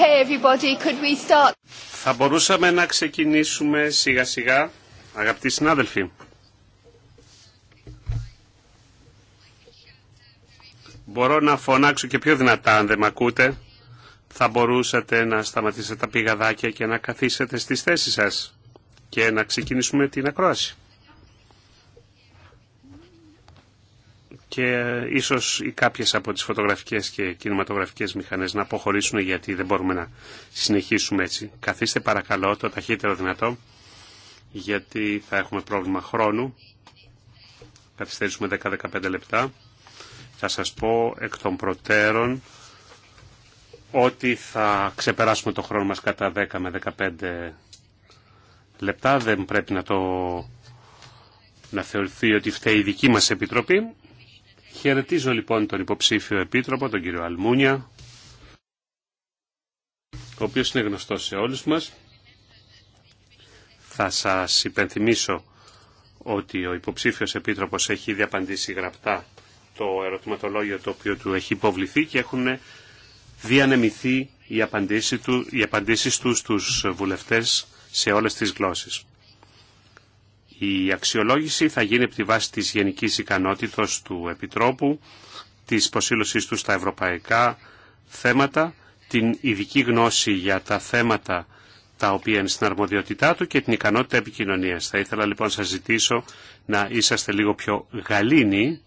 okay, Θα μπορούσαμε να ξεκινήσουμε σιγά σιγά, αγαπητοί συνάδελφοι. Μπορώ να φωνάξω και πιο δυνατά αν δεν με ακούτε. Θα μπορούσατε να σταματήσετε τα πηγαδάκια και να καθίσετε στις θέσεις σας και να ξεκινήσουμε την ακρόαση. και ε, ίσως οι κάποιες από τις φωτογραφικές και κινηματογραφικές μηχανές να αποχωρήσουν γιατί δεν μπορούμε να συνεχίσουμε έτσι. Καθίστε παρακαλώ το ταχύτερο δυνατό γιατί θα έχουμε πρόβλημα χρόνου. Καθυστερήσουμε 10-15 λεπτά. Θα σας πω εκ των προτέρων ότι θα ξεπεράσουμε το χρόνο μας κατά 10 με 15 λεπτά. Δεν πρέπει να το να θεωρηθεί ότι φταίει η δική μας επιτροπή. Χαιρετίζω λοιπόν τον υποψήφιο επίτροπο, τον κύριο Αλμούνια, ο οποίος είναι γνωστός σε όλους μας. Θα σας υπενθυμίσω ότι ο υποψήφιος επίτροπος έχει ήδη απαντήσει γραπτά το ερωτηματολόγιο το οποίο του έχει υποβληθεί και έχουν διανεμηθεί οι απαντήσεις του, οι στους βουλευτές σε όλες τις γλώσσες. Η αξιολόγηση θα γίνει από τη βάση της γενικής ικανότητος του Επιτρόπου, της προσήλωσής του στα ευρωπαϊκά θέματα, την ειδική γνώση για τα θέματα τα οποία είναι στην αρμοδιότητά του και την ικανότητα επικοινωνίας. Θα ήθελα λοιπόν να σας ζητήσω να είσαστε λίγο πιο γαλήνοι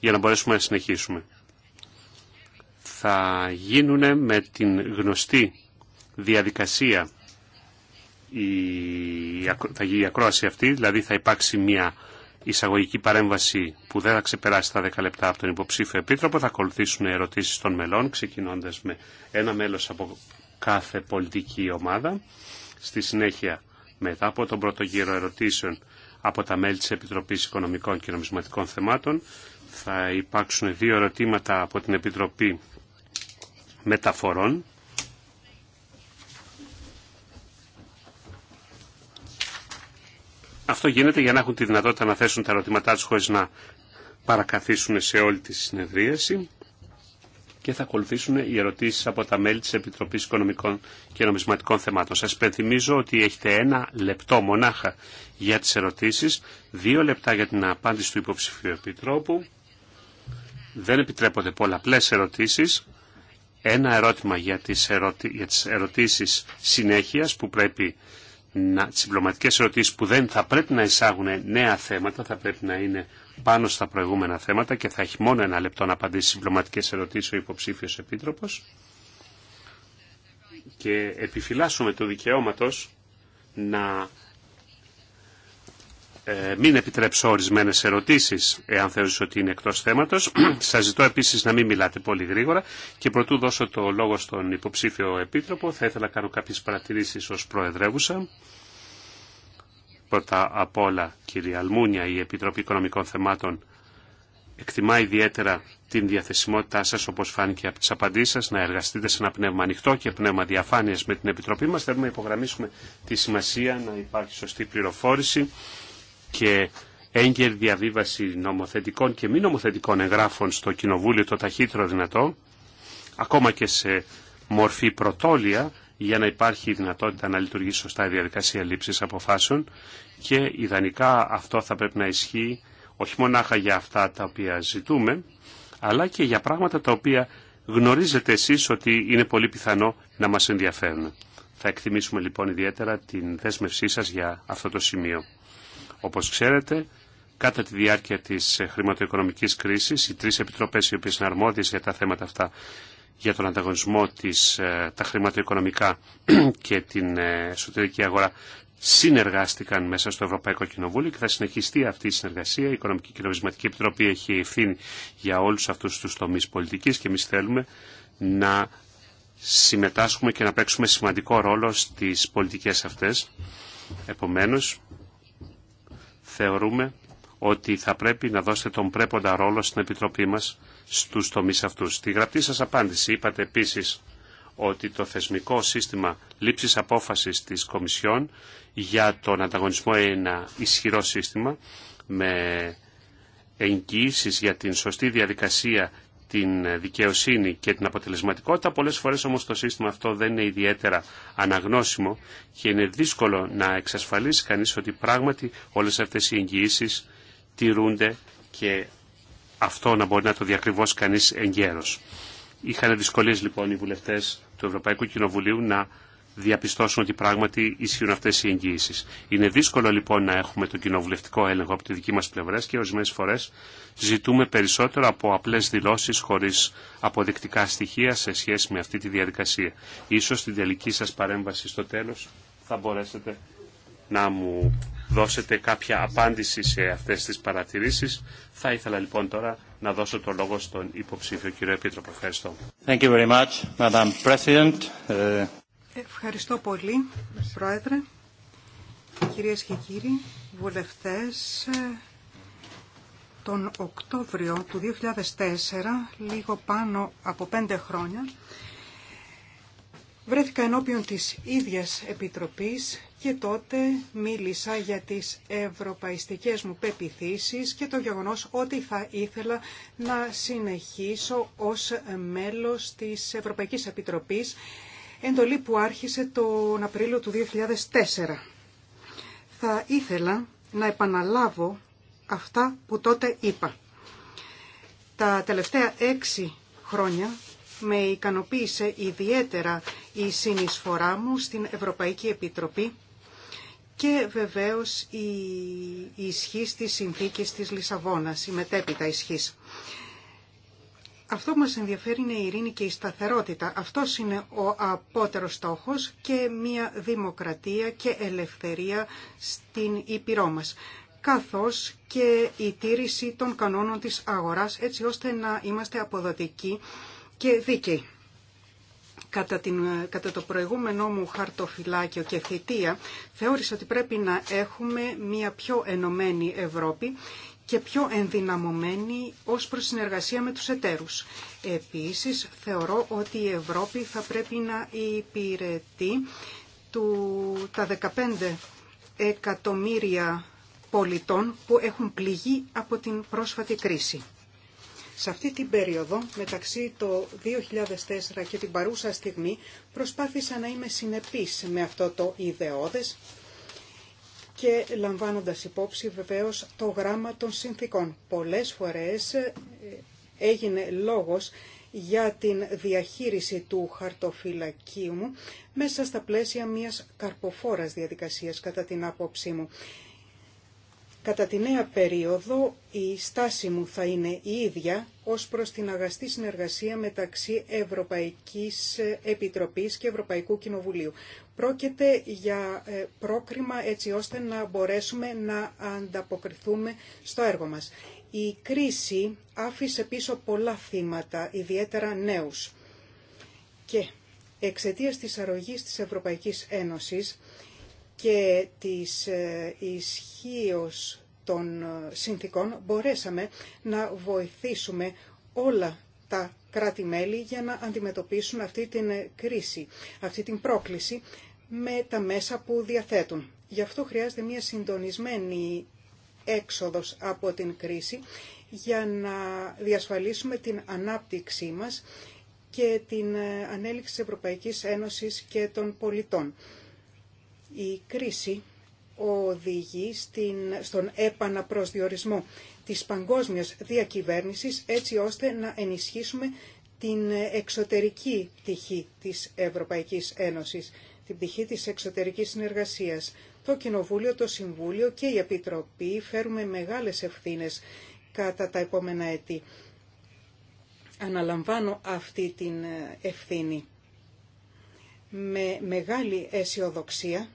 για να μπορέσουμε να συνεχίσουμε. Θα γίνουν με την γνωστή διαδικασία θα γίνει η ακρόαση αυτή, δηλαδή θα υπάρξει μια εισαγωγική παρέμβαση που δεν θα ξεπεράσει τα 10 λεπτά από τον υποψήφιο επίτροπο. Θα ακολουθήσουν ερωτήσεις των μελών, ξεκινώντας με ένα μέλος από κάθε πολιτική ομάδα. Στη συνέχεια, μετά από τον πρώτο γύρο ερωτήσεων από τα μέλη της Επιτροπής Οικονομικών και Νομισματικών Θεμάτων, θα υπάρξουν δύο ερωτήματα από την Επιτροπή Μεταφορών Αυτό γίνεται για να έχουν τη δυνατότητα να θέσουν τα ερωτήματά τους χωρίς να παρακαθίσουν σε όλη τη συνεδρίαση και θα ακολουθήσουν οι ερωτήσεις από τα μέλη της Επιτροπής Οικονομικών και Νομισματικών Θεμάτων. Σας υπενθυμίζω ότι έχετε ένα λεπτό μονάχα για τις ερωτήσεις, δύο λεπτά για την απάντηση του υποψηφίου επιτρόπου. Δεν επιτρέπονται πολλαπλές ερωτήσεις. Ένα ερώτημα για τι ερωτη... για τις ερωτήσεις συνέχειας που πρέπει να, τις διπλωματικές ερωτήσεις που δεν θα πρέπει να εισάγουν νέα θέματα, θα πρέπει να είναι πάνω στα προηγούμενα θέματα και θα έχει μόνο ένα λεπτό να απαντήσει στις διπλωματικές ερωτήσεις ο υποψήφιος επίτροπος και επιφυλάσσουμε το δικαιώματος να ε, μην επιτρέψω ορισμένε ερωτήσει, εάν θεωρείς ότι είναι εκτό θέματο. Σα ζητώ επίση να μην μιλάτε πολύ γρήγορα και προτού δώσω το λόγο στον υποψήφιο επίτροπο, θα ήθελα να κάνω κάποιε παρατηρήσει ω προεδρεύουσα. Πρώτα απ' όλα, κύριε Αλμούνια, η Επιτροπή Οικονομικών Θεμάτων εκτιμά ιδιαίτερα την διαθεσιμότητά σας, όπως φάνηκε από τις απαντήσεις σας, να εργαστείτε σε ένα πνεύμα ανοιχτό και πνεύμα διαφάνειας με την Επιτροπή μας. Θέλουμε να υπογραμμίσουμε τη σημασία να υπάρχει σωστή πληροφόρηση και έγκαιρη διαβίβαση νομοθετικών και μη νομοθετικών εγγράφων στο Κοινοβούλιο το ταχύτερο δυνατό, ακόμα και σε μορφή πρωτόλια, για να υπάρχει η δυνατότητα να λειτουργεί σωστά η διαδικασία λήψης αποφάσεων και ιδανικά αυτό θα πρέπει να ισχύει όχι μονάχα για αυτά τα οποία ζητούμε, αλλά και για πράγματα τα οποία γνωρίζετε εσείς ότι είναι πολύ πιθανό να μας ενδιαφέρουν. Θα εκτιμήσουμε λοιπόν ιδιαίτερα την δέσμευσή σας για αυτό το σημείο. Όπως ξέρετε, κατά τη διάρκεια της ε, χρηματοοικονομικής κρίσης, οι τρεις επιτροπές οι οποίες είναι αρμόδιες για τα θέματα αυτά, για τον ανταγωνισμό, της, ε, τα χρηματοοικονομικά και την ε, εσωτερική αγορά, συνεργάστηκαν μέσα στο Ευρωπαϊκό Κοινοβούλιο και θα συνεχιστεί αυτή η συνεργασία. Η Οικονομική και Νομισματική Επιτροπή έχει ευθύνη για όλους αυτούς τους τομείς πολιτικής και εμεί θέλουμε να συμμετάσχουμε και να παίξουμε σημαντικό ρόλο στις πολιτικές αυτές. Επομένως, θεωρούμε ότι θα πρέπει να δώσετε τον πρέποντα ρόλο στην Επιτροπή μας στους τομείς αυτούς. Στη γραπτή σας απάντηση είπατε επίσης ότι το θεσμικό σύστημα λήψης απόφασης της Κομισιόν για τον ανταγωνισμό είναι ένα ισχυρό σύστημα με εγγυήσει για την σωστή διαδικασία την δικαιοσύνη και την αποτελεσματικότητα. Πολλές φορές όμως το σύστημα αυτό δεν είναι ιδιαίτερα αναγνώσιμο και είναι δύσκολο να εξασφαλίσει κανείς ότι πράγματι όλες αυτές οι εγγυήσει τηρούνται και αυτό να μπορεί να το διακριβώσει κανείς εγκαίρος. Είχαν δυσκολίες λοιπόν οι βουλευτές του Ευρωπαϊκού Κοινοβουλίου να διαπιστώσουν ότι πράγματι ισχύουν αυτέ οι εγγύησει. Είναι δύσκολο λοιπόν να έχουμε τον κοινοβουλευτικό έλεγχο από τη δική μα πλευρά και ορισμένε φορέ ζητούμε περισσότερο από απλέ δηλώσει χωρί αποδεικτικά στοιχεία σε σχέση με αυτή τη διαδικασία. Ίσως στην τελική σα παρέμβαση στο τέλο θα μπορέσετε να μου δώσετε κάποια απάντηση σε αυτέ τι παρατηρήσει. Θα ήθελα λοιπόν τώρα να δώσω το λόγο στον υποψήφιο κύριο Επίτροπο. Ευχαριστώ. Thank you very much, Madam President. Ε, Ευχαριστώ πολύ, Πρόεδρε. Κυρίες και κύριοι, βουλευτές, τον Οκτώβριο του 2004, λίγο πάνω από πέντε χρόνια, βρέθηκα ενώπιον της ίδιας Επιτροπής και τότε μίλησα για τις ευρωπαϊστικές μου πεπιθήσεις και το γεγονός ότι θα ήθελα να συνεχίσω ως μέλος της Ευρωπαϊκής Επιτροπής εντολή που άρχισε τον Απρίλιο του 2004. Θα ήθελα να επαναλάβω αυτά που τότε είπα. Τα τελευταία έξι χρόνια με ικανοποίησε ιδιαίτερα η συνεισφορά μου στην Ευρωπαϊκή Επιτροπή και βεβαίως η ισχύ της συνθήκης της Λισαβόνας, η μετέπειτα ισχύς. Αυτό που μας ενδιαφέρει είναι η ειρήνη και η σταθερότητα. Αυτός είναι ο απότερος στόχος και μια δημοκρατία και ελευθερία στην Ήπειρό μας καθώς και η τήρηση των κανόνων της αγοράς έτσι ώστε να είμαστε αποδοτικοί και δίκαιοι. Κατά, την, κατά το προηγούμενό μου χαρτοφυλάκιο και θητεία θεώρησα ότι πρέπει να έχουμε μια πιο ενωμένη Ευρώπη και πιο ενδυναμωμένη ως προς συνεργασία με τους εταίρους. Επίσης, θεωρώ ότι η Ευρώπη θα πρέπει να υπηρετεί του, τα 15 εκατομμύρια πολιτών που έχουν πληγεί από την πρόσφατη κρίση. Σε αυτή την περίοδο, μεταξύ το 2004 και την παρούσα στιγμή, προσπάθησα να είμαι συνεπής με αυτό το ιδεώδες και λαμβάνοντας υπόψη βεβαίως το γράμμα των συνθήκων. Πολλές φορές ε, έγινε λόγος για την διαχείριση του χαρτοφυλακίου μου μέσα στα πλαίσια μιας καρποφόρας διαδικασίας κατά την άποψή μου. Κατά τη νέα περίοδο η στάση μου θα είναι η ίδια ως προς την αγαστή συνεργασία μεταξύ Ευρωπαϊκής Επιτροπής και Ευρωπαϊκού Κοινοβουλίου. Πρόκειται για ε, πρόκριμα έτσι ώστε να μπορέσουμε να ανταποκριθούμε στο έργο μας. Η κρίση άφησε πίσω πολλά θύματα, ιδιαίτερα νέους. Και εξαιτία της αρρωγής της Ευρωπαϊκής Ένωσης και της ε, ισχύως των ε, συνθήκων μπορέσαμε να βοηθήσουμε όλα τα κράτη-μέλη για να αντιμετωπίσουν αυτή την κρίση, αυτή την πρόκληση με τα μέσα που διαθέτουν. Γι' αυτό χρειάζεται μια συντονισμένη έξοδος από την κρίση για να διασφαλίσουμε την ανάπτυξή μας και την ε, ανέλυξη της Ευρωπαϊκής Ένωσης και των πολιτών. Η κρίση οδηγεί στην, στον επαναπροσδιορισμό της παγκόσμιας διακυβέρνησης έτσι ώστε να ενισχύσουμε την εξωτερική πτυχή της Ευρωπαϊκής Ένωσης την πτυχή της εξωτερικής συνεργασίας. Το Κοινοβούλιο, το Συμβούλιο και η Επιτροπή φέρουμε μεγάλες ευθύνες κατά τα επόμενα έτη. Αναλαμβάνω αυτή την ε, ευθύνη με μεγάλη αισιοδοξία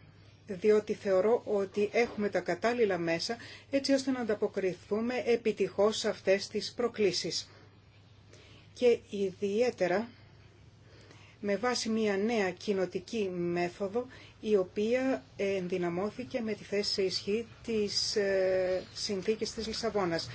διότι θεωρώ ότι έχουμε τα κατάλληλα μέσα έτσι ώστε να ανταποκριθούμε επιτυχώς σε αυτές τις προκλήσεις. Και ιδιαίτερα με βάση μια νέα κοινοτική μέθοδο η οποία ενδυναμώθηκε με τη θέση σε ισχύ της ε, συνθήκης της Λισαβόνας.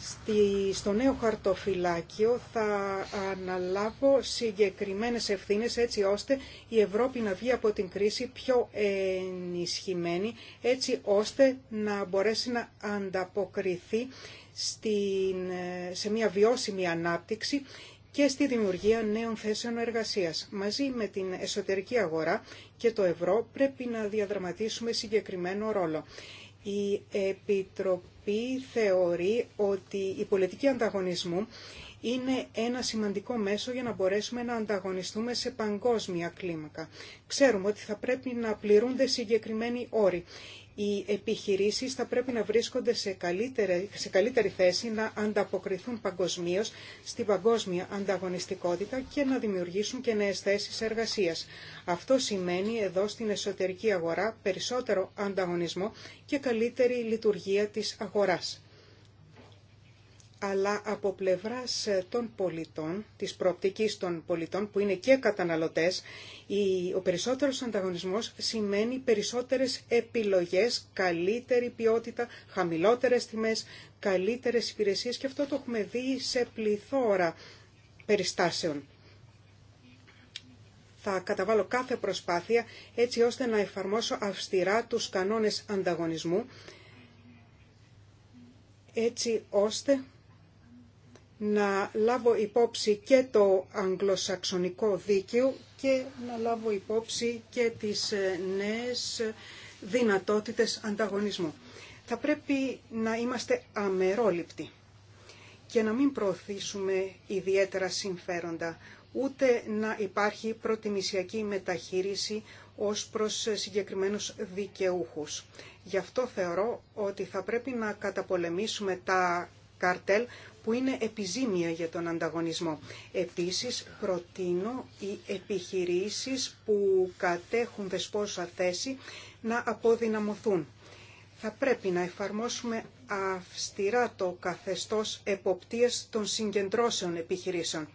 Στη, στο νέο χαρτοφυλάκιο θα αναλάβω συγκεκριμένες ευθύνες έτσι ώστε η Ευρώπη να βγει από την κρίση πιο ενισχυμένη, έτσι ώστε να μπορέσει να ανταποκριθεί στην, ε, σε μια βιώσιμη ανάπτυξη και στη δημιουργία νέων θέσεων εργασίας. Μαζί με την εσωτερική αγορά και το ευρώ πρέπει να διαδραματίσουμε συγκεκριμένο ρόλο. Η Επιτροπή θεωρεί ότι η πολιτική ανταγωνισμού είναι ένα σημαντικό μέσο για να μπορέσουμε να ανταγωνιστούμε σε παγκόσμια κλίμακα. Ξέρουμε ότι θα πρέπει να πληρούνται συγκεκριμένοι όροι οι επιχειρήσεις θα πρέπει να βρίσκονται σε καλύτερη, σε καλύτερη θέση να ανταποκριθούν παγκοσμίως στην παγκόσμια ανταγωνιστικότητα και να δημιουργήσουν και νέες θέσεις εργασίας. Αυτό σημαίνει εδώ στην εσωτερική αγορά περισσότερο ανταγωνισμό και καλύτερη λειτουργία της αγοράς αλλά από πλευράς ε, των πολιτών, της προοπτικής των πολιτών που είναι και καταναλωτές, ο περισσότερος ανταγωνισμός σημαίνει περισσότερες επιλογές, καλύτερη ποιότητα, χαμηλότερες τιμές, καλύτερες υπηρεσίες και αυτό το έχουμε δει σε πληθώρα περιστάσεων. Θα καταβάλω κάθε προσπάθεια έτσι ώστε να εφαρμόσω αυστηρά τους κανόνες ανταγωνισμού, έτσι ώστε να λάβω υπόψη και το αγγλοσαξονικό δίκαιο και να λάβω υπόψη και τις ε, νέες δυνατότητες ανταγωνισμού. Θα πρέπει να είμαστε αμερόληπτοι και να μην προωθήσουμε ιδιαίτερα συμφέροντα, ούτε να υπάρχει προτιμησιακή μεταχείριση ως προς συγκεκριμένους δικαιούχους. Γι' αυτό θεωρώ ότι θα πρέπει να καταπολεμήσουμε τα καρτέλ που είναι επιζήμια για τον ανταγωνισμό. Επίσης, προτείνω οι επιχειρήσεις που κατέχουν δεσπόζουσα θέση να αποδυναμωθούν. Θα πρέπει να εφαρμόσουμε αυστηρά το καθεστώς εποπτείας των συγκεντρώσεων επιχειρήσεων.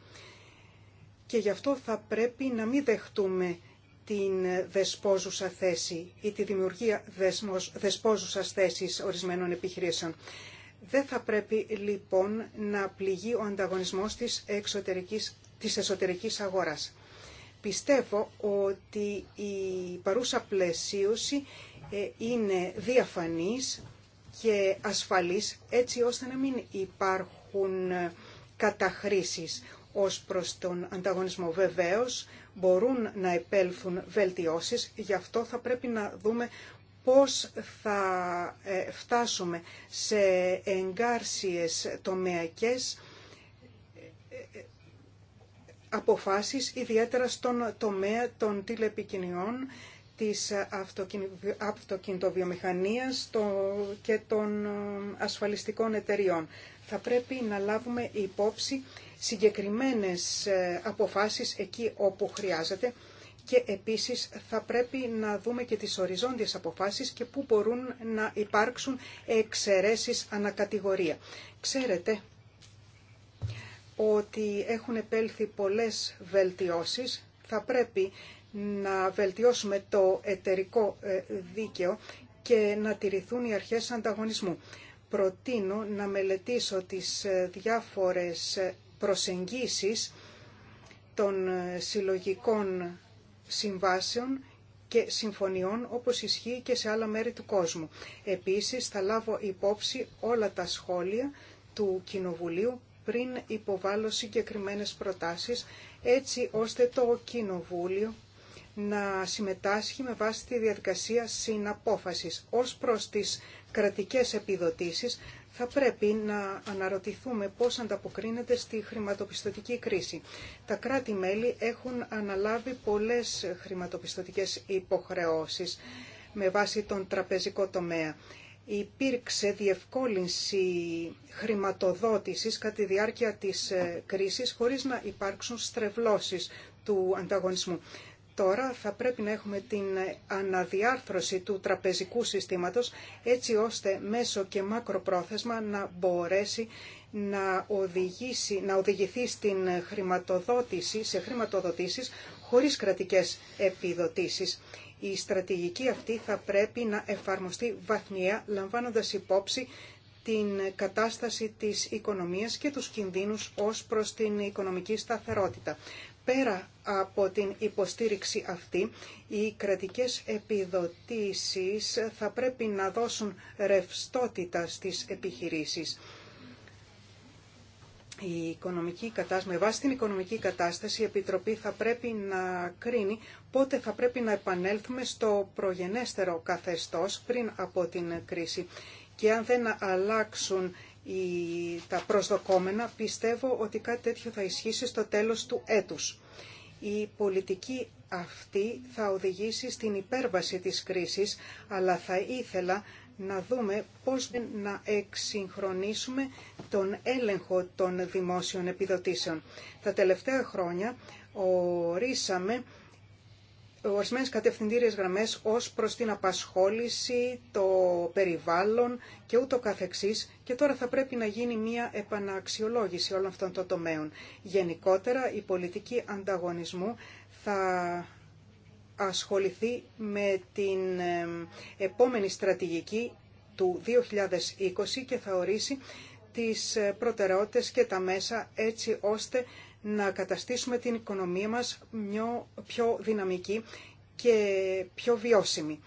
Και γι' αυτό θα πρέπει να μην δεχτούμε την δεσπόζουσα θέση ή τη δημιουργία δεσμος, δεσπόζουσας θέσης ορισμένων επιχειρήσεων. Δεν θα πρέπει λοιπόν να πληγεί ο ανταγωνισμός της, εξωτερικής, της εσωτερικής αγοράς. Πιστεύω ότι η παρούσα πλαισίωση ε, είναι διαφανής και ασφαλής έτσι ώστε να μην υπάρχουν ε, καταχρήσεις ως προς τον ανταγωνισμό. Βεβαίως μπορούν να επέλθουν βελτιώσεις, γι' αυτό θα πρέπει να δούμε πώς θα ε, φτάσουμε σε εγκάρσιες τομεακές ε, ε, αποφάσεις, ιδιαίτερα στον τομέα των τηλεπικοινωνιών, της αυτοκινητοβιομηχανίας και των ασφαλιστικών εταιριών. Θα πρέπει να λάβουμε υπόψη συγκεκριμένες αποφάσεις εκεί όπου χρειάζεται και επίσης θα πρέπει να δούμε και τις οριζόντιες αποφάσεις και πού μπορούν να υπάρξουν εξαιρέσεις ανακατηγορία. Ξέρετε ότι έχουν επέλθει πολλές βελτιώσεις. Θα πρέπει να βελτιώσουμε το εταιρικό ε, δίκαιο και να τηρηθούν οι αρχές ανταγωνισμού. Προτείνω να μελετήσω τις ε, διάφορες ε, προσεγγίσεις των συλλογικών συμβάσεων και συμφωνιών όπως ισχύει και σε άλλα μέρη του κόσμου. Επίσης θα λάβω υπόψη όλα τα σχόλια του Κοινοβουλίου πριν υποβάλω συγκεκριμένε προτάσεις έτσι ώστε το Κοινοβούλιο να συμμετάσχει με βάση τη διαδικασία συναπόφασης ως προς τις κρατικές επιδοτήσεις θα πρέπει να αναρωτηθούμε πώς ανταποκρίνεται στη χρηματοπιστωτική κρίση. Τα κράτη-μέλη έχουν αναλάβει πολλές χρηματοπιστωτικές υποχρεώσεις με βάση τον τραπεζικό τομέα. Υπήρξε διευκόλυνση χρηματοδότησης κατά τη διάρκεια της ε, κρίσης χωρίς να υπάρξουν στρεβλώσεις του ανταγωνισμού. Τώρα θα πρέπει να έχουμε την αναδιάρθρωση του τραπεζικού συστήματος έτσι ώστε μέσω και μακροπρόθεσμα να μπορέσει να, οδηγήσει, να οδηγηθεί στην χρηματοδότηση, σε χρηματοδοτήσεις χωρίς κρατικές επιδοτήσεις. Η στρατηγική αυτή θα πρέπει να εφαρμοστεί βαθμία λαμβάνοντας υπόψη την κατάσταση της οικονομίας και τους κινδύνους ως προς την οικονομική σταθερότητα. Πέρα από την υποστήριξη αυτή, οι κρατικές επιδοτήσεις θα πρέπει να δώσουν ρευστότητα στις επιχειρήσεις. Η οικονομική κατάσταση, με βάση την οικονομική κατάσταση, η Επιτροπή θα πρέπει να κρίνει πότε θα πρέπει να επανέλθουμε στο προγενέστερο καθεστώς πριν από την κρίση. Και αν δεν αλλάξουν τα προσδοκόμενα, πιστεύω ότι κάτι τέτοιο θα ισχύσει στο τέλος του έτους. Η πολιτική αυτή θα οδηγήσει στην υπέρβαση της κρίσης, αλλά θα ήθελα να δούμε πώς να εξυγχρονίσουμε τον έλεγχο των δημόσιων επιδοτήσεων. Τα τελευταία χρόνια ορίσαμε ορισμένες κατευθυντήριες γραμμές ως προς την απασχόληση, το περιβάλλον και ούτω καθεξής και τώρα θα πρέπει να γίνει μια επαναξιολόγηση όλων αυτών των τομέων. Γενικότερα η πολιτική ανταγωνισμού θα ασχοληθεί με την επόμενη στρατηγική του 2020 και θα ορίσει τις ε, προτεραιότητες και τα μέσα έτσι ώστε να καταστήσουμε την οικονομία μας πιο δυναμική και πιο βιώσιμη.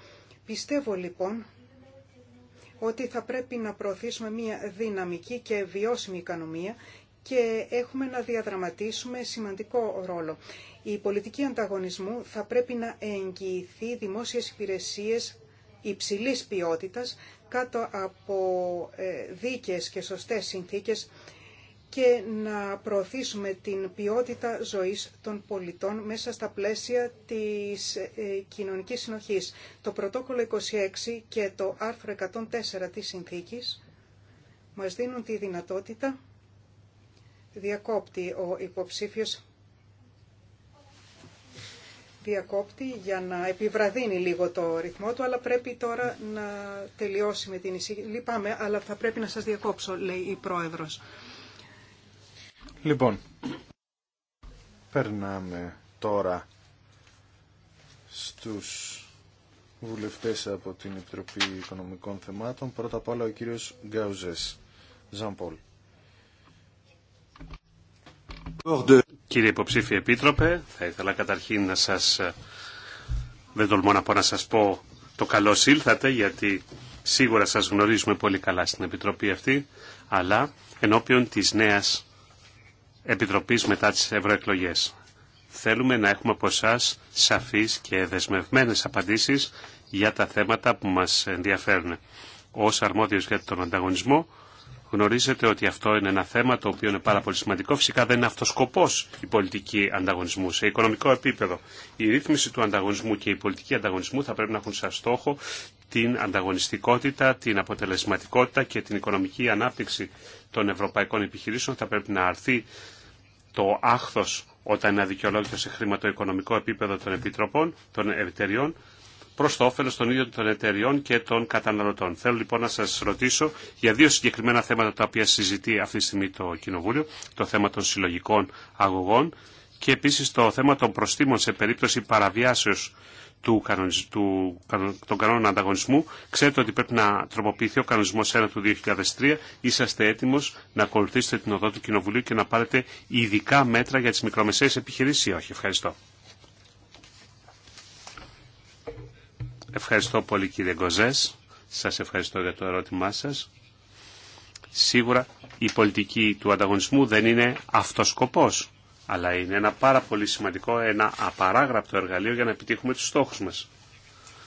Πιστεύω λοιπόν ότι θα πρέπει να προωθήσουμε μια δυναμική και βιώσιμη οικονομία και έχουμε να διαδραματίσουμε σημαντικό ρόλο. Η πολιτική ανταγωνισμού θα πρέπει να εγγυηθεί δημόσιες υπηρεσίες υψηλής ποιότητας κάτω από ε, δίκαιες και σωστές συνθήκες και να προωθήσουμε την ποιότητα ζωής των πολιτών μέσα στα πλαίσια της ε, κοινωνικής συνοχής. Το πρωτόκολλο 26 και το άρθρο 104 της συνθήκης μας δίνουν τη δυνατότητα διακόπτη ο υποψήφιος διακόπτη για να επιβραδύνει λίγο το ρυθμό του, αλλά πρέπει τώρα να τελειώσει με την εισηγή. Λυπάμαι, αλλά θα πρέπει να σας διακόψω, λέει η Πρόεδρος. Λοιπόν, περνάμε τώρα στους βουλευτές από την Επιτροπή Οικονομικών Θεμάτων. Πρώτα απ' όλα ο κύριος Γκάουζες, Πολ. Κύριε Υποψήφιε Επίτροπε, θα ήθελα καταρχήν να σας, δεν τολμώ να πω να σας πω το καλό ήλθατε, γιατί σίγουρα σας γνωρίζουμε πολύ καλά στην Επιτροπή αυτή, αλλά ενώπιον της νέας Επιτροπής μετά τις ευρωεκλογέ. Θέλουμε να έχουμε από εσά σαφείς και δεσμευμένες απαντήσεις για τα θέματα που μας ενδιαφέρουν. Ως αρμόδιος για τον ανταγωνισμό γνωρίζετε ότι αυτό είναι ένα θέμα το οποίο είναι πάρα πολύ σημαντικό. Φυσικά δεν είναι αυτός σκοπός η πολιτική ανταγωνισμού σε οικονομικό επίπεδο. Η ρύθμιση του ανταγωνισμού και η πολιτική ανταγωνισμού θα πρέπει να έχουν σαν στόχο την ανταγωνιστικότητα, την αποτελεσματικότητα και την οικονομική ανάπτυξη των ευρωπαϊκών επιχειρήσεων. Θα πρέπει να αρθεί το άχθος όταν είναι αδικαιολόγητο σε χρηματοοικονομικό επίπεδο των επιτροπών, των εταιριών, προ το όφελο των ίδιων των εταιριών και των καταναλωτών. Θέλω λοιπόν να σα ρωτήσω για δύο συγκεκριμένα θέματα τα οποία συζητεί αυτή τη στιγμή το Κοινοβούλιο, το θέμα των συλλογικών αγωγών και επίση το θέμα των προστήμων σε περίπτωση παραβιάσεως του, των κανόνων ανταγωνισμού. Ξέρετε ότι πρέπει να τροποποιηθεί ο κανονισμό 1 του 2003. Είσαστε έτοιμο να ακολουθήσετε την οδό του Κοινοβουλίου και να πάρετε ειδικά μέτρα για τι μικρομεσαίε επιχειρήσει ή όχι. Ευχαριστώ. Ευχαριστώ πολύ κύριε Γκοζέ. Σα ευχαριστώ για το ερώτημά σα. Σίγουρα η πολιτική του ανταγωνισμού δεν είναι αυτός σκοπό αλλά είναι ένα πάρα πολύ σημαντικό, ένα απαράγραπτο εργαλείο για να επιτύχουμε τους στόχους μας.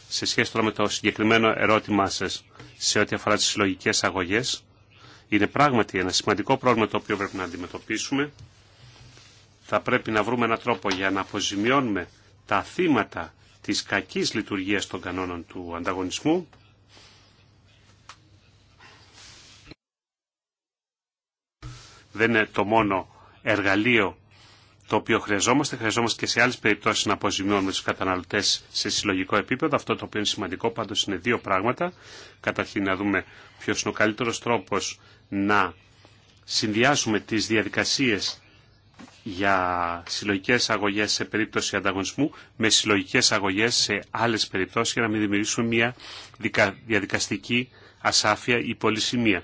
Σε σχέση τώρα με το συγκεκριμένο ερώτημά σας σε ό,τι αφορά τις συλλογικέ αγωγές, είναι πράγματι ένα σημαντικό πρόβλημα το οποίο πρέπει να αντιμετωπίσουμε. Θα πρέπει να βρούμε έναν τρόπο για να αποζημιώνουμε τα θύματα της κακής λειτουργίας των κανόνων του ανταγωνισμού. Δεν είναι το μόνο εργαλείο το οποίο χρειαζόμαστε. Χρειαζόμαστε και σε άλλε περιπτώσει να αποζημιώνουμε του καταναλωτέ σε συλλογικό επίπεδο. Αυτό το οποίο είναι σημαντικό πάντω είναι δύο πράγματα. Καταρχήν να δούμε ποιο είναι ο καλύτερο τρόπο να συνδυάσουμε τι διαδικασίε για συλλογικέ αγωγέ σε περίπτωση ανταγωνισμού με συλλογικέ αγωγέ σε άλλε περιπτώσει για να μην δημιουργήσουμε μια διαδικαστική ασάφεια ή πολυσημεία.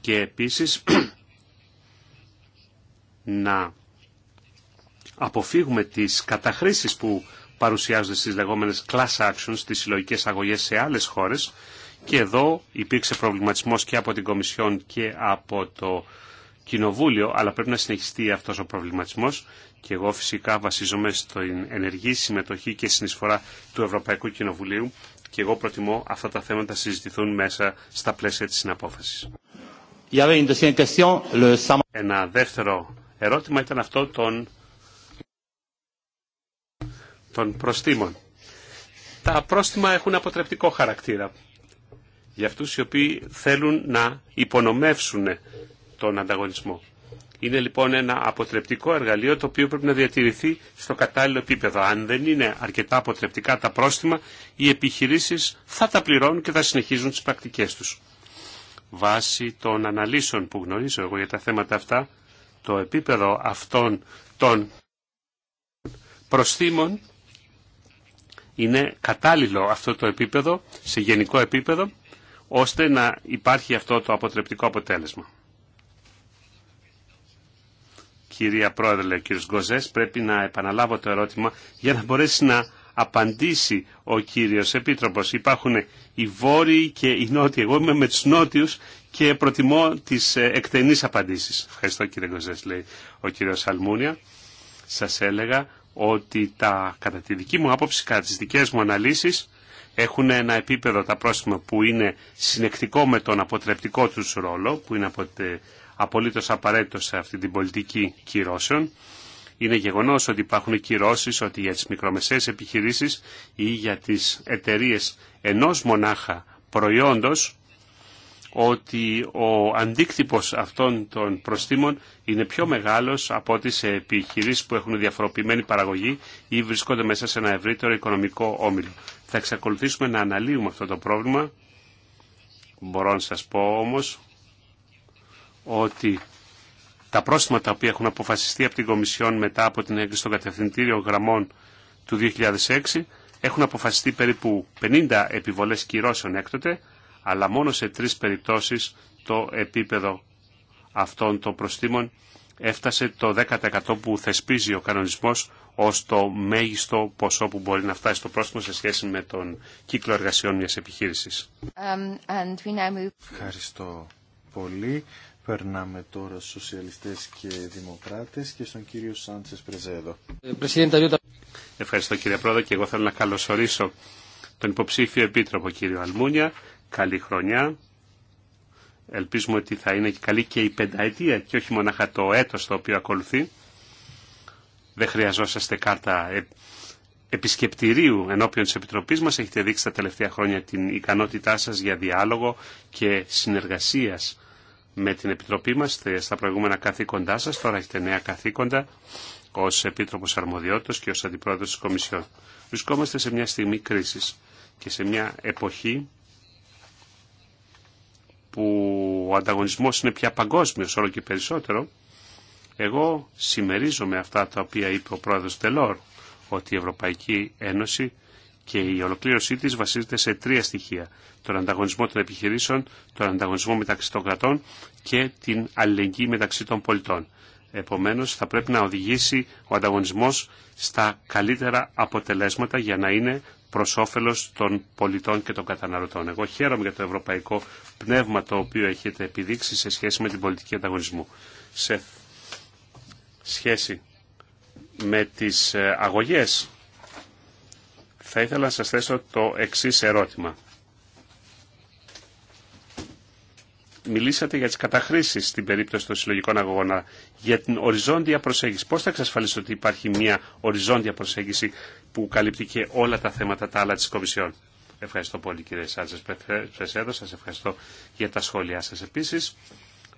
Και επίση να αποφύγουμε τις καταχρήσεις που παρουσιάζονται στις λεγόμενες class actions, στις συλλογικές αγωγές σε άλλες χώρες και εδώ υπήρξε προβληματισμός και από την Κομισιόν και από το Κοινοβούλιο, αλλά πρέπει να συνεχιστεί αυτός ο προβληματισμός και εγώ φυσικά βασίζομαι στην ενεργή συμμετοχή και συνεισφορά του Ευρωπαϊκού Κοινοβουλίου και εγώ προτιμώ αυτά τα θέματα να συζητηθούν μέσα στα πλαίσια της συναπόφασης. Ένα δεύτερο ερώτημα ήταν αυτό των των προστήμων. Τα πρόστιμα έχουν αποτρεπτικό χαρακτήρα για αυτούς οι οποίοι θέλουν να υπονομεύσουν τον ανταγωνισμό. Είναι λοιπόν ένα αποτρεπτικό εργαλείο το οποίο πρέπει να διατηρηθεί στο κατάλληλο επίπεδο. Αν δεν είναι αρκετά αποτρεπτικά τα πρόστιμα, οι επιχειρήσεις θα τα πληρώνουν και θα συνεχίζουν τις πρακτικές τους. Βάσει των αναλύσεων που γνωρίζω εγώ για τα θέματα αυτά, το επίπεδο αυτών των προστήμων είναι κατάλληλο αυτό το επίπεδο, σε γενικό επίπεδο, ώστε να υπάρχει αυτό το αποτρεπτικό αποτέλεσμα. Κυρία Πρόεδρε, ο κύριος Γκοζές, πρέπει να επαναλάβω το ερώτημα για να μπορέσει να απαντήσει ο κύριος Επίτροπος. Υπάρχουν οι βόρειοι και οι νότιοι. Εγώ είμαι με τους νότιους και προτιμώ τις ε, εκτενείς απαντήσεις. Ευχαριστώ κύριε Γκοζές, λέει ο κύριος Αλμούνια. Σας έλεγα ότι τα, κατά τη δική μου άποψη, κατά τις δικές μου αναλύσεις, έχουν ένα επίπεδο τα πρόστιμα που είναι συνεκτικό με τον αποτρεπτικό τους ρόλο, που είναι απολύτως απαραίτητο σε αυτή την πολιτική κυρώσεων. Είναι γεγονός ότι υπάρχουν κυρώσεις ότι για τις μικρομεσαίες επιχειρήσεις ή για τις εταιρείες ενός μονάχα προϊόντος ότι ο αντίκτυπος αυτών των προστήμων είναι πιο μεγάλος από ό,τι σε επιχειρήσεις που έχουν διαφοροποιημένη παραγωγή ή βρισκόνται μέσα σε ένα ευρύτερο οικονομικό όμιλο. Θα εξακολουθήσουμε να αναλύουμε αυτό το πρόβλημα. Μπορώ να σας πω όμως ότι τα πρόστιμα τα οποία έχουν αποφασιστεί από την Κομισιόν μετά από την έγκριση των κατευθυντήριων γραμμών του 2006 έχουν αποφασιστεί περίπου 50 επιβολές κυρώσεων έκτοτε αλλά μόνο σε τρεις περιπτώσεις το επίπεδο αυτών των προστήμων έφτασε το 10% που θεσπίζει ο κανονισμός ως το μέγιστο ποσό που μπορεί να φτάσει το πρόστιμο σε σχέση με τον κύκλο εργασιών μιας επιχείρησης. Um, Ευχαριστώ πολύ. Περνάμε τώρα στους σοσιαλιστές και δημοκράτες και στον κύριο Σάντσες Πρεζέδο. Ευχαριστώ κύριε Πρόεδρε και εγώ θέλω να καλωσορίσω τον υποψήφιο επίτροπο κύριο Αλμούνια καλή χρονιά. Ελπίζουμε ότι θα είναι καλή και η πενταετία και όχι μονάχα το έτος το οποίο ακολουθεί. Δεν χρειαζόσαστε κάρτα ε, επισκεπτηρίου ενώπιον της Επιτροπής μας. Έχετε δείξει τα τελευταία χρόνια την ικανότητά σας για διάλογο και συνεργασίας με την Επιτροπή μας στα προηγούμενα καθήκοντά σας. Τώρα έχετε νέα καθήκοντα ως Επίτροπος Αρμοδιότητας και ως Αντιπρόεδρος της Κομισιόν. Βρισκόμαστε σε μια στιγμή κρίσης και σε μια εποχή που ο ανταγωνισμός είναι πια παγκόσμιος όλο και περισσότερο, εγώ συμμερίζομαι αυτά τα οποία είπε ο πρόεδρος Τελόρ, ότι η Ευρωπαϊκή Ένωση και η ολοκλήρωσή της βασίζεται σε τρία στοιχεία. Τον ανταγωνισμό των επιχειρήσεων, τον ανταγωνισμό μεταξύ των κρατών και την αλληλεγγύη μεταξύ των πολιτών. Επομένως θα πρέπει να οδηγήσει ο ανταγωνισμός στα καλύτερα αποτελέσματα για να είναι προ όφελο των πολιτών και των καταναλωτών. Εγώ χαίρομαι για το ευρωπαϊκό πνεύμα το οποίο έχετε επιδείξει σε σχέση με την πολιτική ανταγωνισμού. Σε σχέση με τις ε, αγωγές θα ήθελα να σας θέσω το εξής ερώτημα. μιλήσατε για τις καταχρήσεις στην περίπτωση των συλλογικών αγωγών, για την οριζόντια προσέγγιση. Πώς θα εξασφαλίσετε ότι υπάρχει μια οριζόντια προσέγγιση που καλύπτει και όλα τα θέματα τα άλλα της Κομισιόν. Ευχαριστώ πολύ κύριε Σάντζες Πρεσέδο, σας ευχαριστώ για τα σχόλιά σας επίσης.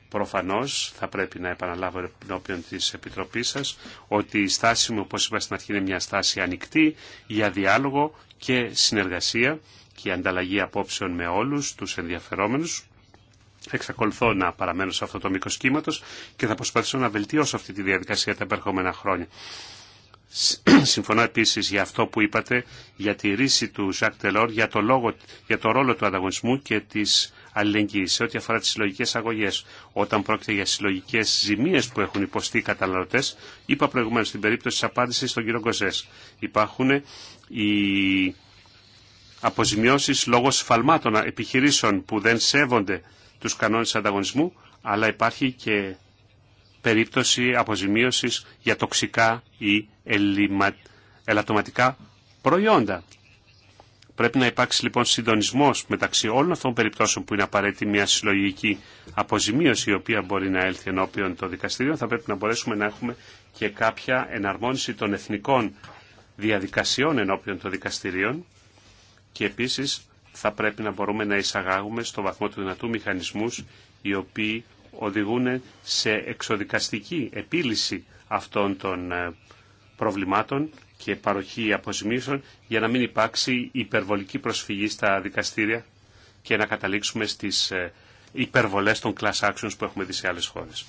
Προφανώς θα πρέπει να επαναλάβω ενώπιον της Επιτροπής σας ότι η στάση μου, όπως είπα στην αρχή, είναι μια στάση ανοιχτή για διάλογο και συνεργασία και ανταλλαγή απόψεων με όλους τους ενδιαφερόμενους. Θα εξακολουθώ να παραμένω σε αυτό το μήκο κύματο και θα προσπαθήσω να βελτιώσω αυτή τη διαδικασία τα επερχόμενα χρόνια. Συμφωνώ επίση για αυτό που είπατε για τη ρίση του Ζακ Τελόρ για το, λόγο, για το ρόλο του ανταγωνισμού και τη αλληλεγγύη σε ό,τι αφορά τι συλλογικέ αγωγέ. Όταν πρόκειται για συλλογικέ ζημίε που έχουν υποστεί οι καταναλωτέ, είπα προηγουμένω στην περίπτωση τη απάντηση στον κύριο Γκοζέ. Υπάρχουν οι αποζημιώσει λόγω σφαλμάτων επιχειρήσεων που δεν σέβονται τους κανόνες ανταγωνισμού, αλλά υπάρχει και περίπτωση αποζημίωσης για τοξικά ή ελλημα... ελαττωματικά προϊόντα. Πρέπει να υπάρξει λοιπόν συντονισμός μεταξύ όλων αυτών των περιπτώσεων που είναι απαραίτητη μια συλλογική αποζημίωση η ελαττωματικα μπορεί να έλθει ενώπιον των δικαστηρίων. Θα πρέπει να μπορέσουμε να έχουμε και κάποια εναρμόνιση των εθνικών διαδικασιών ενώπιον των δικαστηρίων και επίσης θα πρέπει να μπορούμε να εισαγάγουμε στο βαθμό του δυνατού μηχανισμούς οι οποίοι οδηγούν σε εξοδικαστική επίλυση αυτών των ε, προβλημάτων και παροχή αποζημίσεων για να μην υπάρξει υπερβολική προσφυγή στα δικαστήρια και να καταλήξουμε στις ε, υπερβολές των class actions που έχουμε δει σε άλλες χώρες.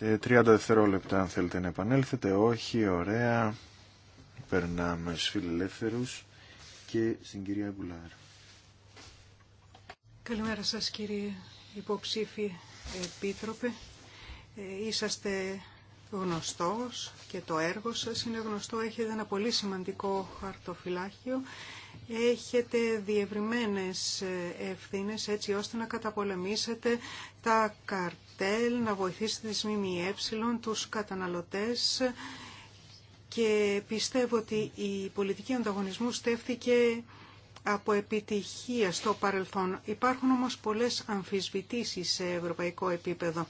30 ε, δευτερόλεπτα αν θέλετε να επανέλθετε. Όχι, ωραία περνάμε στους φιλελεύθερους και στην κυρία Γκουλάρ. Καλημέρα σας κύριε υποψήφι επίτροπε. Ε, είσαστε γνωστός και το έργο σας είναι γνωστό. Έχετε ένα πολύ σημαντικό χαρτοφυλάχιο. Έχετε διευρυμένες ε, ευθύνες έτσι ώστε να καταπολεμήσετε τα καρτέλ, να βοηθήσετε τις ΜΜΕ, τους καταναλωτές, και πιστεύω ότι η πολιτική ανταγωνισμού στέφθηκε από επιτυχία στο παρελθόν. Υπάρχουν όμως πολλές αμφισβητήσεις σε ευρωπαϊκό επίπεδο.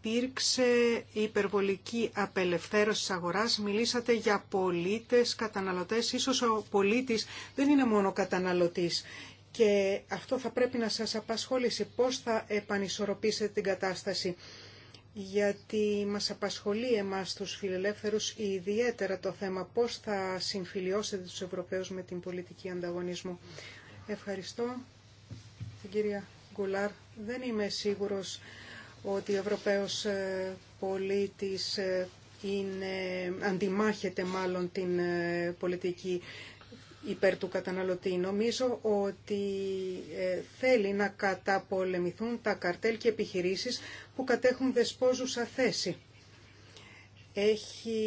Υπήρξε υπερβολική απελευθέρωση της αγοράς. Μιλήσατε για πολίτες, καταναλωτές. Ίσως ο πολίτης δεν είναι μόνο καταναλωτής. Και αυτό θα πρέπει να σας απασχόλησει πώς θα επανισορροπήσετε την κατάσταση γιατί μας απασχολεί εμάς τους φιλελεύθερους ιδιαίτερα το θέμα πώς θα συμφιλιώσετε τους Ευρωπαίους με την πολιτική ανταγωνισμού. Ευχαριστώ την κυρία Γκουλάρ. Δεν είμαι σίγουρος ότι ο Ευρωπαίος ε, πολίτης ε, είναι, αντιμάχεται μάλλον την ε, πολιτική υπέρ του καταναλωτή. Νομίζω ότι ε, θέλει να καταπολεμηθούν τα καρτέλ και επιχειρήσεις που κατέχουν δεσπόζουσα θέση. Έχει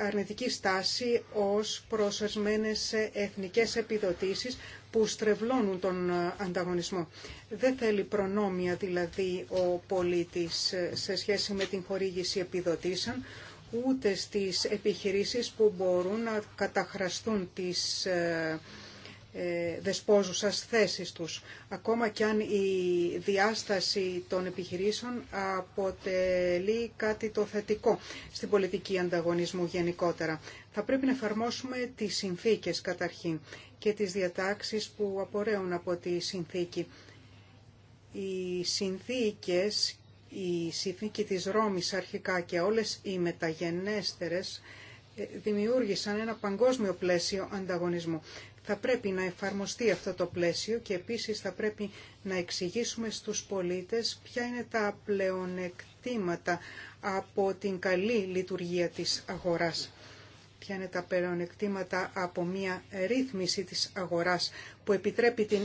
αρνητική στάση ως προσεσμένες εθνικές επιδοτήσεις που στρεβλώνουν τον ε, ανταγωνισμό. Δεν θέλει προνόμια δηλαδή ο πολίτης ε, σε σχέση με την χορήγηση επιδοτήσεων ούτε στις επιχειρήσεις που μπορούν να καταχραστούν τις ε, ε, δεσπόζουσας θέσεις τους. Ακόμα και αν η διάσταση των επιχειρήσεων αποτελεί κάτι το θετικό στην πολιτική ανταγωνισμού γενικότερα. Θα πρέπει να εφαρμόσουμε τις συνθήκες καταρχήν και τις διατάξεις που απορρέουν από τη συνθήκη. Οι συνθήκες η συνθήκη της Ρώμης αρχικά και όλες οι μεταγενέστερες ε, δημιούργησαν ένα παγκόσμιο πλαίσιο ανταγωνισμού. Θα πρέπει να εφαρμοστεί αυτό το πλαίσιο και επίσης θα πρέπει να εξηγήσουμε στους πολίτες ποια είναι τα πλεονεκτήματα από την καλή λειτουργία της αγοράς. Ποια είναι τα πλεονεκτήματα από μια ρύθμιση της αγοράς που επιτρέπει την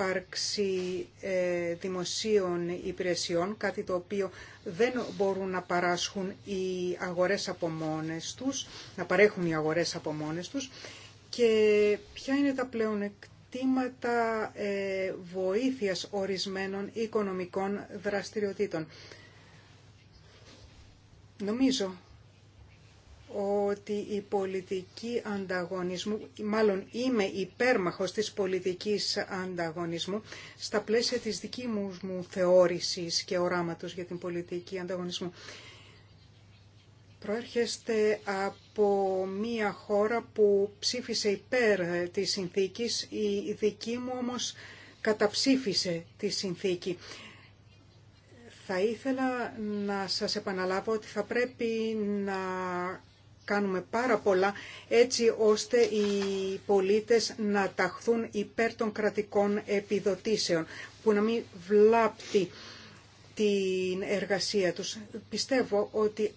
ύπαρξη ε, δημοσίων υπηρεσιών, κάτι το οποίο δεν μπορούν να παράσχουν οι αγορές από μόνες τους, να παρέχουν οι αγορές από μόνες τους και ποια είναι τα πλεονεκτήματα ε, βοήθειας ορισμένων οικονομικών δραστηριοτήτων. Νομίζω ότι η πολιτική ανταγωνισμού, μάλλον είμαι υπέρμαχος της πολιτικής ανταγωνισμού στα πλαίσια της δική μου, μου θεώρησης και οράματος για την πολιτική ανταγωνισμού. Προέρχεστε από μία χώρα που ψήφισε υπέρ της συνθήκης, η δική μου όμως καταψήφισε τη συνθήκη. Θα ήθελα να σας επαναλάβω ότι θα πρέπει να κάνουμε πάρα πολλά έτσι ώστε οι πολίτες να ταχθούν υπέρ των κρατικών επιδοτήσεων που να μην βλάπτει την εργασία τους. Πιστεύω ότι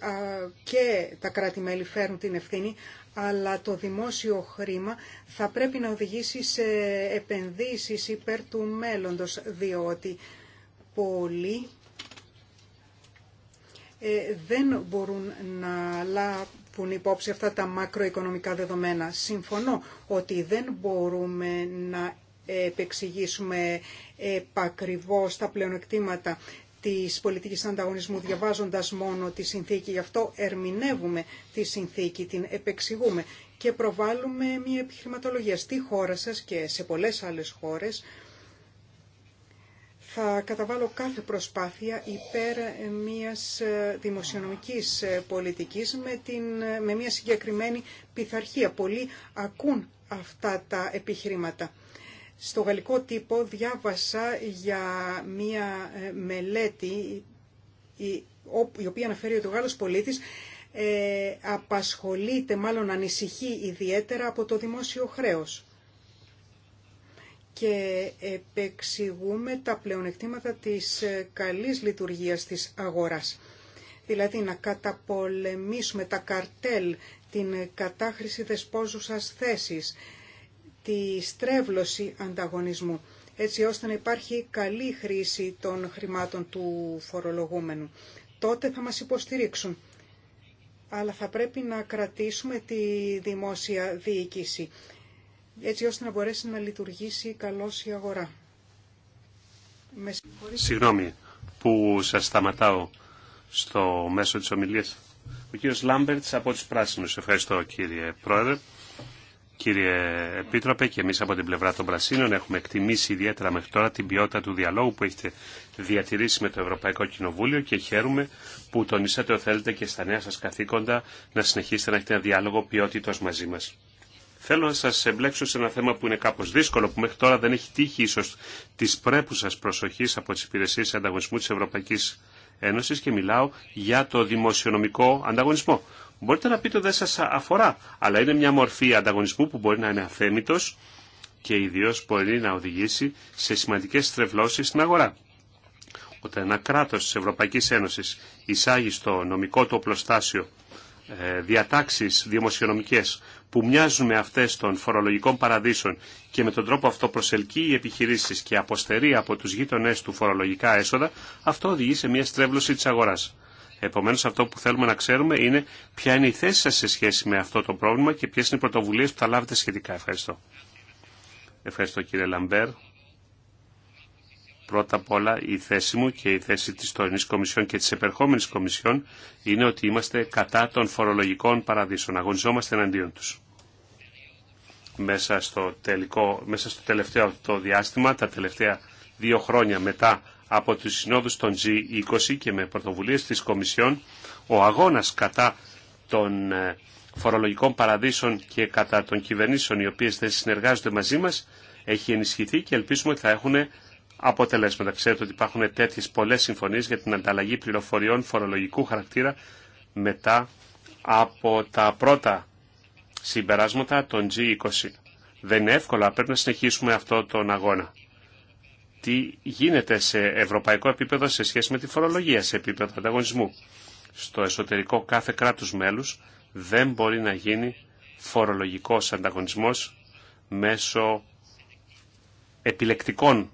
και τα κράτη-μέλη φέρνουν την ευθύνη, αλλά το δημόσιο χρήμα θα πρέπει να οδηγήσει σε επενδύσεις υπέρ του μέλλοντος, διότι πολλοί ε, δεν μπορούν να είναι υπόψη αυτά τα μακροοικονομικά δεδομένα. Συμφωνώ ότι δεν μπορούμε να επεξηγήσουμε επακριβώς τα πλεονεκτήματα της πολιτικής ανταγωνισμού διαβάζοντας μόνο τη συνθήκη. Γι' αυτό ερμηνεύουμε τη συνθήκη, την επεξηγούμε και προβάλλουμε μια επιχειρηματολογία στη χώρα σας και σε πολλές άλλες χώρες θα καταβάλω κάθε προσπάθεια υπέρ μιας ε, δημοσιονομικής ε, πολιτικής με, την, ε, με μια συγκεκριμένη πειθαρχία. Πολλοί ακούν αυτά τα επιχειρήματα. Στο γαλλικό τύπο διάβασα για μια μελέτη η οποία αναφέρει ότι ο Γάλλος πολίτης ε, απασχολείται, μάλλον ανησυχεί ιδιαίτερα από το δημόσιο χρέος και επεξηγούμε τα πλεονεκτήματα της ε, καλής λειτουργίας της αγοράς. Δηλαδή να καταπολεμήσουμε τα καρτέλ, την ε, κατάχρηση δεσπόζουσας θέσης, τη στρέβλωση ανταγωνισμού, έτσι ώστε να υπάρχει καλή χρήση των χρημάτων του φορολογούμενου. Τότε θα μας υποστηρίξουν. Αλλά θα πρέπει να κρατήσουμε τη δημόσια διοίκηση έτσι ώστε να μπορέσει να λειτουργήσει καλώς η αγορά. Συγγνώμη που σας σταματάω στο μέσο της ομιλίας. Ο κύριος Λάμπερτς από τους Πράσινους. Ευχαριστώ κύριε Πρόεδρε. Κύριε Επίτροπε, και εμείς από την πλευρά των Πρασίνων έχουμε εκτιμήσει ιδιαίτερα μέχρι τώρα την ποιότητα του διαλόγου που έχετε διατηρήσει με το Ευρωπαϊκό Κοινοβούλιο και χαίρομαι που τονίσατε ότι θέλετε και στα νέα σας καθήκοντα να συνεχίσετε να έχετε ένα διάλογο ποιότητος μαζί μας. Θέλω να σας εμπλέξω σε ένα θέμα που είναι κάπως δύσκολο, που μέχρι τώρα δεν έχει τύχει ίσως της πρέπουσας προσοχής από τις υπηρεσίες ανταγωνισμού της Ευρωπαϊκής Ένωσης και μιλάω για το δημοσιονομικό ανταγωνισμό. Μπορείτε να πείτε ότι δεν σας αφορά, αλλά είναι μια μορφή ανταγωνισμού που μπορεί να είναι αθέμητος και ιδίως μπορεί να οδηγήσει σε σημαντικές στρεβλώσεις στην αγορά. Όταν ένα κράτος της Ευρωπαϊκής Ένωσης εισάγει στο νομικό του οπλοστάσιο ε, διατάξεις δημοσιονομικές που μοιάζουν με αυτές των φορολογικών παραδείσων και με τον τρόπο αυτό προσελκύει οι επιχειρήσεις και αποστερεί από τους γείτονές του φορολογικά έσοδα, αυτό οδηγεί σε μια στρέβλωση της αγοράς. Επομένω, αυτό που θέλουμε να ξέρουμε είναι ποια είναι η θέση σα σε σχέση με αυτό το πρόβλημα και ποιε είναι οι πρωτοβουλίε που θα λάβετε σχετικά. Ευχαριστώ. Ευχαριστώ κύριε Λαμπέρ. Πρώτα απ' όλα η θέση μου και η θέση της τωρινής Κομισιόν και της επερχόμενης Κομισιόν είναι ότι είμαστε κατά των φορολογικών παραδείσων. Αγωνιζόμαστε εναντίον τους. Μέσα στο, τελικό, μέσα στο τελευταίο το διάστημα, τα τελευταία δύο χρόνια μετά από τους συνόδους των G20 και με πρωτοβουλίες της Κομισιόν, ο αγώνας κατά των ε, φορολογικών παραδείσων και κατά των κυβερνήσεων οι οποίες δεν συνεργάζονται μαζί μας έχει ενισχυθεί και ελπίζουμε ότι θα έχουν αποτελέσματα. Ξέρετε ότι υπάρχουν τέτοιες πολλές συμφωνίες για την ανταλλαγή πληροφοριών φορολογικού χαρακτήρα μετά από τα πρώτα συμπεράσματα των G20. Δεν είναι εύκολα, πρέπει να συνεχίσουμε αυτό τον αγώνα. Τι γίνεται σε ευρωπαϊκό επίπεδο σε σχέση με τη φορολογία, σε επίπεδο ανταγωνισμού. Στο εσωτερικό κάθε κράτους μέλους δεν μπορεί να γίνει φορολογικός ανταγωνισμός μέσω επιλεκτικών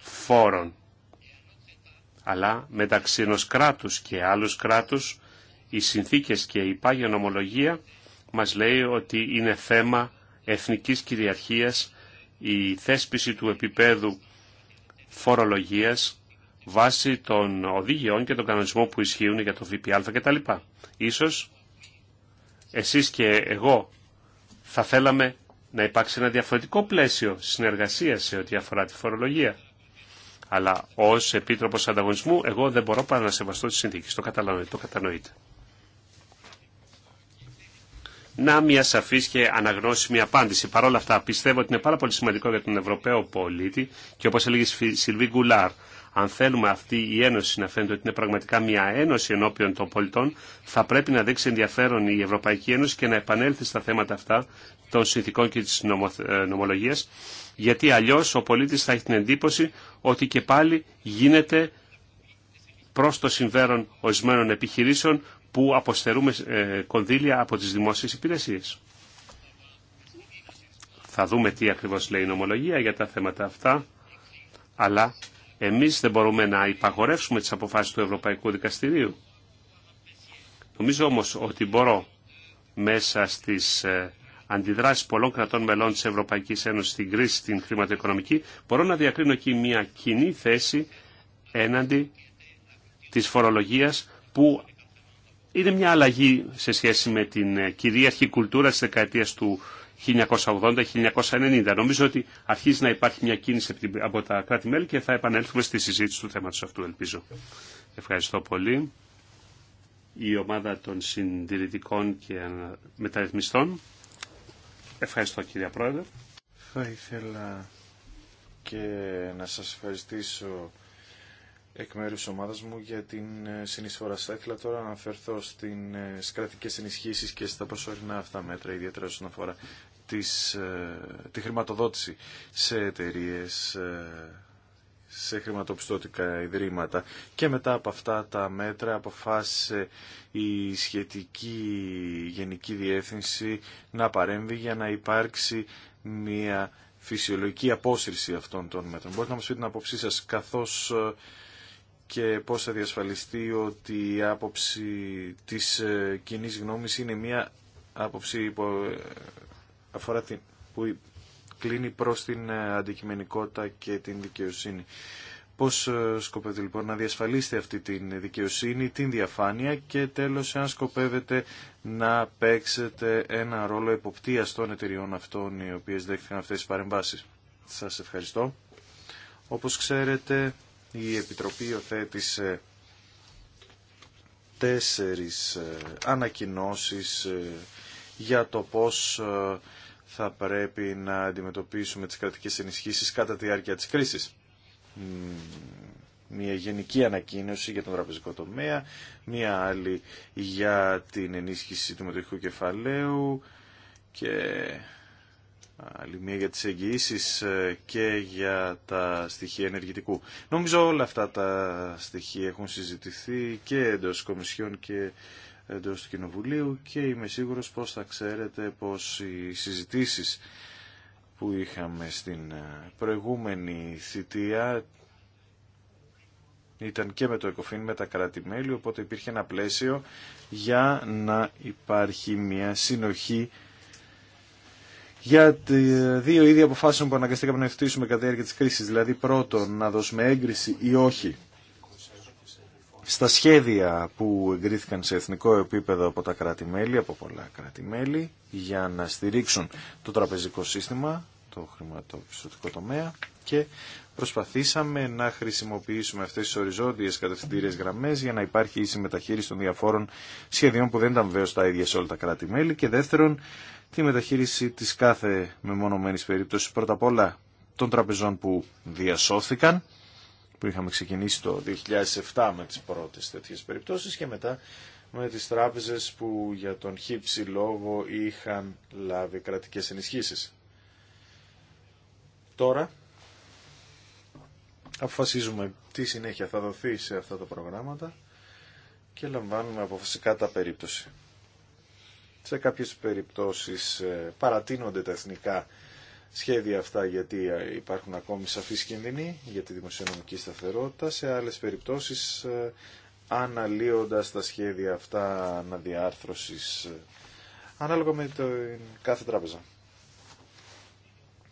φόρων. Αλλά μεταξύ ενός κράτους και άλλους κράτους, οι συνθήκες και η πάγια νομολογία μας λέει ότι είναι θέμα εθνικής κυριαρχίας η θέσπιση του επίπεδου φορολογίας βάσει των οδηγιών και των κανονισμών που ισχύουν για το ΦΠΑ κτλ. Ίσως εσείς και εγώ θα θέλαμε να υπάρξει ένα διαφορετικό πλαίσιο συνεργασίας σε ό,τι αφορά τη φορολογία. Αλλά ω Επίτροπο Ανταγωνισμού, εγώ δεν μπορώ παρά να σεβαστώ τι συνθήκε. Το κατανοείτε. Το κατανοείτε. Να μια σαφή και αναγνώσιμη απάντηση. Παρ' όλα αυτά, πιστεύω ότι είναι πάρα πολύ σημαντικό για τον Ευρωπαίο πολίτη και όπω έλεγε η Σιλβί Γκουλάρ, αν θέλουμε αυτή η Ένωση να φαίνεται ότι είναι πραγματικά μια Ένωση ενώπιον των πολιτών, θα πρέπει να δείξει ενδιαφέρον η Ευρωπαϊκή Ένωση και να επανέλθει στα θέματα αυτά των συνθηκών και της ε, νομολογίας, γιατί αλλιώς ο πολίτης θα έχει την εντύπωση ότι και πάλι γίνεται προς το συμφέρον ορισμένων επιχειρήσεων που αποστερούμε ε, κονδύλια από τις δημόσιες υπηρεσίες. Θα δούμε τι ακριβώς λέει η νομολογία για τα θέματα αυτά, αλλά εμείς δεν μπορούμε να υπαγορεύσουμε τις αποφάσεις του Ευρωπαϊκού Δικαστηρίου. Νομίζω όμως ότι μπορώ μέσα στις ε, αντιδράσει πολλών κρατών μελών τη Ευρωπαϊκή Ένωση στην κρίση στην χρηματοοικονομική, μπορώ να διακρίνω εκεί μια κοινή θέση έναντι τη φορολογία που είναι μια αλλαγή σε σχέση με την ε, κυρίαρχη κουλτούρα τη δεκαετία του 1980-1990. Νομίζω ότι αρχίζει να υπάρχει μια κίνηση από τα κράτη-μέλη και θα επανέλθουμε στη συζήτηση του θέματος αυτού, ελπίζω. Ευχαριστώ πολύ. Η ομάδα των συντηρητικών και μεταρρυθμιστών. Ευχαριστώ κύριε Πρόεδρε. Θα ήθελα και να σας ευχαριστήσω εκ μέρους ομάδας μου για την ε, συνεισφορά σας. Θα ήθελα τώρα να αναφερθώ ε, στις κρατικές ενισχύσεις και στα προσωρινά αυτά μέτρα, ιδιαίτερα όσον αφορά της, ε, τη χρηματοδότηση σε εταιρείε σε χρηματοπιστωτικά ιδρύματα. Και μετά από αυτά τα μέτρα αποφάσισε η σχετική Γενική Διεύθυνση να παρέμβει για να υπάρξει μια φυσιολογική απόσυρση αυτών των μέτρων. Μπορείτε να μας πείτε την άποψή σας καθώς ε, και πώς θα διασφαλιστεί ότι η άποψη της ε, κοινή γνώμης είναι μια άποψη που ε, αφορά την, που κλείνει προς την ε, αντικειμενικότητα και την δικαιοσύνη. Πώς ε, σκοπεύετε λοιπόν να διασφαλίσετε αυτή την δικαιοσύνη, την διαφάνεια και τέλος αν σκοπεύετε να παίξετε ένα ρόλο εποπτείας των εταιριών αυτών οι οποίες δέχτηκαν αυτές τις παρεμβάσεις. Σας ευχαριστώ. Όπως ξέρετε η Επιτροπή υιοθέτησε τέσσερις ε, ανακοινώσεις για το πώς θα πρέπει να αντιμετωπίσουμε τις κρατικές ενισχύσεις κατά τη διάρκεια της κρίσης. Μια γενική ανακοίνωση για τον τραπεζικό τομέα, μια άλλη για την ενίσχυση του μετοχικού κεφαλαίου και άλλη μια για τις εγγυήσεις ε, και για τα στοιχεία ενεργητικού. Νομίζω όλα αυτά τα στοιχεία έχουν συζητηθεί και εντός Κομισιών και Εντό του Κοινοβουλίου και είμαι σίγουρος πως θα ξέρετε πως οι συζητήσεις που είχαμε στην ε, προηγούμενη θητεία ήταν και με το ΕΚΟΦΗΝ με τα κρατη οπότε υπήρχε ένα πλαίσιο για να υπάρχει μια συνοχή για ε, δύο ίδια αποφάσεων που αναγκαστήκαμε να ευθύσουμε κατά τη διάρκεια της κρίσης. Δηλαδή πρώτον να δώσουμε έγκριση ή όχι στα σχέδια που εγκρίθηκαν σε εθνικό επίπεδο από τα κράτη-μέλη, από πολλά κράτη-μέλη, για να στηρίξουν το τραπεζικό σύστημα, το χρηματοπιστωτικό τομέα και προσπαθήσαμε να χρησιμοποιήσουμε αυτές τις οριζόντιες κατευθυντήριες γραμμές για να υπάρχει η συμμεταχείριση των διαφόρων σχεδίων που δεν ήταν βέβαια τα ίδια σε όλα τα κράτη-μέλη και δεύτερον τη μεταχείριση της κάθε μεμονωμένης περίπτωσης πρώτα απ' όλα των τραπεζών που διασώθηκαν που είχαμε ξεκινήσει το 2007 με τις πρώτες τέτοιες περιπτώσεις και μετά με τις τράπεζες που για τον χύψη λόγο είχαν λάβει κρατικές ενισχύσεις. Τώρα αποφασίζουμε τι συνέχεια θα δοθεί σε αυτά τα προγράμματα και λαμβάνουμε αποφασικά τα περίπτωση. Σε κάποιες περιπτώσεις ε, παρατείνονται τα εθνικά σχέδια αυτά γιατί υπάρχουν ακόμη σαφείς κινδυνοί για τη δημοσιονομική σταθερότητα. Σε άλλες περιπτώσεις ε, αναλύοντας τα σχέδια αυτά αναδιάρθρωσης ε, ανάλογα με το κάθε τράπεζα.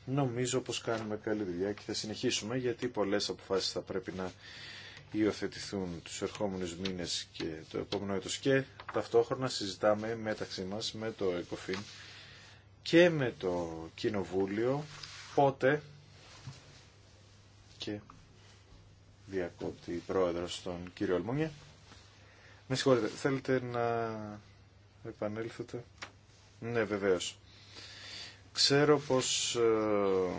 Νομίζω πως κάνουμε καλή δουλειά και θα συνεχίσουμε γιατί πολλές αποφάσεις θα πρέπει να υιοθετηθούν τους ερχόμενους μήνες και το επόμενο έτος και ταυτόχρονα συζητάμε μεταξύ μας με το ΕΚΟΦΗΝ και με το Κοινοβούλιο πότε και διακόπτη πρόεδρος τον κύριο Αλμούνια. Με συγχωρείτε, θέλετε να επανέλθετε. Ναι, βεβαίως. Ξέρω πως ε,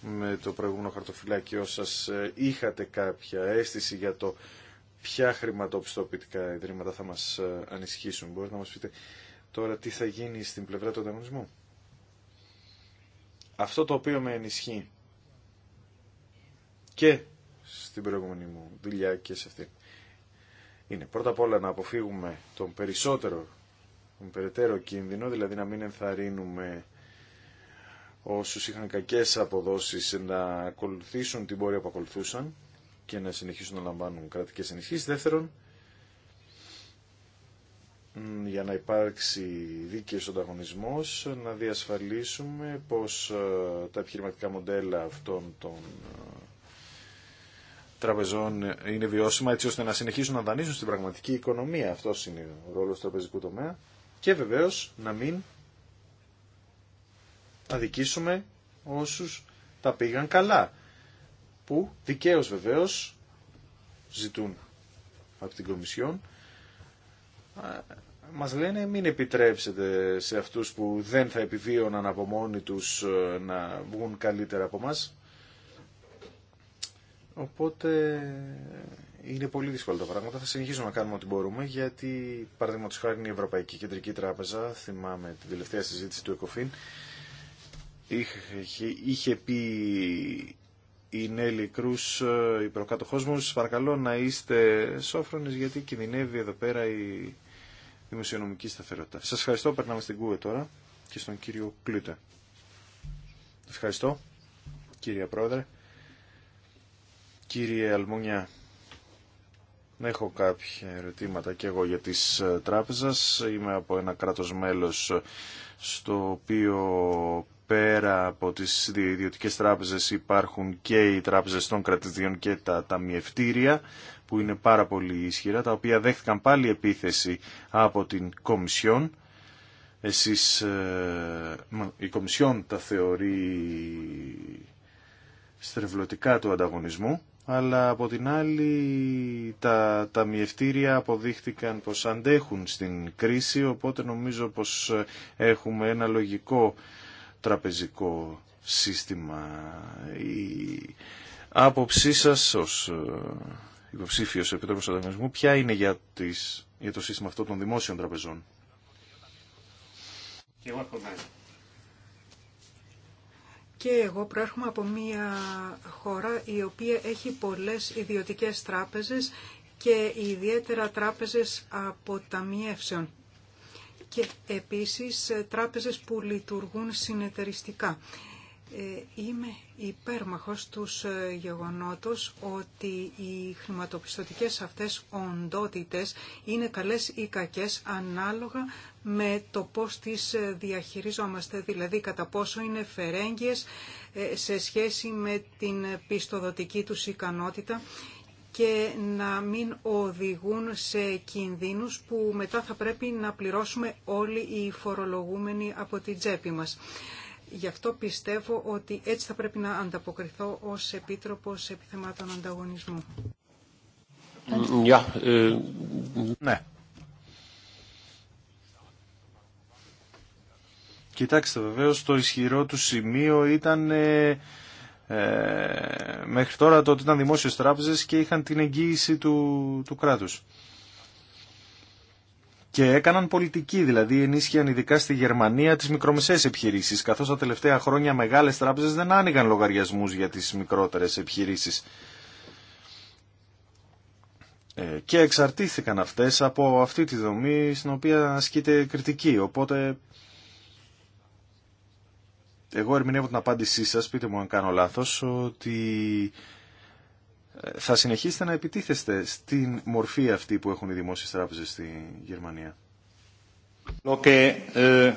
με το προηγούμενο χαρτοφυλάκιό σας ε, είχατε κάποια αίσθηση για το ποια χρηματοπιστοποιητικά ιδρύματα θα μας ε, ανισχύσουν. Μπορείτε να μας πείτε Τώρα τι θα γίνει στην πλευρά του ανταγωνισμού. Αυτό το οποίο με ενισχύει και στην προηγούμενη μου δουλειά και σε αυτή είναι πρώτα απ' όλα να αποφύγουμε τον περισσότερο, τον περαιτέρω κίνδυνο, δηλαδή να μην ενθαρρύνουμε όσους είχαν κακές αποδόσεις να ακολουθήσουν την πορεία που ακολουθούσαν και να συνεχίσουν να λαμβάνουν κρατικές ενισχύσεις. Δεύτερον, για να υπάρξει δίκαιος ανταγωνισμός, να διασφαλίσουμε πως ε, τα επιχειρηματικά μοντέλα αυτών των ε, τραπεζών είναι βιώσιμα έτσι ώστε να συνεχίσουν να δανείζουν στην πραγματική οικονομία. Αυτός είναι ο ρόλος του τραπεζικού τομέα. Και βεβαίως να μην αδικήσουμε όσους τα πήγαν καλά, που δικαίως βεβαίως ζητούν από την Κομισιόν μας λένε μην επιτρέψετε σε αυτούς που δεν θα επιβίωναν από μόνοι τους ε, να βγουν καλύτερα από μας. Οπότε είναι πολύ δύσκολα τα πράγματα. Θα συνεχίσουμε να κάνουμε ό,τι μπορούμε γιατί παραδείγματος χάρη είναι η Ευρωπαϊκή Κεντρική Τράπεζα, θυμάμαι την τελευταία συζήτηση του ΕΚΟΦΗΝ, είχε πει η Νέλη Κρούς, ε, η προκάτοχός μου, παρακαλώ να είστε σόφρονες γιατί κινδυνεύει εδώ πέρα η δημοσιονομική σταθερότητα. Σας ευχαριστώ. Περνάμε στην Κούε τώρα και στον κύριο Κλούτε. Ευχαριστώ, κύριε Πρόεδρε. Κύριε Αλμούνια, έχω κάποια ερωτήματα και εγώ για τις ε, τράπεζες. Είμαι από ένα κράτος μέλος ε, στο οποίο πέρα από τις ιδιωτικές τράπεζες υπάρχουν και οι τράπεζες των κρατηδιών και τα ταμιευτήρια που είναι πάρα πολύ ίσχυρα, τα οποία δέχτηκαν πάλι επίθεση από την Κομισιόν. Εσείς, ε, η Κομισιόν τα θεωρεί στρεβλωτικά του ανταγωνισμού, αλλά από την άλλη τα ταμιευτήρια αποδείχτηκαν πως αντέχουν στην κρίση, οπότε νομίζω πως ε, έχουμε ένα λογικό τραπεζικό σύστημα. Η άποψή σας ως ε, Υποψήφιο επιτρόπος ανταγωνισμού, ποια είναι για, τις, για το σύστημα αυτό των δημόσιων τραπεζών. Και εγώ, και εγώ προέρχομαι από μια χώρα η οποία έχει πολλές ιδιωτικές τράπεζες και ιδιαίτερα τράπεζες αποταμιεύσεων και επίσης τράπεζες που λειτουργούν συνεταιριστικά. Ε, είμαι υπέρμαχος τους ε, γεγονότος ότι οι χρηματοπιστωτικές αυτές οντότητες είναι καλές ή κακές ανάλογα με το πώς τις ε, διαχειριζόμαστε, δηλαδή κατά πόσο είναι φερέγγιες σε σχέση με την πιστοδοτική τους ικανότητα και να μην οδηγούν σε κινδύνους που μετά θα πρέπει να πληρώσουμε όλοι οι φορολογούμενοι από την τσέπη μας. Γι' αυτό πιστεύω ότι έτσι θα πρέπει να ανταποκριθώ ως Επίτροπος Επιθεμάτων Ανταγωνισμού. Mm, ε, ναι. Κοιτάξτε βεβαίως το ισχυρό του σημείο ήταν ε, ε, μέχρι τώρα το ότι ήταν δημόσιες τράπεζες και είχαν την εγγύηση του, του κράτους και έκαναν πολιτική, δηλαδή ενίσχυαν ειδικά στη Γερμανία τις μικρομεσαίες επιχειρήσεις, καθώς τα τελευταία χρόνια μεγάλες τράπεζες δεν άνοιγαν λογαριασμούς για τις μικρότερες επιχειρήσεις. Ε, και εξαρτήθηκαν αυτές από αυτή τη δομή στην οποία ασκείται κριτική. Οπότε εγώ ερμηνεύω την απάντησή σας, πείτε μου αν κάνω λάθος, ότι θα συνεχίσετε να επιτίθεστε στην μορφή αυτή που έχουν οι δημόσιες τράπεζες στη Γερμανία. Ε,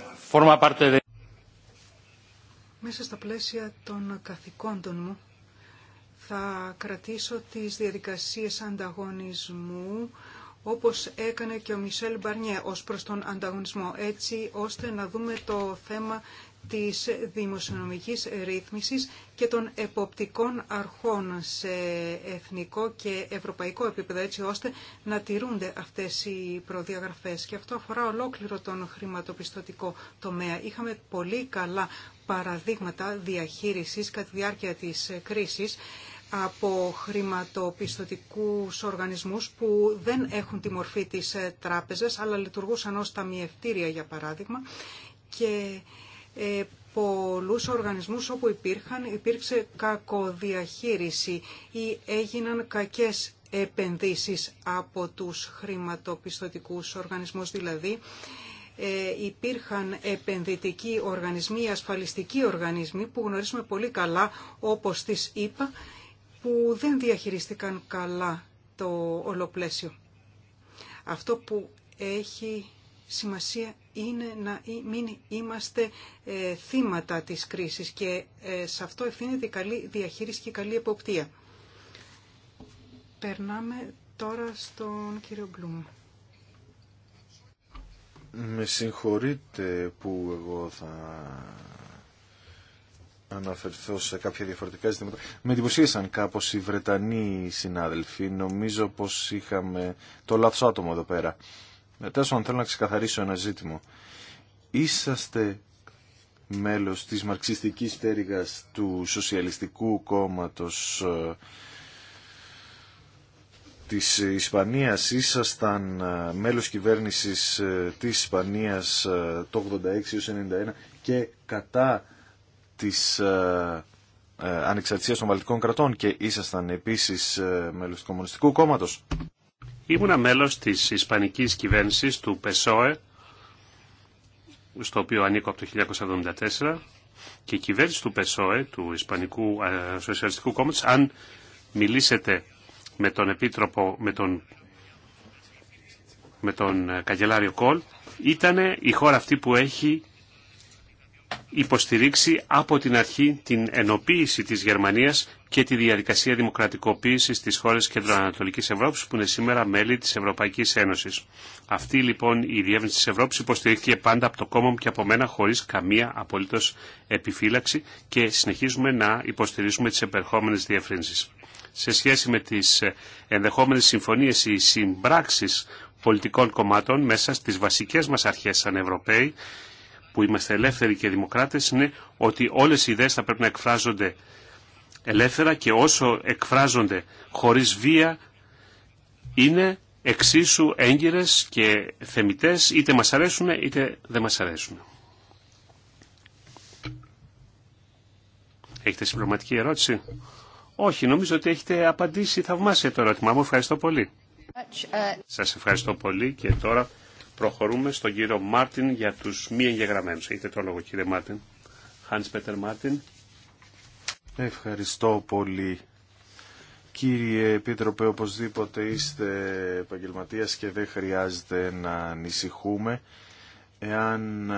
Μέσα στα πλαίσια των καθηκόντων μου θα κρατήσω τις διαδικασίες ανταγωνισμού όπως έκανε και ο Μισελ Μπαρνιέ ως προς τον ανταγωνισμό, έτσι ώστε να δούμε το θέμα της δημοσιονομικής ρύθμισης και των εποπτικών αρχών σε εθνικό και ευρωπαϊκό επίπεδο, έτσι ώστε να τηρούνται αυτές οι προδιαγραφές. Και αυτό αφορά ολόκληρο τον χρηματοπιστωτικό τομέα. Είχαμε πολύ καλά παραδείγματα διαχείρισης κατά τη διάρκεια της κρίσης από χρηματοπιστωτικούς οργανισμούς που δεν έχουν τη μορφή της τράπεζας, αλλά λειτουργούσαν ως ταμιευτήρια, για παράδειγμα, και ε, πολλούς οργανισμούς όπου υπήρχαν, υπήρξε κακοδιαχείριση ή έγιναν κακές επενδύσεις από τους χρηματοπιστωτικούς οργανισμούς δηλαδή. Ε, υπήρχαν επενδυτικοί οργανισμοί, ασφαλιστικοί οργανισμοί που γνωρίζουμε πολύ καλά όπως τις είπα που δεν διαχειριστήκαν καλά το ολοπλαίσιο. Αυτό που έχει σημασία είναι να μην είμαστε ε, θύματα της κρίσης και ε, σε αυτό ευθύνεται η καλή διαχείριση και η καλή εποπτεία. Περνάμε τώρα στον κύριο Μπλουμ. Με συγχωρείτε που εγώ θα αναφερθώ σε κάποια διαφορετικά ζητήματα. Με εντυπωσίασαν κάπως οι Βρετανοί συνάδελφοι. Νομίζω πως είχαμε το λάθος άτομο εδώ πέρα. Μετά αν θέλω να ξεκαθαρίσω ένα ζήτημα. Είσαστε μέλος της μαρξιστικής στέριγας του Σοσιαλιστικού Κόμματος ε, της Ισπανίας ήσασταν ε, μέλος κυβέρνησης ε, της Ισπανίας το 86-91 και κατά της ανεξαρτησίας των βαλτικών κρατών και ήσασταν επίσης μέλος του Κομμουνιστικού Κόμματος. Ήμουνα μέλος της ισπανικής κυβέρνησης του ΠΕΣΟΕ, στο οποίο ανήκω από το 1974, και η κυβέρνηση του ΠΕΣΟΕ, του Ισπανικού ε, Σοσιαλιστικού Κόμματος, αν μιλήσετε με τον επίτροπο, με τον, με τον ε, καγκελάριο Κολ, ήταν η χώρα αυτή που έχει υποστηρίξει από την αρχή την ενοποίηση της Γερμανίας και τη διαδικασία δημοκρατικοποίησης στις χώρες Κεντροανατολική Ευρώπη, που είναι σήμερα μέλη τη Ευρωπαϊκή Ένωση. Αυτή λοιπόν η διεύρυνση τη Ευρώπη υποστηρίχθηκε πάντα από το κόμμα μου και από μένα χωρί καμία απολύτω επιφύλαξη και συνεχίζουμε να υποστηρίζουμε τι επερχόμενε διευθύνσει. Σε σχέση με τι ενδεχόμενε συμφωνίε ή συμπράξει πολιτικών κομμάτων μέσα στι βασικέ μα αρχέ σαν Ευρωπαίοι, που είμαστε ελεύθεροι και δημοκράτες, είναι ότι όλες οι ιδέες θα πρέπει να εκφράζονται ελεύθερα και όσο εκφράζονται χωρίς βία είναι εξίσου έγκυρες και θεμητές είτε μας αρέσουν είτε δεν μας αρέσουν. Έχετε συμπληρωματική ερώτηση. Όχι, νομίζω ότι έχετε απαντήσει θαυμάσια το ερώτημά μου. Ευχαριστώ πολύ. Σας ευχαριστώ πολύ και τώρα προχωρούμε στον κύριο Μάρτιν για τους μη εγγεγραμμένους. Έχετε το λόγο κύριε Μάρτιν. Hans Peter Μάρτιν. Ευχαριστώ πολύ. Κύριε Επίτροπε, οπωσδήποτε είστε επαγγελματίας και δεν χρειάζεται να ανησυχούμε. Εάν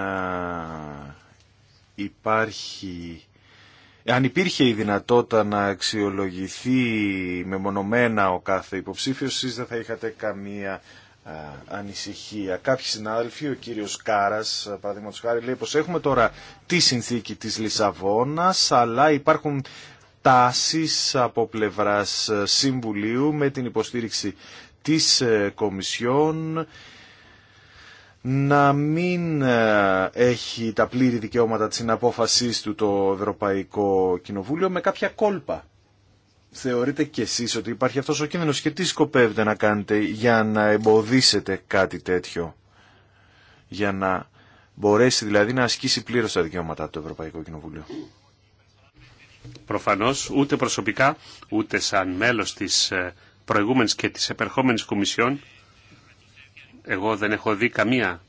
υπάρχει... εάν υπήρχε η δυνατότητα να αξιολογηθεί μεμονωμένα ο κάθε υποψήφιος, εσείς δεν θα είχατε καμία ανησυχία. Κάποιοι συνάδελφοι, ο κύριος Κάρας, παραδείγματος χάρη, λέει πως έχουμε τώρα τη συνθήκη της Λισαβόνας, αλλά υπάρχουν τάσεις από πλευράς ε, Συμβουλίου με την υποστήριξη της ε, Κομισιόν να μην ε, έχει τα πλήρη δικαιώματα της συναπόφασής του το Ευρωπαϊκό Κοινοβούλιο με κάποια κόλπα θεωρείτε κι εσείς ότι υπάρχει αυτός ο κίνδυνος και τι σκοπεύετε να κάνετε για να εμποδίσετε κάτι τέτοιο, για να μπορέσει δηλαδή να ασκήσει πλήρως τα δικαιώματα του Ευρωπαϊκού Κοινοβουλίου. Προφανώς ούτε προσωπικά, ούτε σαν μέλος της ε, προηγούμενης και της επερχόμενης Κομισιόν, εγώ δεν έχω δει καμία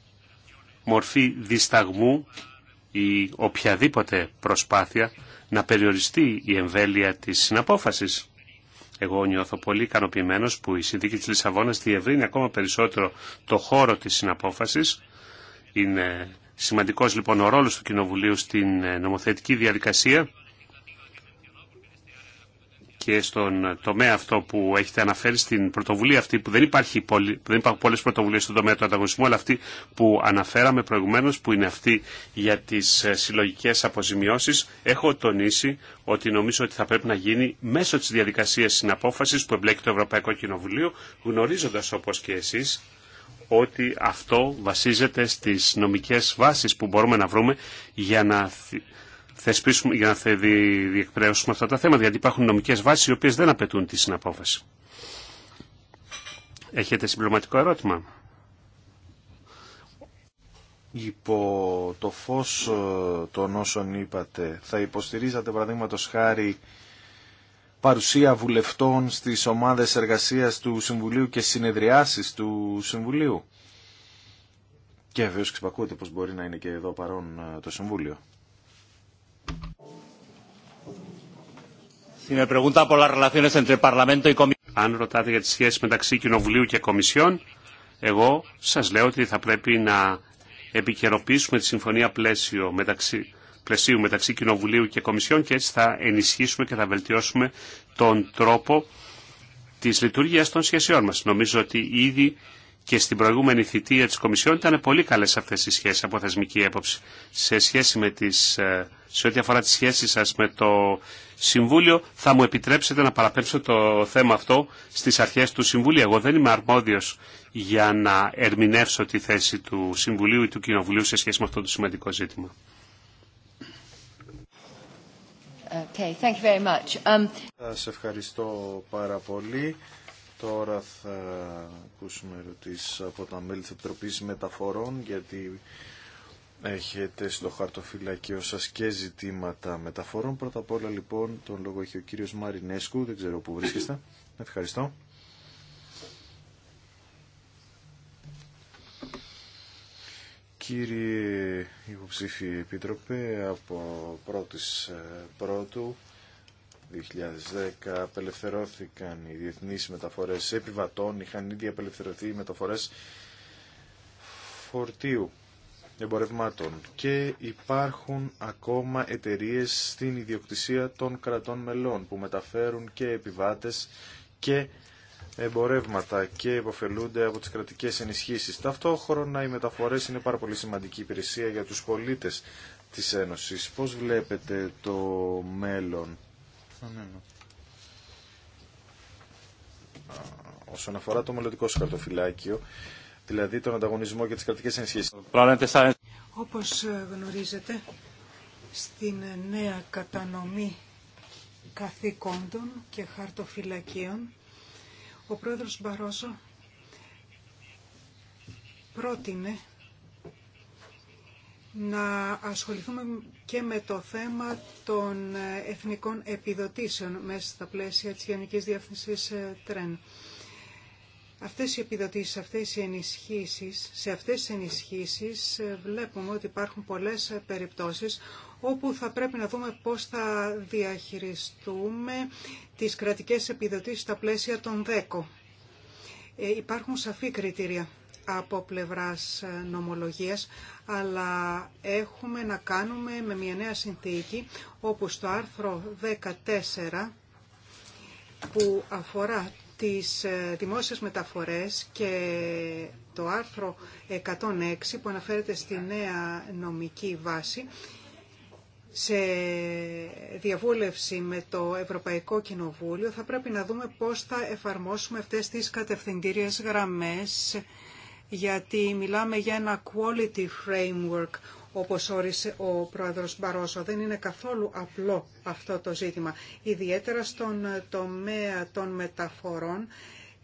μορφή δισταγμού ή οποιαδήποτε προσπάθεια να περιοριστεί η εμβέλεια της συναπόφασης. Εγώ νιώθω πολύ ικανοποιημένο που η συνθήκη της Λισαβόνας διευρύνει ακόμα περισσότερο το χώρο της συναπόφασης. Είναι σημαντικός λοιπόν ο ρόλος του Κοινοβουλίου στην ε, νομοθετική διαδικασία και στον τομέα αυτό που έχετε αναφέρει, στην πρωτοβουλία αυτή που δεν, υπάρχει που δεν υπάρχουν πολλές πρωτοβουλίες στον τομέα του ανταγωνισμού, αλλά αυτή που αναφέραμε προηγουμένως, που είναι αυτή για τις ε, συλλογικές αποζημιώσεις, έχω τονίσει ότι νομίζω ότι θα πρέπει να γίνει μέσω της διαδικασίας συναπόφασης που εμπλέκει το Ευρωπαϊκό Κοινοβουλίο, γνωρίζοντας όπως και εσείς, ότι αυτό βασίζεται στις νομικές βάσεις που μπορούμε να βρούμε για να θεσπίσουμε, για να διεκπαιρεώσουμε αυτά τα θέματα, γιατί υπάρχουν νομικές βάσεις οι οποίες δεν απαιτούν τη συναπόφαση. Έχετε συμπληρωματικό ερώτημα. Υπό το φως ε, των όσων είπατε, θα υποστηρίζατε παραδείγματο χάρη παρουσία βουλευτών στις ομάδες εργασίας του Συμβουλίου και συνεδριάσεις του Συμβουλίου. Και βεβαίω ξυπακούτε πως μπορεί να είναι και εδώ παρόν ε, το Συμβούλιο. Αν ρωτάτε για τις σχέσεις μεταξύ Κοινοβουλίου και Κομισιόν, εγώ σας λέω ότι θα πρέπει να επικαιροποιήσουμε τη συμφωνία πλαίσιο μεταξύ, πλαισίου μεταξύ Κοινοβουλίου και Κομισιόν και έτσι θα ενισχύσουμε και θα βελτιώσουμε τον τρόπο της λειτουργίας των σχέσεών μας. Νομίζω ότι ήδη και στην προηγούμενη θητεία της Κομισιόν ήταν πολύ καλές αυτές οι σχέσεις από θεσμική έποψη. Σε, σχέση με τις, ε, σε ό,τι αφορά τις σχέσεις σας με το Συμβούλιο, θα μου επιτρέψετε να παραπέμψω το θέμα αυτό στις αρχές του Συμβουλίου. Εγώ δεν είμαι αρμόδιος για να ερμηνεύσω τη θέση του Συμβουλίου ή του Κοινοβουλίου σε σχέση με αυτό το σημαντικό ζήτημα. Okay, thank you very much. Um... Σας ευχαριστώ πάρα πολύ. Τώρα θα ακούσουμε ερωτήσεις από τα μέλη της Επιτροπής Μεταφορών γιατί έχετε στο χαρτοφυλακείο σας και ζητήματα μεταφορών. Πρώτα απ' όλα λοιπόν τον λόγο έχει ο κύριος Μαρινέσκου, δεν ξέρω που βρίσκεστε. Ευχαριστώ. Κύριε Υποψήφιε Επίτροπε, από πρώτης ε, πρώτου 2010 απελευθερώθηκαν οι διεθνείς μεταφορές επιβατών, είχαν ήδη απελευθερωθεί οι μεταφορές φορτίου εμπορευμάτων και υπάρχουν ακόμα εταιρείες στην ιδιοκτησία των κρατών μελών που μεταφέρουν και επιβάτες και εμπορεύματα και υποφελούνται από τις κρατικές ενισχύσεις. Ταυτόχρονα οι μεταφορές είναι πάρα πολύ σημαντική υπηρεσία για τους πολίτες της Ένωσης. Πώς βλέπετε το μέλλον Όσον αφορά το μελλοντικό σου χαρτοφυλάκιο, δηλαδή τον ανταγωνισμό και τις κρατικές ενισχύσεις. Όπως ε, γνωρίζετε, στην ε, νέα κατανομή καθήκοντων και χαρτοφυλακίων, ο πρόεδρος Μπαρόσο. πρότεινε να ασχοληθούμε και με το θέμα των εθνικών επιδοτήσεων μέσα στα πλαίσια της Γενικής Διεύθυνσης ε, Τρέν. Αυτές οι επιδοτήσεις, αυτές οι ενισχύσεις, σε αυτές τις ενισχύσεις ε, βλέπουμε ότι υπάρχουν πολλές ε, περιπτώσεις όπου θα πρέπει να δούμε πώς θα διαχειριστούμε τις κρατικές επιδοτήσεις στα πλαίσια των ΔΕΚΟ. Ε, υπάρχουν σαφή κριτήρια από πλευράς ε, νομολογίας, αλλά έχουμε να κάνουμε με μια νέα συνθήκη όπου στο άρθρο 14 που αφορά τις ε, δημόσιες μεταφορές και το άρθρο 106 που αναφέρεται στη νέα νομική βάση σε διαβούλευση με το Ευρωπαϊκό Κοινοβούλιο θα πρέπει να δούμε πώς θα εφαρμόσουμε αυτές τις κατευθυντήριες γραμμές γιατί μιλάμε για ένα quality framework, όπως όρισε ο πρόεδρος Μπαρόσο. Δεν είναι καθόλου απλό αυτό το ζήτημα. Ιδιαίτερα στον τομέα των μεταφορών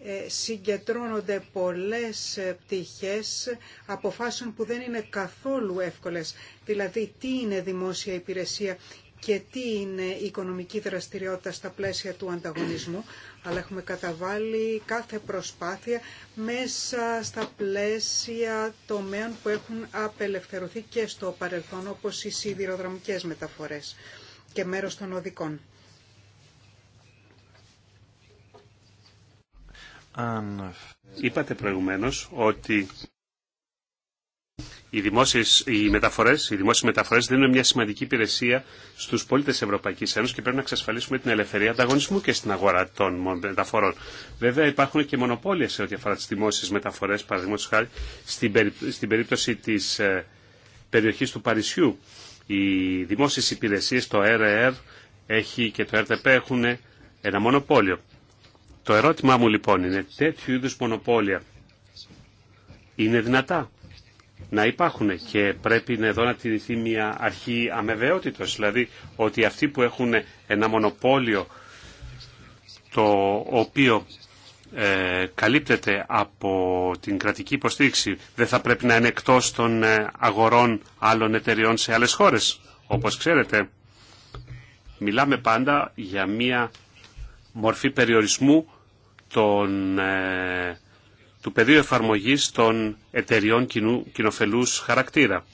ε, συγκεντρώνονται πολλές ε, πτυχές αποφάσεων που δεν είναι καθόλου εύκολες. Δηλαδή, τι είναι δημόσια υπηρεσία και τι είναι η οικονομική δραστηριότητα στα πλαίσια του ανταγωνισμού, αλλά έχουμε καταβάλει κάθε προσπάθεια μέσα στα πλαίσια τομέων που έχουν απελευθερωθεί και στο παρελθόν, όπως οι σιδηροδρομικές μεταφορές και μέρος των οδικών. Είπατε προηγουμένως ότι οι, δημόσιες, οι, μεταφορές, οι δημόσιες μεταφορές δίνουν μια σημαντική υπηρεσία στους πολίτες Ευρωπαϊκής Ένωσης και πρέπει να εξασφαλίσουμε την ελευθερία ανταγωνισμού και στην αγορά των μεταφορών. Βέβαια υπάρχουν και μονοπόλια σε ό,τι αφορά τις δημόσιες μεταφορές, παραδείγματος χάρη στην, περί, περίπτωση της ε, περιοχής του Παρισιού. Οι δημόσιες υπηρεσίες, το RER έχει και το RTP έχουν ένα μονοπόλιο. Το ερώτημά μου λοιπόν είναι τέτοιου είδους μονοπόλια είναι δυνατά να υπάρχουν και πρέπει εδώ να τηρηθεί μια αρχή αμεβαιότητος, δηλαδή ότι αυτοί που έχουν ένα μονοπόλιο το οποίο ε, καλύπτεται από την κρατική υποστήριξη δεν θα πρέπει να είναι εκτός των ε, αγορών άλλων εταιριών σε άλλες χώρες. Όπως ξέρετε, μιλάμε πάντα για μια μορφή περιορισμού των ε, του πεδίου εφαρμογής των εταιριών κοινού, κοινοφελούς χαρακτήρα.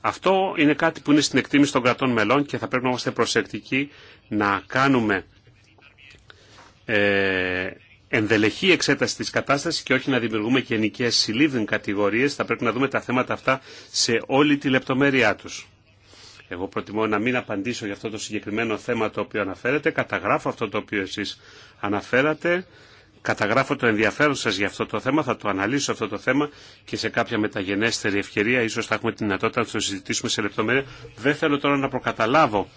Αυτό είναι κάτι που είναι στην εκτίμηση των κρατών μελών και θα πρέπει να είμαστε προσεκτικοί να κάνουμε ε, ενδελεχή εξέταση της κατάστασης και όχι να δημιουργούμε γενικές συλλήβδιν κατηγορίες. Θα πρέπει να δούμε τα θέματα αυτά σε όλη τη λεπτομέρειά τους. Εγώ προτιμώ να μην απαντήσω για αυτό το συγκεκριμένο θέμα το οποίο αναφέρετε. Καταγράφω αυτό το οποίο εσείς αναφέρατε καταγράφω το ενδιαφέρον σας για αυτό το θέμα, θα το αναλύσω αυτό το θέμα και σε κάποια μεταγενέστερη ευκαιρία ίσως θα έχουμε τη δυνατότητα να το συζητήσουμε σε λεπτομέρεια. Δεν θέλω τώρα να προκαταλάβω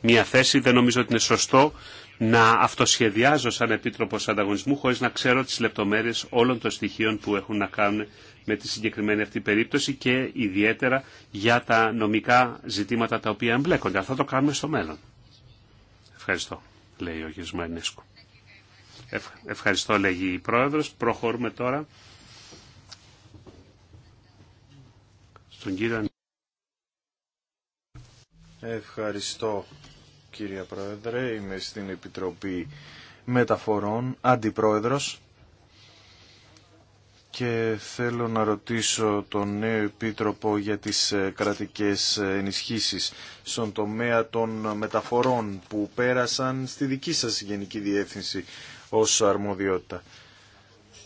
μια θέση, δεν νομίζω ότι είναι σωστό να αυτοσχεδιάζω σαν Επίτροπος Ανταγωνισμού χωρίς να ξέρω τις λεπτομέρειες όλων των στοιχείων που έχουν να κάνουν με τη συγκεκριμένη αυτή περίπτωση και ιδιαίτερα για τα νομικά ζητήματα τα οποία εμπλέκονται. Αυτό το κάνουμε στο μέλλον. Ευχαριστώ, λέει ο κ. Ευχαριστώ λέγει η Πρόεδρος. Προχωρούμε τώρα στον κύριο Ευχαριστώ κύριε Πρόεδρε. Είμαι στην Επιτροπή Μεταφορών, Αντιπρόεδρος και θέλω να ρωτήσω τον νέο Επίτροπο για τις ε, κρατικές ε, ενισχύσεις στον τομέα των μεταφορών που πέρασαν στη δική σας Γενική Διεύθυνση ως αρμοδιότητα.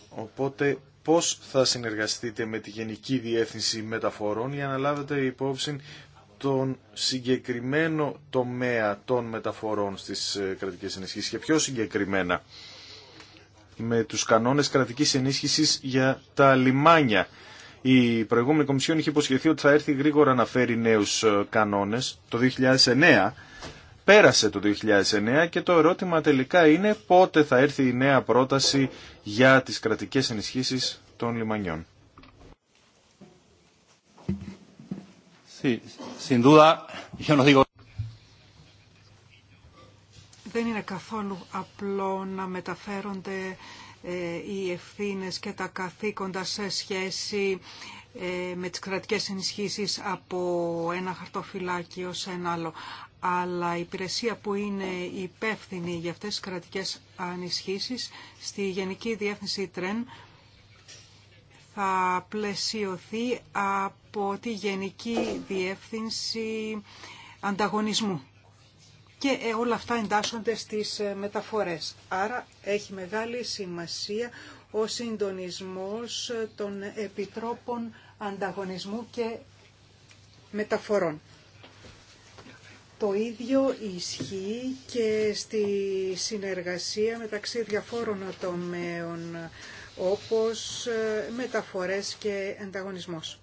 Οπότε πώς θα συνεργαστείτε με τη Γενική Διεύθυνση Μεταφορών για να λάβετε υπόψη τον συγκεκριμένο τομέα των μεταφορών στις ε, κρατικές ενισχύσεις και πιο συγκεκριμένα με τους κανόνες κρατικής ενίσχυσης για τα λιμάνια. Η προηγούμενη Κομισιόν είχε υποσχεθεί ότι θα έρθει γρήγορα να φέρει νέους ε, κανόνες το 2009 πέρασε το 2009 και το ερώτημα τελικά είναι πότε θα έρθει η νέα πρόταση για τις κρατικές ενισχύσεις των λιμανιών. Δεν είναι καθόλου απλό να μεταφέρονται ε, οι ευθύνε και τα καθήκοντα σε σχέση ε, με τις κρατικές ενισχύσεις από ένα χαρτοφυλάκιο σε ένα άλλο αλλά η υπηρεσία που είναι υπεύθυνη για αυτές τις κρατικές ανισχύσεις στη Γενική Διεύθυνση Τρεν θα πλαισιωθεί από τη Γενική Διεύθυνση Ανταγωνισμού. Και ε, όλα αυτά εντάσσονται στις ε, μεταφορές. Άρα έχει μεγάλη σημασία ο συντονισμός ε, των επιτρόπων ανταγωνισμού και μεταφορών. Το ίδιο ισχύει και στη συνεργασία μεταξύ διαφόρων τομέων όπως ε, μεταφορές και ανταγωνισμός.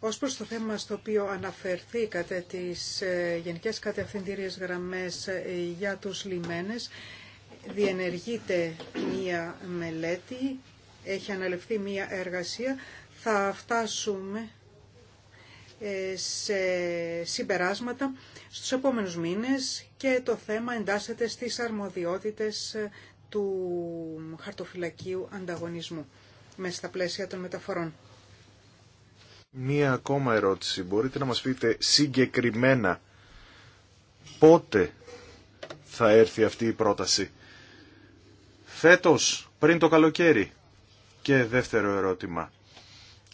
Ως προς το θέμα στο οποίο αναφερθήκατε τις ε, γενικές κατευθυντήριες γραμμές ε, για τους λιμένες, διενεργείται μία μελέτη, έχει αναλευθεί μία εργασία, θα φτάσουμε σε συμπεράσματα στους επόμενους μήνες και το θέμα εντάσσεται στις αρμοδιότητες ε, του χαρτοφυλακίου ανταγωνισμού μέσα στα πλαίσια των μεταφορών. Μία ακόμα ερώτηση. Μπορείτε να μας πείτε συγκεκριμένα πότε θα έρθει αυτή η πρόταση. Φέτος, πριν το καλοκαίρι. Και δεύτερο ερώτημα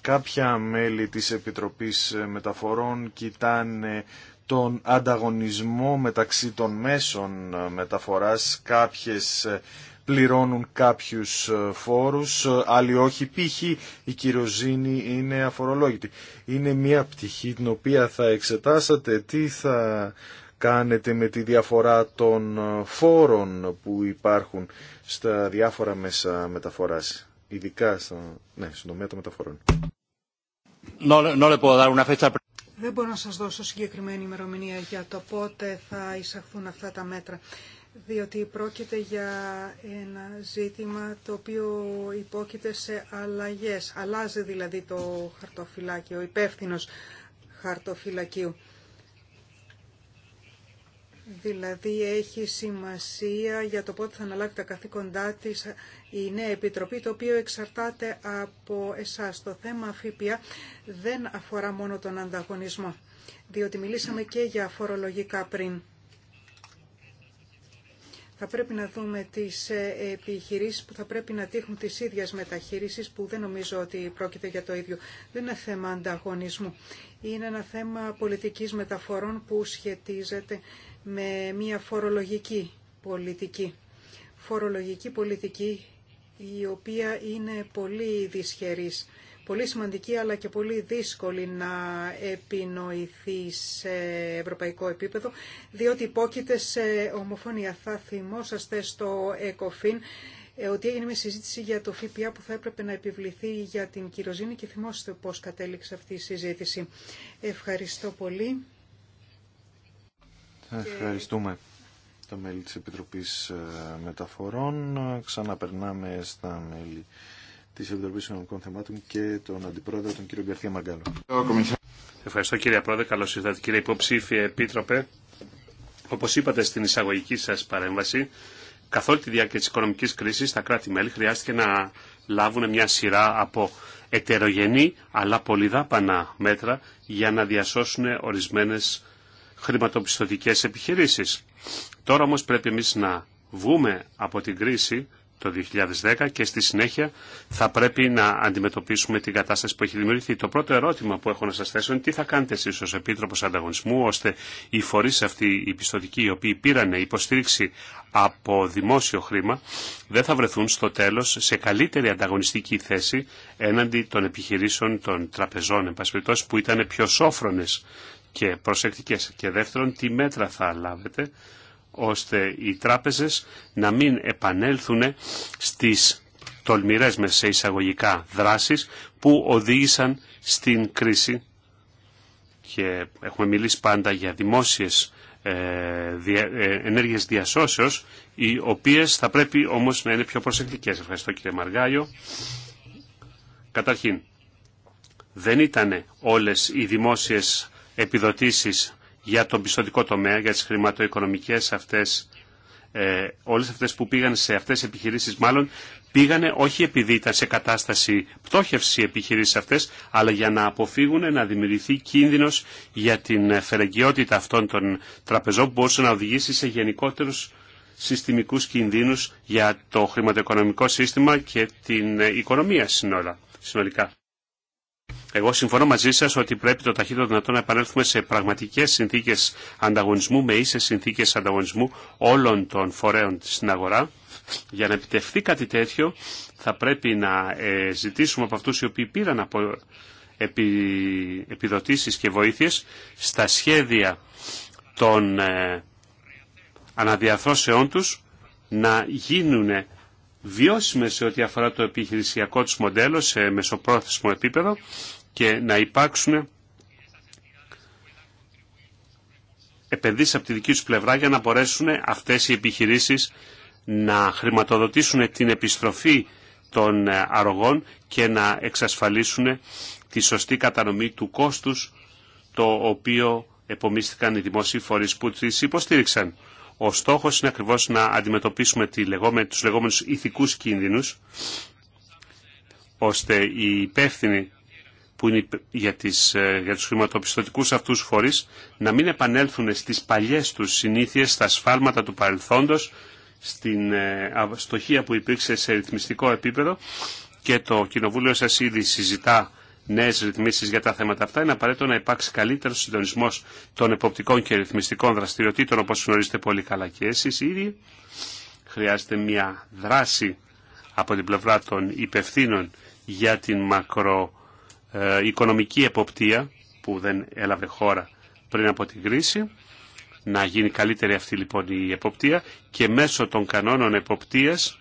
κάποια μέλη της Επιτροπής ε, Μεταφορών κοιτάνε τον ανταγωνισμό μεταξύ των μέσων ε, μεταφοράς. Κάποιες ε, πληρώνουν κάποιους φόρους, άλλοι όχι. Π.χ. η κυροζήνη είναι αφορολόγητη. Είναι μια πτυχή την οποία θα εξετάσατε τι θα κάνετε με τη διαφορά των φόρων που υπάρχουν στα διάφορα μέσα μεταφοράς ειδικά στο, ναι, στον τομέα των μεταφορών. Δεν μπορώ να σας δώσω συγκεκριμένη ημερομηνία για το πότε θα εισαχθούν αυτά τα μέτρα, διότι πρόκειται για ένα ζήτημα το οποίο υπόκειται σε αλλαγές. Αλλάζει δηλαδή το χαρτοφυλάκιο, υπεύθυνο χαρτοφυλακίου. Δηλαδή έχει σημασία για το πότε θα αναλάβει τα καθήκοντά της η νέα επιτροπή, το οποίο εξαρτάται από εσάς. Το θέμα ΦΠΑ δεν αφορά μόνο τον ανταγωνισμό, διότι μιλήσαμε και για φορολογικά πριν. Θα πρέπει να δούμε τις ε, επιχειρήσεις που θα πρέπει να τύχουν τις ίδιας μεταχείρισης που δεν νομίζω ότι πρόκειται για το ίδιο. Δεν είναι θέμα ανταγωνισμού. Είναι ένα θέμα πολιτικής μεταφορών που σχετίζεται με μια φορολογική πολιτική. Φορολογική πολιτική η οποία είναι πολύ δυσχερής, πολύ σημαντική αλλά και πολύ δύσκολη να επινοηθεί σε ευρωπαϊκό επίπεδο, διότι υπόκειται σε ομοφωνία. Θα θυμόσαστε στο ΕΚΟΦΗΝ ε, ότι έγινε μια συζήτηση για το ΦΠΑ που θα έπρεπε να επιβληθεί για την κυροζήνη και θυμόσαστε πώς κατέληξε αυτή η συζήτηση. Ευχαριστώ πολύ. Ευχαριστούμε τα μέλη της Επιτροπής ε, Μεταφορών. Ξαναπερνάμε στα μέλη της Επιτροπής Συνομικών Θεμάτων και τον Αντιπρόεδρο, τον κύριο Γκαρθία Μαγκάλο. Ευχαριστώ κύριε Πρόεδρε, καλώς ήρθατε κύριε Υποψήφιε Επίτροπε. Όπως είπατε στην εισαγωγική σας παρέμβαση, καθ' όλη τη διάρκεια της οικονομικής κρίσης τα κράτη-μέλη χρειάστηκε να λάβουν μια σειρά από ετερογενή αλλά πολυδάπανα μέτρα για να διασώσουν ορισμένες χρηματοπιστωτικές επιχειρήσεις. Τώρα όμως πρέπει εμείς να βγούμε από την κρίση το 2010 και στη συνέχεια θα πρέπει να αντιμετωπίσουμε την κατάσταση που έχει δημιουργηθεί. Το πρώτο ερώτημα που έχω να σας θέσω είναι τι θα κάνετε εσείς ως Επίτροπος Ανταγωνισμού ώστε οι φορείς αυτοί οι πιστοτικοί οι οποίοι πήραν υποστήριξη από δημόσιο χρήμα δεν θα βρεθούν στο τέλος σε καλύτερη ανταγωνιστική θέση έναντι των επιχειρήσεων των τραπεζών που ήταν πιο σόφρονες και προσεκτικές. Και δεύτερον, τι μέτρα θα λάβετε ώστε οι τράπεζες να μην επανέλθουν στις τολμηρές με σε εισαγωγικά δράσεις που οδήγησαν στην κρίση και έχουμε μιλήσει πάντα για δημόσιες ε, ε, ενέργειες διασώσεως οι οποίες θα πρέπει όμως να είναι πιο προσεκτικές. Ευχαριστώ κύριε Μαργάιο. Καταρχήν, δεν ήταν όλες οι δημόσιες επιδοτήσεις για τον πιστοτικό τομέα, για τις χρηματοοικονομικές αυτές, ε, όλες αυτές που πήγαν σε αυτές τις επιχειρήσεις, μάλλον πήγανε όχι επειδή ήταν σε κατάσταση πτώχευση οι επιχειρήσεις αυτές, αλλά για να αποφύγουν να δημιουργηθεί κίνδυνος για την φερεγγιότητα αυτών των τραπεζών που μπορούσε να οδηγήσει σε γενικότερους συστημικούς κινδύνους για το χρηματοοικονομικό σύστημα και την ε, οικονομία συνολικά. Εγώ συμφωνώ μαζί σα ότι πρέπει το ταχύτερο δυνατό να επανέλθουμε σε πραγματικές συνθήκες ανταγωνισμού, με ίσες συνθήκες ανταγωνισμού όλων των φορέων στην αγορά. Για να επιτευχθεί κάτι τέτοιο θα πρέπει να ε, ζητήσουμε από αυτού οι οποίοι πήραν από επιδοτήσεις και βοήθειες στα σχέδια των ε, αναδιαθρώσεών του να γίνουν Βιώσιμε σε ό,τι αφορά το επιχειρησιακό τους μοντέλο σε μεσοπρόθεσμο επίπεδο και να υπάρξουν επενδύσεις από τη δική τους πλευρά για να μπορέσουν αυτές οι επιχειρήσεις να χρηματοδοτήσουν την επιστροφή των αρρωγών και να εξασφαλίσουν τη σωστή κατανομή του κόστους το οποίο επομίστηκαν οι δημόσιοι φορείς που τις υποστήριξαν. Ο στόχος είναι ακριβώς να αντιμετωπίσουμε τη λεγόμε, τους λεγόμενους ηθικούς κίνδυνους, ώστε οι υπεύθυνοι που είναι για, τις, ε, για τους χρηματοπιστωτικούς αυτούς φορείς να μην επανέλθουν στις παλιές τους συνήθειες, στα σφάλματα του παρελθόντος, στην ε, αστοχία που υπήρξε σε ρυθμιστικό επίπεδο και το Κοινοβούλιο σας ήδη συζητά νέε ρυθμίσει για τα θέματα αυτά, είναι απαραίτητο να υπάρξει καλύτερο συντονισμό των εποπτικών και ρυθμιστικών δραστηριοτήτων, όπω γνωρίζετε πολύ καλά και εσεί ήδη. Χρειάζεται μια δράση από την πλευρά των υπευθύνων για την μακροοικονομική εποπτεία που δεν έλαβε χώρα πριν από την κρίση. Να γίνει καλύτερη αυτή λοιπόν η εποπτεία και μέσω των κανόνων εποπτείας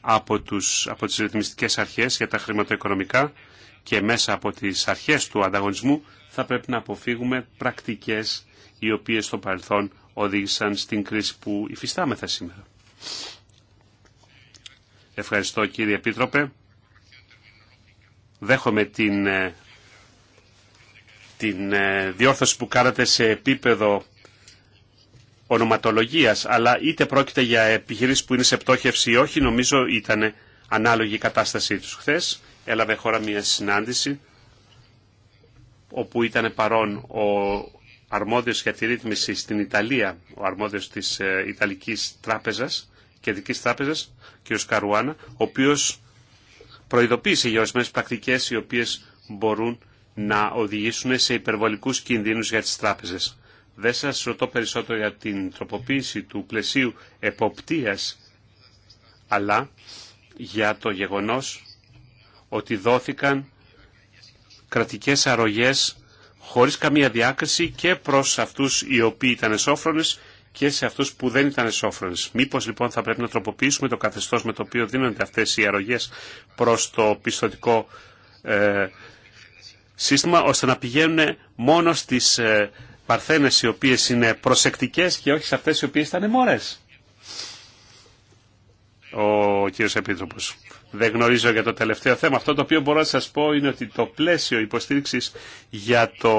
από, τους, από τις ρυθμιστικές αρχές για τα χρηματοοικονομικά και μέσα από τις αρχές του ανταγωνισμού θα πρέπει να αποφύγουμε πρακτικές οι οποίες στο παρελθόν οδήγησαν στην κρίση που υφιστάμεθα σήμερα. Ευχαριστώ κύριε Επίτροπε. Δέχομαι την, ε, την ε, διόρθωση που κάνατε σε επίπεδο ονοματολογίας, αλλά είτε πρόκειται για επιχειρήσεις που είναι σε πτώχευση ή όχι, νομίζω ήταν ανάλογη η κατάστασή τους χθες έλαβε χώρα μια συνάντηση όπου ήταν παρόν ο αρμόδιος για τη ρύθμιση στην Ιταλία, ο αρμόδιος της ε, Ιταλικής Τράπεζας, Κεντρικής Τράπεζας, κ. Καρουάνα, ο οποίος προειδοποίησε για ορισμένε πρακτικές οι οποίες μπορούν να οδηγήσουν σε υπερβολικούς κινδύνους για τις τράπεζες. Δεν σας ρωτώ περισσότερο για την τροποποίηση του πλαισίου εποπτείας, αλλά για το γεγονός ότι δόθηκαν κρατικές αρρωγές χωρίς καμία διάκριση και προς αυτούς οι οποίοι ήταν εσόφρονες και σε αυτούς που δεν ήταν εσόφρονες. Μήπως λοιπόν θα πρέπει να τροποποιήσουμε το καθεστώς με το οποίο δίνονται αυτές οι αρρωγές προς το πιστοτικό ε, σύστημα, ώστε να πηγαίνουν μόνο στις ε, παρθένες οι οποίες είναι προσεκτικές και όχι σε αυτές οι οποίες ήταν μόρες ο κύριος Επίτροπος. Δεν γνωρίζω για το τελευταίο θέμα. Αυτό το οποίο μπορώ να σας πω είναι ότι το πλαίσιο υποστήριξης για, το...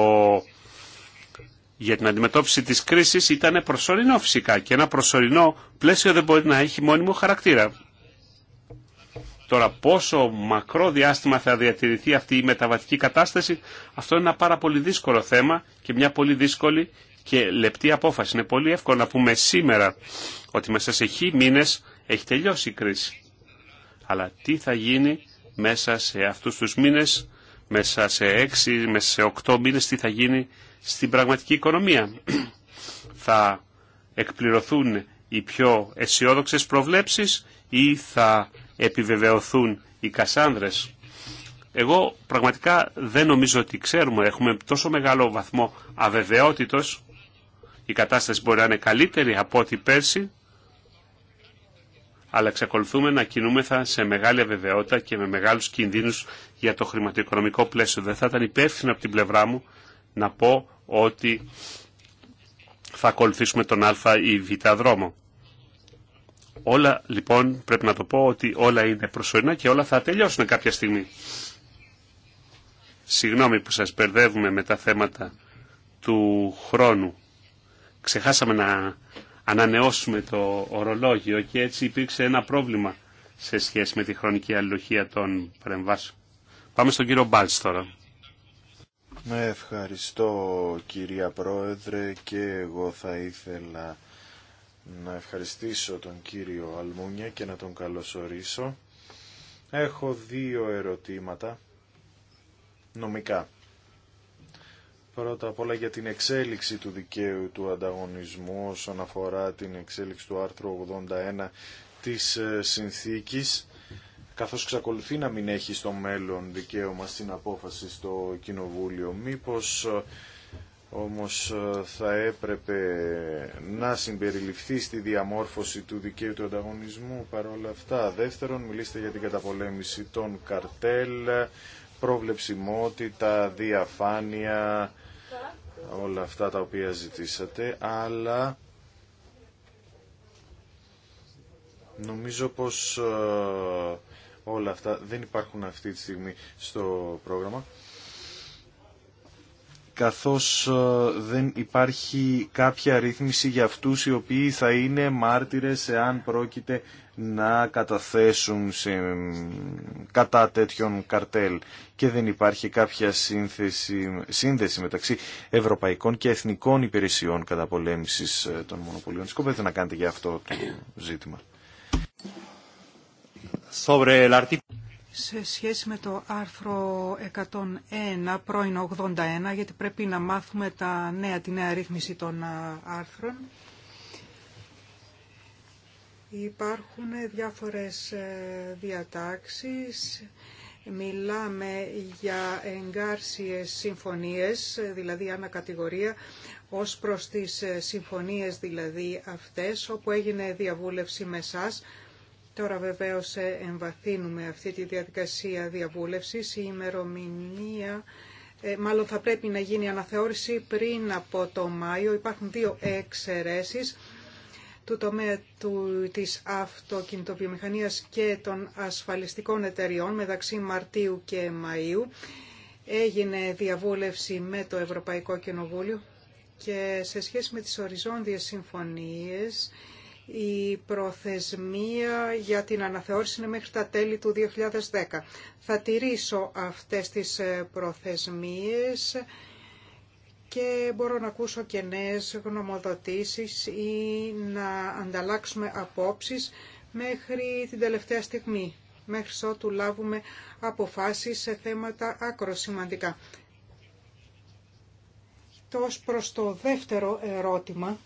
για την αντιμετώπιση της κρίσης ήταν προσωρινό φυσικά και ένα προσωρινό πλαίσιο δεν μπορεί να έχει μόνιμο χαρακτήρα. Τώρα πόσο μακρό διάστημα θα διατηρηθεί αυτή η μεταβατική κατάσταση, αυτό είναι ένα πάρα πολύ δύσκολο θέμα και μια πολύ δύσκολη και λεπτή απόφαση. Είναι πολύ εύκολο να πούμε σήμερα ότι μέσα σε χι μήνες έχει τελειώσει η κρίση. Αλλά τι θα γίνει μέσα σε αυτούς τους μήνες, μέσα σε έξι, μέσα σε οκτώ μήνες, τι θα γίνει στην πραγματική οικονομία. θα εκπληρωθούν οι πιο αισιόδοξε προβλέψεις ή θα επιβεβαιωθούν οι κασάνδρες. Εγώ πραγματικά δεν νομίζω ότι ξέρουμε. Έχουμε τόσο μεγάλο βαθμό αβεβαιότητος. Η κατάσταση μπορεί να είναι καλύτερη από ό,τι πέρσι αλλά εξακολουθούμε να κινούμεθα σε μεγάλη αβεβαιότητα και με μεγάλους κινδύνους για το χρηματοοικονομικό πλαίσιο. Δεν θα ήταν υπεύθυνο από την πλευρά μου να πω ότι θα ακολουθήσουμε τον α ή β δρόμο. Όλα λοιπόν πρέπει να το πω ότι όλα είναι προσωρινά και όλα θα τελειώσουν κάποια στιγμή. Συγγνώμη που σας μπερδεύουμε με τα θέματα του χρόνου. Ξεχάσαμε να ανανεώσουμε το ορολόγιο και έτσι υπήρξε ένα πρόβλημα σε σχέση με τη χρονική αλληλουχία των παρεμβάσεων. Πάμε στον κύριο Μπάλτς τώρα. Ναι, ευχαριστώ κυρία Πρόεδρε και εγώ θα ήθελα να ευχαριστήσω τον κύριο Αλμούνια και να τον καλωσορίσω. Έχω δύο ερωτήματα νομικά. Πρώτα απ' όλα για την εξέλιξη του δικαίου του ανταγωνισμού όσον αφορά την εξέλιξη του άρθρου 81 της ε, συνθήκης καθώς ξακολουθεί να μην έχει στο μέλλον δικαίωμα στην απόφαση στο Κοινοβούλιο. Μήπως ε, όμως ε, θα έπρεπε να συμπεριληφθεί στη διαμόρφωση του δικαίου του ανταγωνισμού παρόλα αυτά. Δεύτερον, μιλήστε για την καταπολέμηση των καρτέλ, προβλεψιμότητα, διαφάνεια, όλα αυτά τα οποία ζητήσατε, αλλά νομίζω πως ε, όλα αυτά δεν υπάρχουν αυτή τη στιγμή στο πρόγραμμα καθώς ε, δεν υπάρχει κάποια ρύθμιση για αυτούς οι οποίοι θα είναι μάρτυρες εάν πρόκειται να καταθέσουν σε, κατά τέτοιων καρτέλ και δεν υπάρχει κάποια σύνθεση, σύνδεση μεταξύ ευρωπαϊκών και εθνικών υπηρεσιών καταπολέμησης ε, των μονοπωλίων. Σκοπεύετε να κάνετε για αυτό το ζήτημα. Σε σχέση με το άρθρο 101, πρώην 81, γιατί πρέπει να μάθουμε τα νέα, τη νέα ρύθμιση των ε, άρθρων, Υπάρχουν διάφορες ε, διατάξεις, μιλάμε για εγκάρσιες συμφωνίες, δηλαδή ανακατηγορία, ως προς τις ε, συμφωνίες δηλαδή αυτές, όπου έγινε διαβούλευση με σας. Τώρα βεβαίως ε, εμβαθύνουμε αυτή τη διαδικασία διαβούλευσης, η ημερομηνία... μάλλον θα πρέπει να γίνει αναθεώρηση πριν από το Μάιο. Υπάρχουν δύο εξαιρέσεις του τομέα του, της αυτοκινητοβιομηχανίας και των ασφαλιστικών εταιριών μεταξύ Μαρτίου και Μαΐου. Έγινε διαβούλευση με το Ευρωπαϊκό Κοινοβούλιο και σε σχέση με τις οριζόντιες συμφωνίες η προθεσμία για την αναθεώρηση είναι μέχρι τα τέλη του 2010. Θα τηρήσω αυτές τις ε, προθεσμίες και μπορώ να ακούσω και νέες γνωμοδοτήσεις ή να ανταλλάξουμε απόψεις μέχρι την τελευταία στιγμή, μέχρι ότου λάβουμε αποφάσεις σε θέματα άκρο σημαντικά. Τόσο προς το δεύτερο ερώτημα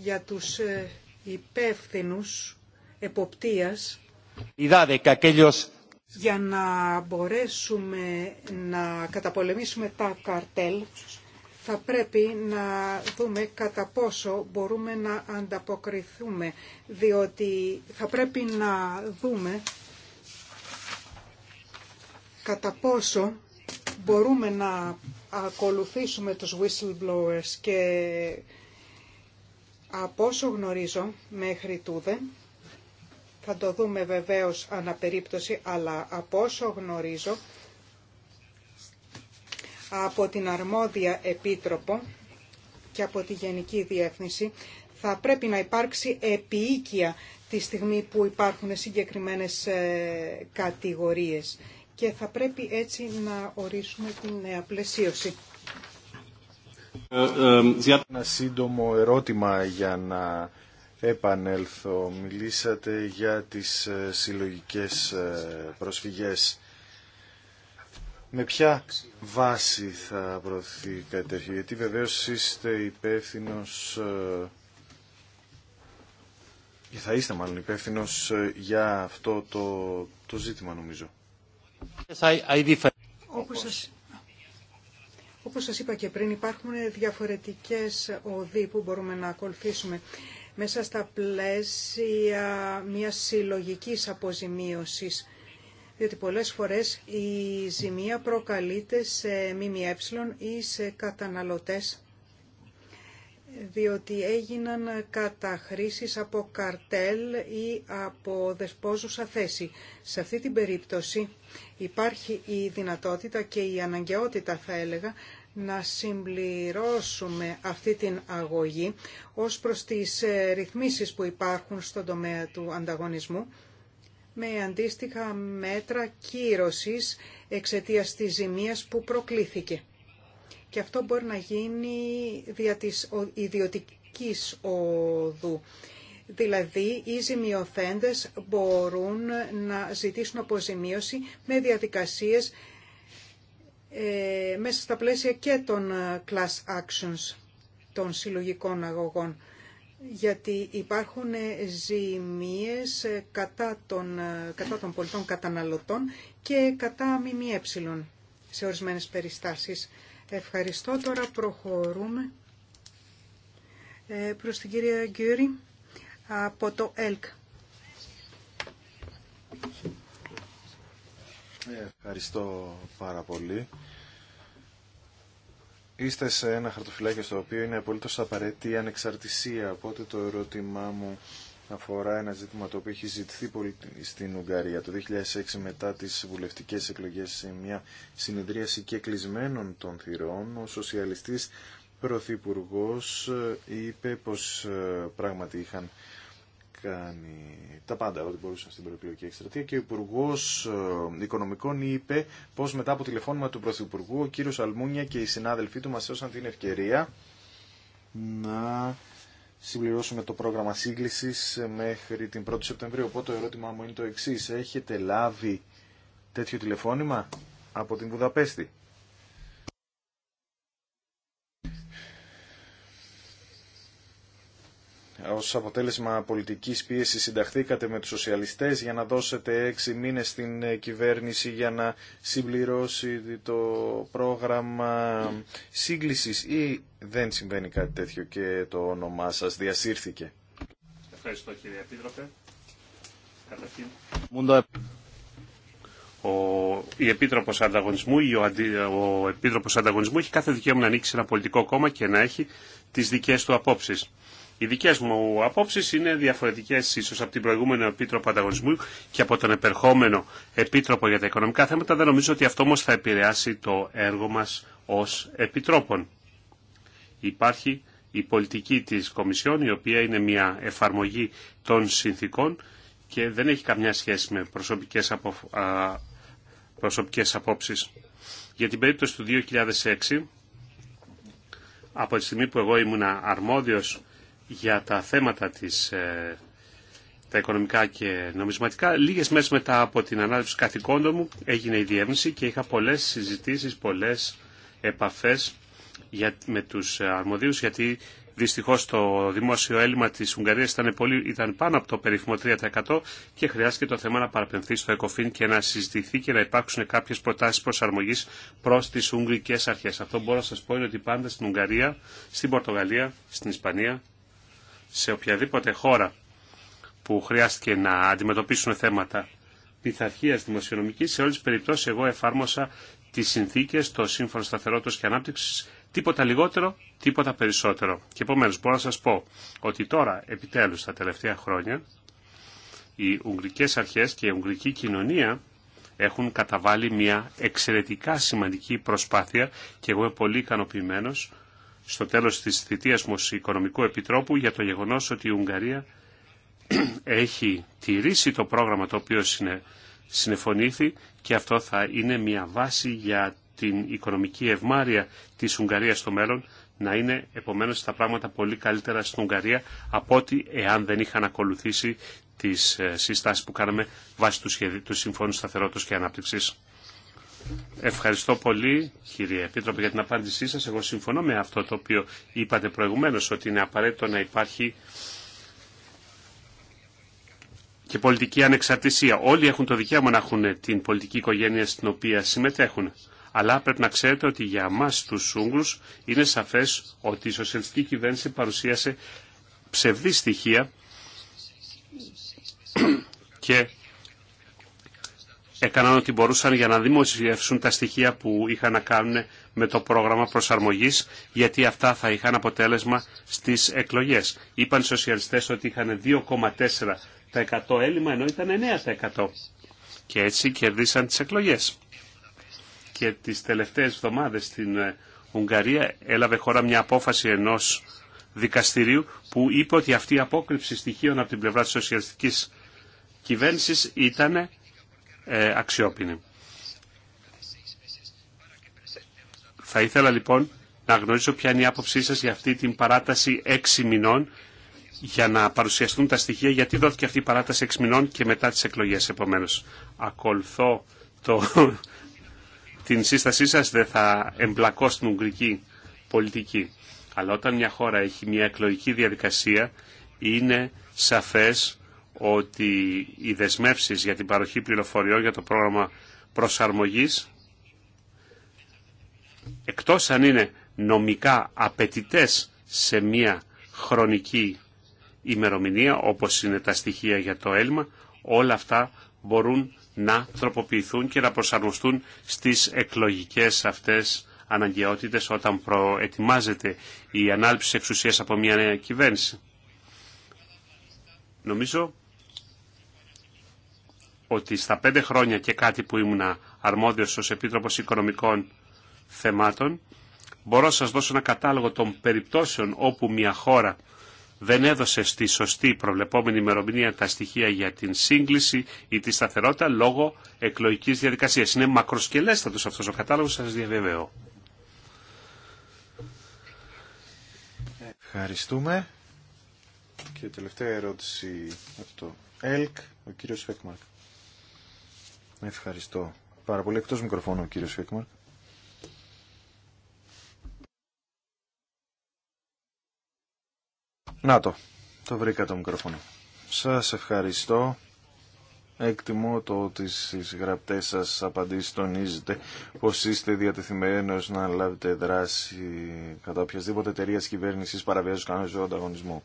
για τους ε, υπεύθυνους εποπτείας για να μπορέσουμε να καταπολεμήσουμε τα καρτέλ, θα πρέπει να δούμε κατά πόσο μπορούμε να ανταποκριθούμε, διότι θα πρέπει να δούμε κατά πόσο μπορούμε να ακολουθήσουμε τους whistleblowers και από όσο γνωρίζω μέχρι τούδε, θα το δούμε βεβαίως αναπερίπτωση, αλλά από όσο γνωρίζω από την αρμόδια επίτροπο και από τη Γενική Διεύθυνση θα πρέπει να υπάρξει επίοικια τη στιγμή που υπάρχουν συγκεκριμένες ε, κατηγορίες και θα πρέπει έτσι να ορίσουμε την νέα πλαισίωση. Ε, ε, σύντομο ερώτημα για να επανέλθω. Μιλήσατε για τις ε, συλλογικές ε, προσφυγές. Με ποια βάση θα προωθεί κάτι γιατί βεβαίω είστε υπεύθυνο. Ε, θα είστε μάλλον υπεύθυνο για αυτό το, το ζήτημα νομίζω. Όπως σας, όπως σας είπα και πριν υπάρχουν διαφορετικές οδοί που μπορούμε να ακολουθήσουμε μέσα στα πλαίσια μιας συλλογικής αποζημίωσης. Διότι πολλές φορές η ζημία προκαλείται σε ΜΜΕ ή σε καταναλωτές διότι έγιναν καταχρήσεις από καρτέλ ή από δεσπόζουσα θέση. Σε αυτή την περίπτωση υπάρχει η δυνατότητα και η αναγκαιότητα, θα έλεγα, να συμπληρώσουμε αυτή την αγωγή ως προς τις ε, ρυθμίσεις που υπάρχουν στον τομέα του ανταγωνισμού με αντίστοιχα μέτρα κύρωσης εξαιτίας της ζημίας που προκλήθηκε. Και αυτό μπορεί να γίνει δια της ιδιωτικής οδού. Δηλαδή, οι ζημιοθέντες μπορούν να ζητήσουν αποζημίωση με διαδικασίες ε, μέσα στα πλαίσια και των ε, class actions των συλλογικών αγωγών γιατί υπάρχουν ε, ζημίες ε, κατά των, κατά των πολιτών καταναλωτών και κατά ΜΜΕ σε ορισμένες περιστάσεις. Ευχαριστώ. Τώρα προχωρούμε ε, προς την κυρία Γκύρι από το ΕΛΚ. Ευχαριστώ πάρα πολύ. Είστε σε ένα χαρτοφυλάκιο στο οποίο είναι απολύτως απαραίτητη η ανεξαρτησία, οπότε το ερώτημά μου αφορά ένα ζήτημα το οποίο έχει ζητηθεί πολύ στην Ουγγαρία το 2006 μετά τις βουλευτικές εκλογές σε μια συνεδρίαση και κλεισμένων των θυρών ο σοσιαλιστής Πρωθυπουργό ε, είπε πως ε, πράγματι είχαν κάνει τα πάντα ό,τι μπορούσαν στην προεκλογική εκστρατεία και ο Υπουργό ε, Οικονομικών είπε πω μετά από τηλεφώνημα του Πρωθυπουργού ο κύριο Αλμούνια και οι συνάδελφοί του μα έδωσαν την ευκαιρία να συμπληρώσουμε το πρόγραμμα σύγκληση μέχρι την 1η Σεπτεμβρίου. Οπότε το ερώτημά μου είναι το εξή. Έχετε λάβει τέτοιο τηλεφώνημα από την Βουδαπέστη. ως αποτέλεσμα πολιτικής πίεσης συνταχθήκατε με τους σοσιαλιστές για να δώσετε έξι μήνες στην ε, κυβέρνηση για να συμπληρώσει το πρόγραμμα σύγκλησης ή δεν συμβαίνει κάτι τέτοιο και το όνομά σας διασύρθηκε. Ευχαριστώ κύριε Επίτροπε. Καταρχήν. Ο, η Επίτροπος Ανταγωνισμού ο, ο Επίτροπος Ανταγωνισμού έχει κάθε δικαίωμα να ανοίξει ένα πολιτικό κόμμα και να έχει τις δικές του απόψεις. Οι δικέ μου απόψει είναι διαφορετικέ ίσω από την προηγούμενη Επίτροπο Ανταγωνισμού και από τον επερχόμενο Επίτροπο για τα Οικονομικά Θέματα. Δεν νομίζω ότι αυτό όμω θα επηρεάσει το έργο μα ω Επιτρόπων. Υπάρχει η πολιτική τη Κομισιόν, η οποία είναι μια εφαρμογή των συνθήκων και δεν έχει καμιά σχέση με προσωπικές, απο... προσωπικές απόψεις. Για την περίπτωση του 2006, από τη στιγμή που εγώ ήμουνα αρμόδιος για τα θέματα της, ε, τα οικονομικά και νομισματικά. Λίγες μέρες μετά από την ανάληψη καθηκόντων μου έγινε η διεύνηση και είχα πολλές συζητήσεις, πολλές επαφές για, με τους αρμοδίους γιατί δυστυχώς το δημόσιο έλλειμμα της Ουγγαρίας ήταν, πολύ, ήταν πάνω από το περίφημο 3% και χρειάστηκε το θέμα να παραπενθεί στο ΕΚΟΦΗΝ και να συζητηθεί και να υπάρξουν κάποιες προτάσεις προσαρμογής προς τις Ουγγρικές αρχές. Αυτό μπορώ να σας πω είναι ότι πάντα στην Ουγγαρία, στην Πορτογαλία, στην Ισπανία σε οποιαδήποτε χώρα που χρειάστηκε να αντιμετωπίσουν θέματα πειθαρχίας δημοσιονομικής, σε όλες τις περιπτώσεις εγώ εφάρμοσα τις συνθήκες, το σύμφωνο σταθερότητας και ανάπτυξης, τίποτα λιγότερο, τίποτα περισσότερο. Και επομένως μπορώ να σας πω ότι τώρα, επιτέλους, τα τελευταία χρόνια, οι ουγγρικές αρχές και η ουγγρική κοινωνία έχουν καταβάλει μια εξαιρετικά σημαντική προσπάθεια και εγώ είμαι πολύ ικανοποιημένο στο τέλος της θητείας μου Οικονομικού Επιτρόπου για το γεγονός ότι η Ουγγαρία έχει τηρήσει το πρόγραμμα το οποίο συνεφωνήθη και αυτό θα είναι μια βάση για την οικονομική ευμάρεια της Ουγγαρίας στο μέλλον να είναι επομένως τα πράγματα πολύ καλύτερα στην Ουγγαρία από ότι εάν δεν είχαν ακολουθήσει τις ε, συστάσεις που κάναμε βάσει του, του Συμφώνου Σταθερότητας και Ανάπτυξης. Ευχαριστώ πολύ κύριε Επίτροπε για την απάντησή σας. Εγώ συμφωνώ με αυτό το οποίο είπατε προηγουμένως ότι είναι απαραίτητο να υπάρχει και πολιτική ανεξαρτησία. Όλοι έχουν το δικαίωμα να έχουν την πολιτική οικογένεια στην οποία συμμετέχουν. Αλλά πρέπει να ξέρετε ότι για μας τους Ούγγρους είναι σαφές ότι η σοσιαλιστική κυβέρνηση παρουσίασε ψευδή στοιχεία και έκαναν ό,τι μπορούσαν για να δημοσιεύσουν τα στοιχεία που είχαν να κάνουν με το πρόγραμμα προσαρμογής, γιατί αυτά θα είχαν αποτέλεσμα στις εκλογές. Είπαν οι σοσιαλιστές ότι είχαν 2,4% έλλειμμα, ενώ ήταν 9%. Και έτσι κερδίσαν τις εκλογές. Και τις τελευταίες εβδομάδες στην ε, Ουγγαρία έλαβε χώρα μια απόφαση ενός δικαστηρίου που είπε ότι αυτή η απόκρυψη στοιχείων από την πλευρά της σοσιαλιστικής κυβέρνησης ήταν ε, αξιόπινη. Θα ήθελα λοιπόν να γνωρίσω ποια είναι η άποψή σας για αυτή την παράταση έξι μηνών για να παρουσιαστούν τα στοιχεία γιατί δόθηκε αυτή η παράταση έξι μηνών και μετά τις εκλογές επομένως. Ακολουθώ το... την σύστασή σας, δεν θα εμπλακώ στην Ουγγρική πολιτική. Αλλά όταν μια χώρα έχει μια εκλογική διαδικασία είναι σαφές ότι οι δεσμεύσεις για την παροχή πληροφοριών για το πρόγραμμα προσαρμογής εκτός αν είναι νομικά απαιτητέ σε μία χρονική ημερομηνία όπως είναι τα στοιχεία για το έλμα όλα αυτά μπορούν να τροποποιηθούν και να προσαρμοστούν στις εκλογικές αυτές αναγκαιότητες όταν προετοιμάζεται η ανάλυση εξουσίας από μια νέα κυβέρνηση. Νομίζω ότι στα πέντε χρόνια και κάτι που ήμουνα αρμόδιος ως Επίτροπος Οικονομικών Θεμάτων, μπορώ να σας δώσω ένα κατάλογο των περιπτώσεων όπου μια χώρα δεν έδωσε στη σωστή προβλεπόμενη ημερομηνία τα στοιχεία για την σύγκληση ή τη σταθερότητα λόγω εκλογικής διαδικασίας. Είναι μακροσκελέστατος αυτός ο κατάλογος, σας διαβεβαιώ. Ευχαριστούμε. Και τελευταία ερώτηση από το ΕΛΚ, ο κύριος Φεκμάρκ. Ευχαριστώ πάρα πολύ. Εκτός μικροφώνου κύριο κύριος Να το, το βρήκα το μικρόφωνο. Σας ευχαριστώ. Εκτιμώ το ότι στις γραπτές σας απαντήσει τονίζετε πως είστε διατεθειμένος να λάβετε δράση κατά οποιασδήποτε εταιρεία κυβέρνησης παραβιάζει τους ζώο του ανταγωνισμού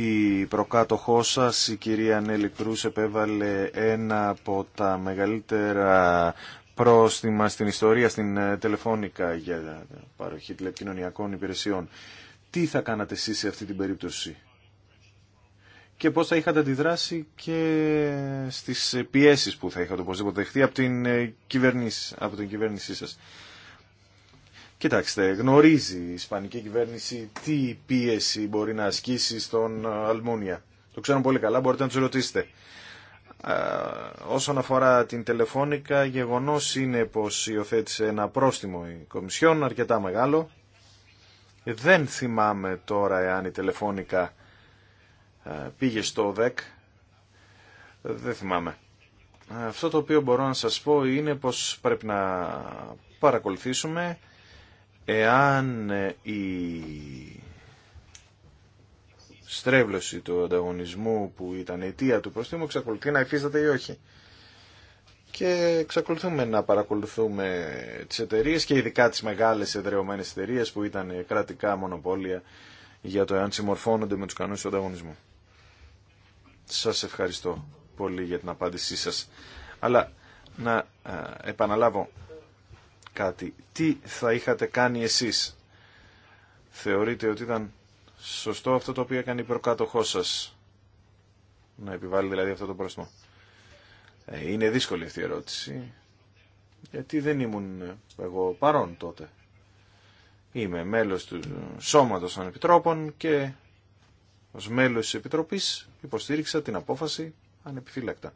η προκάτοχός σας, η κυρία Νέλη Κρούς, επέβαλε ένα από τα μεγαλύτερα πρόστιμα στην ιστορία, στην ε, τηλεφώνικα για παροχή τηλεπικοινωνιακών υπηρεσιών. Τι θα κάνατε εσείς σε αυτή την περίπτωση και πώς θα είχατε αντιδράσει και στις πιέσεις που θα είχατε οπωσδήποτε δεχτεί από την, ε, κυβέρνηση, από την κυβέρνησή σας. Κοιτάξτε, γνωρίζει η Ισπανική κυβέρνηση τι πίεση μπορεί να ασκήσει στον ε, Αλμούνια. Το ξέρουν πολύ καλά, μπορείτε να του ρωτήσετε. Ε, όσον αφορά την τηλεφώνικα, γεγονός είναι πως υιοθέτησε ένα πρόστιμο η Κομισιόν, αρκετά μεγάλο. Δεν θυμάμαι τώρα εάν η τηλεφώνικα ε, πήγε στο ΔΕΚ. Δεν θυμάμαι. Αυτό το οποίο μπορώ να σας πω είναι πως πρέπει να παρακολουθήσουμε εάν ε, η στρέβλωση του ανταγωνισμού που ήταν αιτία του προστήμου εξακολουθεί να υφίσταται ή όχι. Και εξακολουθούμε να παρακολουθούμε τις εταιρείες και ειδικά τις μεγάλες εδρεωμένες εταιρείε που ήταν κρατικά μονοπόλια για το εάν συμμορφώνονται με τους κανόνες του ανταγωνισμού. Σας ευχαριστώ πολύ για την απάντησή σας. Αλλά να ε, επαναλάβω, τι θα είχατε κάνει εσείς. Θεωρείτε ότι ήταν σωστό αυτό το οποίο έκανε η προκάτοχός σας. Να επιβάλλει δηλαδή αυτό το πρόστιμο. Ε, είναι δύσκολη αυτή η ερώτηση. Γιατί δεν ήμουν εγώ παρόν τότε. Είμαι μέλος του Σώματος των Επιτρόπων και ως μέλος της Επιτροπής υποστήριξα την απόφαση ανεπιφύλακτα.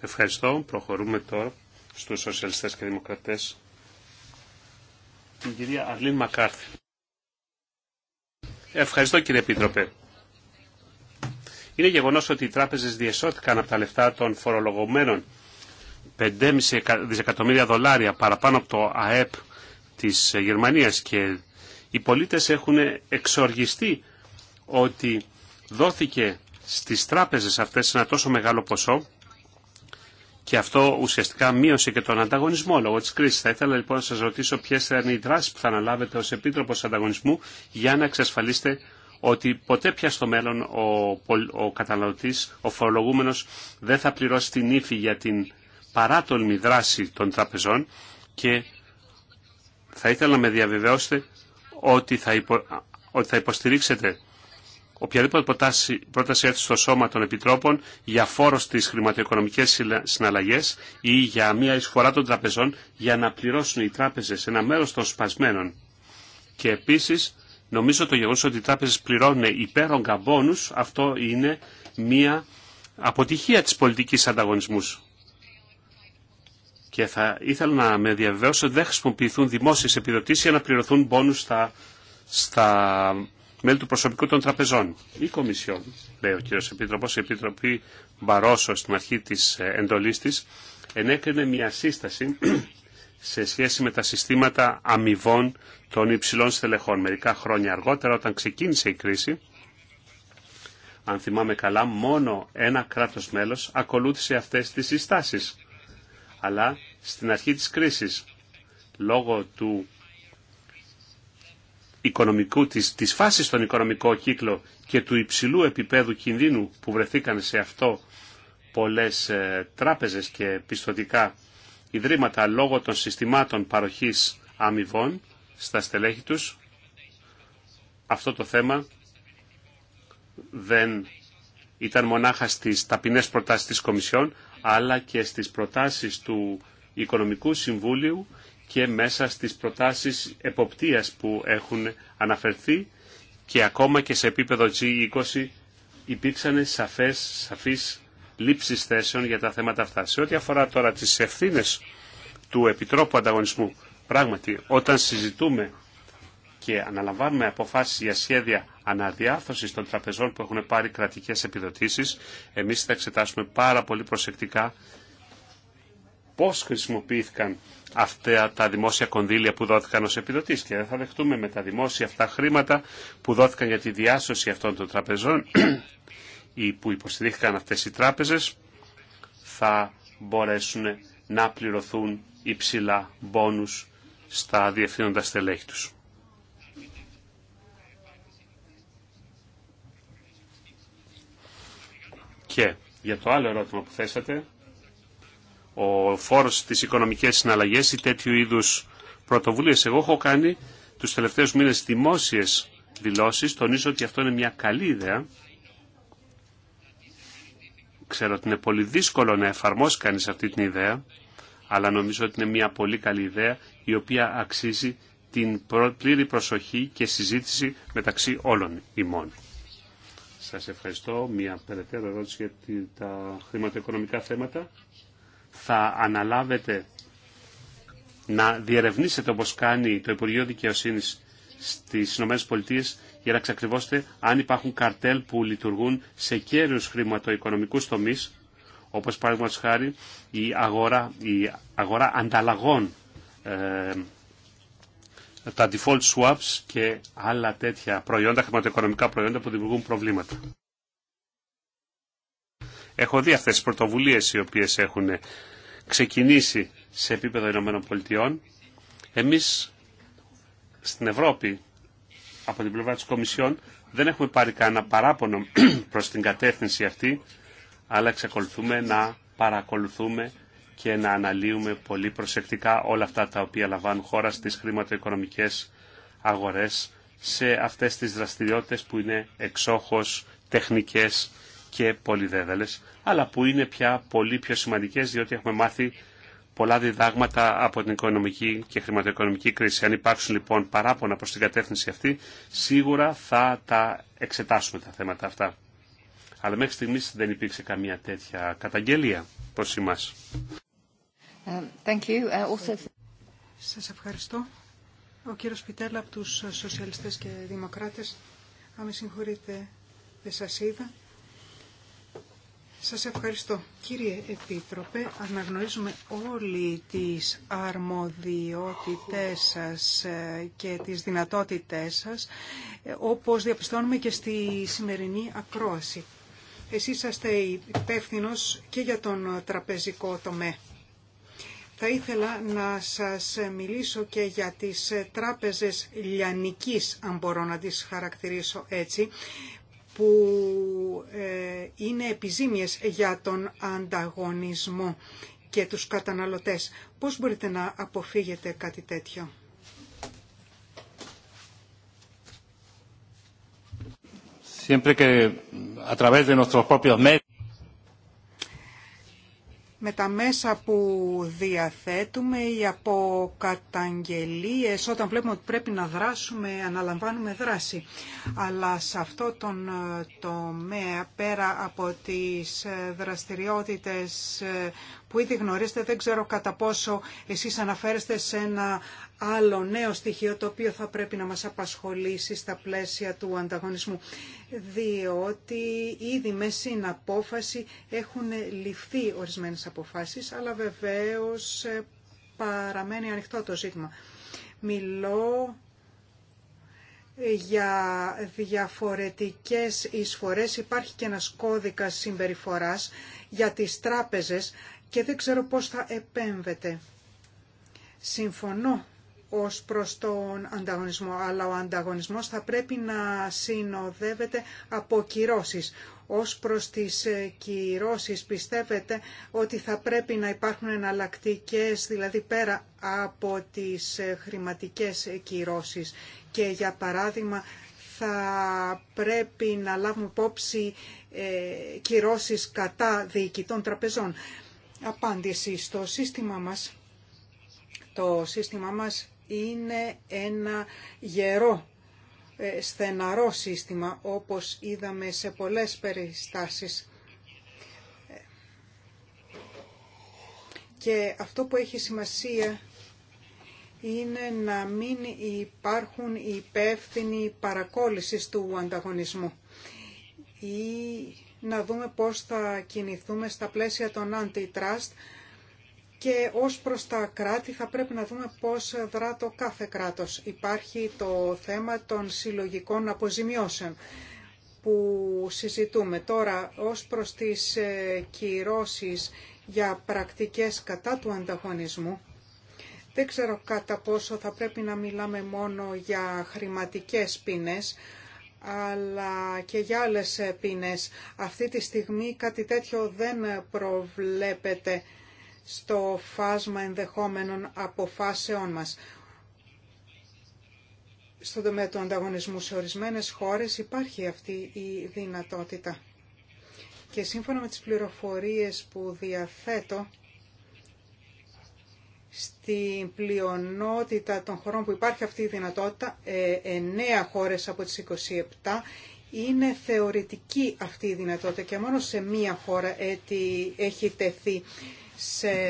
Ευχαριστώ. Προχωρούμε τώρα στους σοσιαλιστές και δημοκρατές. Την κυρία Αρλίν Μακάρθη. Ευχαριστώ κύριε Επίτροπε. Είναι γεγονός ότι οι τράπεζες διεσώθηκαν από τα λεφτά των φορολογωμένων 5,5 δισεκατομμύρια δολάρια παραπάνω από το ΑΕΠ της Γερμανίας και οι πολίτες έχουν εξοργιστεί ότι δόθηκε στις τράπεζες αυτές ένα τόσο μεγάλο ποσό και αυτό ουσιαστικά μείωσε και τον ανταγωνισμό λόγω τη κρίση. Θα ήθελα λοιπόν να σα ρωτήσω ποιε θα είναι οι δράσει που θα αναλάβετε ω Επίτροπο Ανταγωνισμού για να εξασφαλίσετε ότι ποτέ πια στο μέλλον ο, ο καταναλωτή, ο φορολογούμενος δεν θα πληρώσει την ύφη για την παράτολμη δράση των τραπεζών και θα ήθελα να με διαβεβαιώσετε ότι θα, ότι θα υποστηρίξετε οποιαδήποτε προτάση, έρθει στο Σώμα των Επιτρόπων για φόρο στις χρηματοοικονομικές συναλλαγές ή για μια εισφορά των τραπεζών για να πληρώσουν οι τράπεζες ένα μέρος των σπασμένων. Και επίσης νομίζω το γεγονός ότι οι τράπεζες πληρώνουν υπέρογκα μπόνους αυτό είναι μια αποτυχία της πολιτικής ανταγωνισμούς. Και θα ήθελα να με διαβεβαιώσω ότι δεν χρησιμοποιηθούν δημόσιες επιδοτήσεις για να πληρωθούν μπόνους στα, στα μέλη του προσωπικού των τραπεζών. Η Κομισιόν, λέει ο κ. Επίτροπος, η Επίτροπη Μπαρόσο στην αρχή της ε, εντολής της, ενέκρινε μια σύσταση σε σχέση με τα συστήματα αμοιβών των υψηλών στελεχών. Μερικά χρόνια αργότερα, όταν ξεκίνησε η κρίση, αν θυμάμαι καλά, μόνο ένα κράτος μέλος ακολούθησε αυτές τις συστάσεις. Αλλά στην αρχή της κρίσης, λόγω του οικονομικού, της, της φάσης στον οικονομικό κύκλο και του υψηλού επίπεδου κινδύνου που βρεθήκαν σε αυτό πολλές ε, τράπεζες και πιστοτικά ιδρύματα λόγω των συστημάτων παροχής αμοιβών στα στελέχη τους, αυτό το θέμα δεν ήταν μονάχα στις ταπεινές προτάσεις της Κομισιόν, αλλά και στις προτάσεις του Οικονομικού Συμβούλιου και μέσα στις προτάσεις εποπτείας που έχουν αναφερθεί και ακόμα και σε επίπεδο G20 υπήρξαν σαφές, σαφείς λήψεις θέσεων για τα θέματα αυτά. Σε ό,τι αφορά τώρα τις ευθύνε του Επιτρόπου Ανταγωνισμού, πράγματι όταν συζητούμε και αναλαμβάνουμε αποφάσεις για σχέδια αναδιάρθρωσης των τραπεζών που έχουν πάρει κρατικές επιδοτήσεις, εμείς θα εξετάσουμε πάρα πολύ προσεκτικά πώς χρησιμοποιήθηκαν αυτά τα δημόσια κονδύλια που δόθηκαν ως επιδοτής και δεν θα δεχτούμε με τα δημόσια αυτά χρήματα που δόθηκαν για τη διάσωση αυτών των τραπεζών ή που υποστηρίχθηκαν αυτές οι τράπεζες θα μπορέσουν να πληρωθούν υψηλά μπόνους στα διευθύνοντα στελέχη τους. Και για το άλλο ερώτημα που θέσατε, ο φόρος στις οικονομικές συναλλαγές ή τέτοιου είδους πρωτοβουλίες. Εγώ έχω κάνει τους τελευταίους μήνες δημόσιες δηλώσεις, τονίζω ότι αυτό είναι μια καλή ιδέα. Ξέρω ότι είναι πολύ δύσκολο να εφαρμόσει κανείς αυτή την ιδέα, αλλά νομίζω ότι είναι μια πολύ καλή ιδέα η οποία αξίζει την πλήρη προσοχή και συζήτηση μεταξύ όλων ημών. Σας ευχαριστώ. Μια περαιτέρω ερώτηση για τα χρηματοοικονομικά θέματα θα αναλάβετε να διερευνήσετε όπως κάνει το Υπουργείο Δικαιοσύνης στις ΗΠΑ για να ξακριβώσετε αν υπάρχουν καρτέλ που λειτουργούν σε κέριους χρηματοοικονομικούς τομείς όπως παραδείγματος χάρη η αγορά, η αγορά ανταλλαγών ε, τα default swaps και άλλα τέτοια προϊόντα, χρηματοοικονομικά προϊόντα που δημιουργούν προβλήματα. Έχω δει αυτές τις πρωτοβουλίες οι οποίες έχουν ξεκινήσει σε επίπεδο Ηνωμένων Πολιτειών. Εμείς στην Ευρώπη, από την πλευρά της Κομισιόν, δεν έχουμε πάρει κανένα παράπονο προς την κατεύθυνση αυτή, αλλά εξακολουθούμε να παρακολουθούμε και να αναλύουμε πολύ προσεκτικά όλα αυτά τα οποία λαμβάνουν χώρα στις χρηματοοικονομικές αγορές σε αυτές τις δραστηριότητες που είναι εξόχως τεχνικές και πολυδέδαλες, αλλά που είναι πια πολύ πιο σημαντικές διότι έχουμε μάθει πολλά διδάγματα από την οικονομική και χρηματοοικονομική κρίση. Αν υπάρξουν λοιπόν παράπονα προς την κατεύθυνση αυτή, σίγουρα θα τα εξετάσουμε τα θέματα αυτά. Αλλά μέχρι στιγμής δεν υπήρξε καμία τέτοια καταγγελία προς εμάς. Um, uh, σας ευχαριστώ. Ο κύριος Πιτέλα από τους Σοσιαλιστές και Δημοκράτες. Αν με συγχωρείτε, δεν σας είδα. Σας ευχαριστώ. Κύριε Επίτροπε, αναγνωρίζουμε όλοι τις αρμοδιότητές σας ε, και τις δυνατότητές σας, ε, όπως διαπιστώνουμε και στη σημερινή ακρόαση. Εσείς είστε υπεύθυνο και για τον τραπεζικό τομέα. Θα ήθελα να σας μιλήσω και για τις τράπεζες λιανικής, αν μπορώ να τις χαρακτηρίσω έτσι, που ε, είναι επιζήμιες για τον ανταγωνισμό και τους καταναλωτές. Πώς μπορείτε να αποφύγετε κάτι τέτοιο. Siempre que a través με τα μέσα που διαθέτουμε ή από καταγγελίες όταν βλέπουμε ότι πρέπει να δράσουμε, αναλαμβάνουμε δράση. Αλλά σε αυτό τον ε, τομέα, πέρα από τις ε, δραστηριότητες ε, που ήδη γνωρίζετε. Δεν ξέρω κατά πόσο εσείς αναφέρεστε σε ένα άλλο νέο στοιχείο το οποίο θα πρέπει να μας απασχολήσει στα πλαίσια του ανταγωνισμού. Διότι ήδη με συναπόφαση έχουν ληφθεί ορισμένες αποφάσεις, αλλά βεβαίως ε, παραμένει ανοιχτό το ζήτημα. Μιλώ ε, για διαφορετικές εισφορές. Υπάρχει και ένας κώδικας συμπεριφοράς για τις τράπεζες, και δεν ξέρω πώς θα επέμβεται. Συμφωνώ ως προς τον ανταγωνισμό, αλλά ο ανταγωνισμός θα πρέπει να συνοδεύεται από κυρώσεις. Ως προς τις ε, κυρώσεις πιστεύετε ότι θα πρέπει να υπάρχουν εναλλακτικέ, δηλαδή πέρα από τις ε, χρηματικές ε, κυρώσεις. Και για παράδειγμα θα πρέπει να λάβουμε υπόψη ε, κυρώσεις κατά διοικητών τραπεζών απάντηση στο σύστημά μας. Το σύστημά μας είναι ένα γερό, ε, στεναρό σύστημα, όπως είδαμε σε πολλές περιστάσεις. Και αυτό που έχει σημασία είναι να μην υπάρχουν υπεύθυνοι παρακόλλησης του ανταγωνισμού να δούμε πώς θα κινηθούμε στα πλαίσια των antitrust και ως προς τα κράτη θα πρέπει να δούμε πώς δρά το κάθε κράτος. Υπάρχει το θέμα των συλλογικών αποζημιώσεων που συζητούμε τώρα ως προς τις ε, κυρώσεις για πρακτικές κατά του ανταγωνισμού. Δεν ξέρω κατά πόσο θα πρέπει να μιλάμε μόνο για χρηματικές πίνες, αλλά και για άλλες ε, πίνε. Αυτή τη στιγμή κάτι τέτοιο δεν προβλέπεται στο φάσμα ενδεχόμενων αποφάσεών μας. Στον τομέα του ανταγωνισμού σε ορισμένες χώρες υπάρχει αυτή η δυνατότητα. Και σύμφωνα με τις πληροφορίες που διαθέτω, στην πλειονότητα των χωρών που υπάρχει αυτή η δυνατότητα, 9 ε, χώρες από τις 27, είναι θεωρητική αυτή η δυνατότητα και μόνο σε μία χώρα έχει τεθεί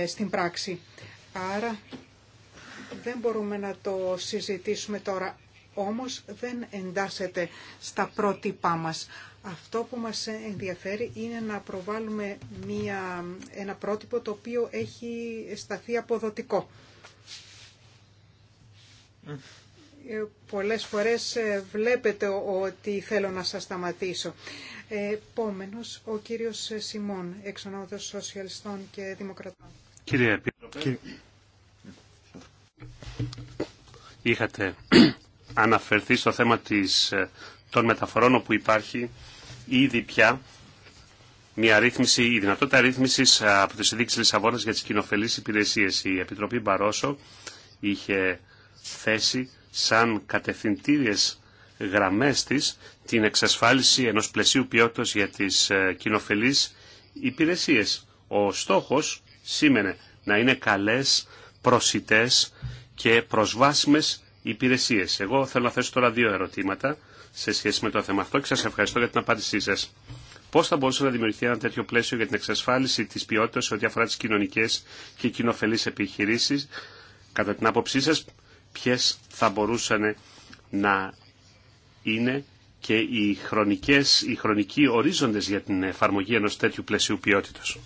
στην πράξη. Άρα δεν μπορούμε να το συζητήσουμε τώρα, όμως δεν εντάσσεται στα πρότυπά μας. Αυτό που μας ενδιαφέρει είναι να προβάλλουμε μια, ένα πρότυπο το οποίο έχει σταθεί αποδοτικό. Ε, πολλές φορές ε, βλέπετε ότι θέλω να σας σταματήσω. Ε, επόμενος, ο κύριος Σιμών, εξ Σοσιαλιστών και Δημοκρατών. Κύριε Επίτροπε, είχατε αναφερθεί στο θέμα της, των μεταφορών όπου υπάρχει ήδη πια μια ρύθμιση, η δυνατότητα ρύθμιση ε, από τη συνδίκη Λισαβόνα για τι κοινοφελεί υπηρεσίε. Η Επιτροπή Μπαρόσο είχε θέσει σαν κατευθυντήριε γραμμέ τη την εξασφάλιση ενό πλαισίου ποιότητα για τι ε, κοινοφελεί υπηρεσίε. Ο στόχο σήμαινε να είναι καλέ, προσιτέ και προσβάσιμε υπηρεσίε. Εγώ θέλω να θέσω τώρα δύο ερωτήματα σε σχέση με το θέμα αυτό και σα ευχαριστώ για την απάντησή σα. Πώς θα μπορούσε να δημιουργηθεί ένα τέτοιο πλαίσιο για την εξασφάλιση της σε ό,τι αφορά τι κοινωνικέ και κοινοφελεί επιχειρήσεις. Κατά την άποψή σα, ποιε θα μπορούσαν να είναι και οι, χρονικές, οι χρονικοί ορίζοντες για την εφαρμογή ενός τέτοιου πλαισίου ποιότητας.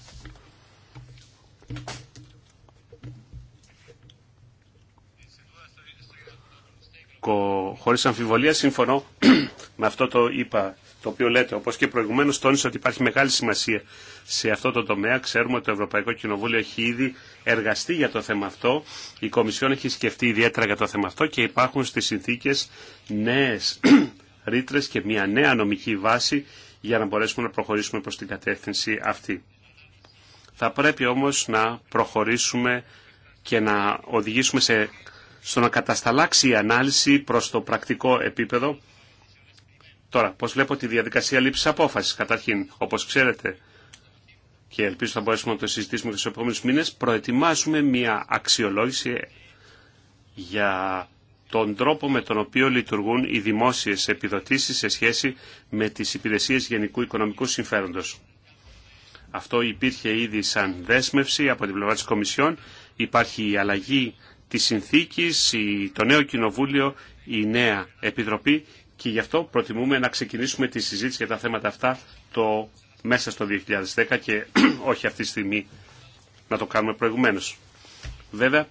Χωρίς αμφιβολία συμφωνώ με αυτό το είπα το οποίο λέτε, όπως και προηγουμένως τόνισε ότι υπάρχει μεγάλη σημασία σε αυτό το τομέα. Ξέρουμε ότι το Ευρωπαϊκό Κοινοβούλιο έχει ήδη εργαστεί για το θέμα αυτό, η Κομισιόν έχει σκεφτεί ιδιαίτερα για το θέμα αυτό και υπάρχουν στις συνθήκες νέες ρήτρες και μια νέα νομική βάση για να μπορέσουμε να προχωρήσουμε προς την κατεύθυνση αυτή. Θα πρέπει όμως να προχωρήσουμε και να οδηγήσουμε σε στο να κατασταλάξει η ανάλυση προς το πρακτικό επίπεδο. Τώρα, πώς βλέπω τη διαδικασία λήψης απόφασης. Καταρχήν, όπως ξέρετε, και ελπίζω θα μπορέσουμε να το συζητήσουμε και στους επόμενους μήνες, προετοιμάζουμε μια αξιολόγηση για τον τρόπο με τον οποίο λειτουργούν οι δημόσιες επιδοτήσεις σε σχέση με τις υπηρεσίες γενικού οικονομικού συμφέροντος. Αυτό υπήρχε ήδη σαν δέσμευση από την πλευρά της Κομισιόν. Υπάρχει η αλλαγή ...τη συνθήκης, το νέο κοινοβούλιο, η νέα επιτροπή και γι' αυτό προτιμούμε να ξεκινήσουμε τη συζήτηση για τα θέματα αυτά το, μέσα στο 2010 και όχι αυτή τη στιγμή να το κάνουμε προηγουμένως. Βέβαια,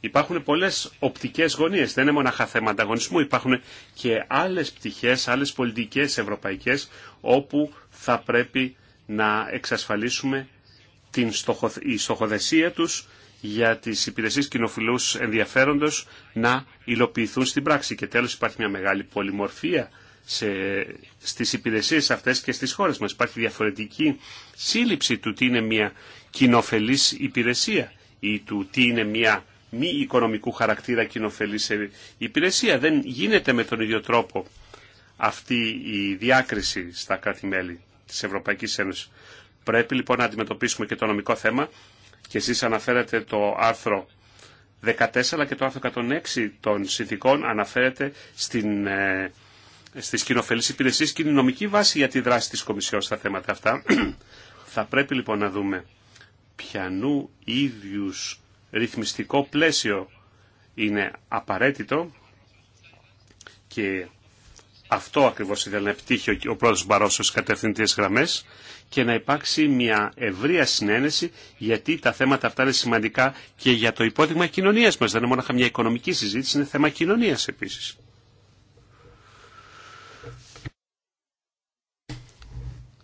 υπάρχουν πολλές οπτικές γωνίες, δεν είναι μοναχά θέμα ανταγωνισμού υπάρχουν και άλλες πτυχές, άλλες πολιτικές ευρωπαϊκές όπου θα πρέπει να εξασφαλίσουμε την η στοχοδεσία τους για τις υπηρεσίες κοινοφιλούς ενδιαφέροντος να υλοποιηθούν στην πράξη. Και τέλος υπάρχει μια μεγάλη πολυμορφία σε, στις υπηρεσίες αυτές και στις χώρες μας. Υπάρχει διαφορετική σύλληψη του τι είναι μια κοινοφελής υπηρεσία ή του τι είναι μια μη οικονομικού χαρακτήρα κοινοφελής ε, υπηρεσία. Δεν γίνεται με τον ίδιο τρόπο αυτή η διάκριση στα κράτη-μέλη της Ευρωπαϊκής Ένωσης. Πρέπει λοιπόν να αντιμετωπίσουμε και το νομικό θέμα και εσείς αναφέρατε το άρθρο 14 και το άρθρο 106 των συνθηκών αναφέρεται στην, ε, στις κοινοφελείς υπηρεσίες και είναι νομική βάση για τη δράση της Κομισιόν στα θέματα αυτά. Θα πρέπει λοιπόν να δούμε πιανού ίδιους ρυθμιστικό πλαίσιο είναι απαραίτητο και αυτό ακριβώ ήθελε να επιτύχει ο πρόεδρος Μπαρόσο στι κατευθυντικέ γραμμές και να υπάρξει μια ευρεία συνένεση γιατί τα θέματα αυτά είναι σημαντικά και για το υπόδειγμα κοινωνίας μας. Δεν είναι μόνο μια οικονομική συζήτηση, είναι θέμα κοινωνίας επίσης.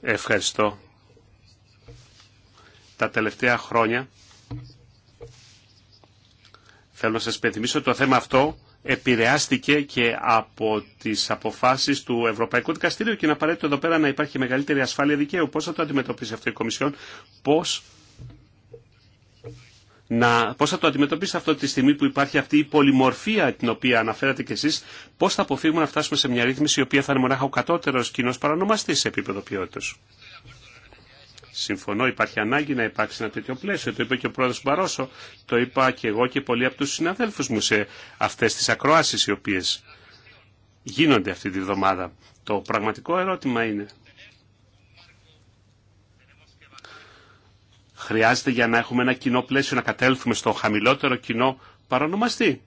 Ευχαριστώ. Τα τελευταία χρόνια θέλω να σας πενθυμίσω το θέμα αυτό επηρεάστηκε και από τις αποφάσεις του Ευρωπαϊκού Δικαστηρίου και είναι απαραίτητο εδώ πέρα να υπάρχει μεγαλύτερη ασφάλεια δικαίου. Πώς θα το αντιμετωπίσει αυτή η Κομισιόν, πώς, να, πώς θα το αντιμετωπίσει αυτό τη στιγμή που υπάρχει αυτή η πολυμορφία την οποία αναφέρατε κι εσείς, πώς θα αποφύγουμε να φτάσουμε σε μια ρύθμιση η οποία θα είναι μονάχα ο κατώτερος κοινός παρανομαστής σε επίπεδο ποιότητας. Συμφωνώ, υπάρχει ανάγκη να υπάρξει ένα τέτοιο πλαίσιο. Το είπε και ο πρόεδρο Μπαρόσο, το είπα και εγώ και πολλοί από του συναδέλφου μου σε αυτέ τι ακροάσει οι οποίε γίνονται αυτή τη βδομάδα. Το πραγματικό ερώτημα είναι. Χρειάζεται για να έχουμε ένα κοινό πλαίσιο να κατέλθουμε στο χαμηλότερο κοινό παρονομαστή.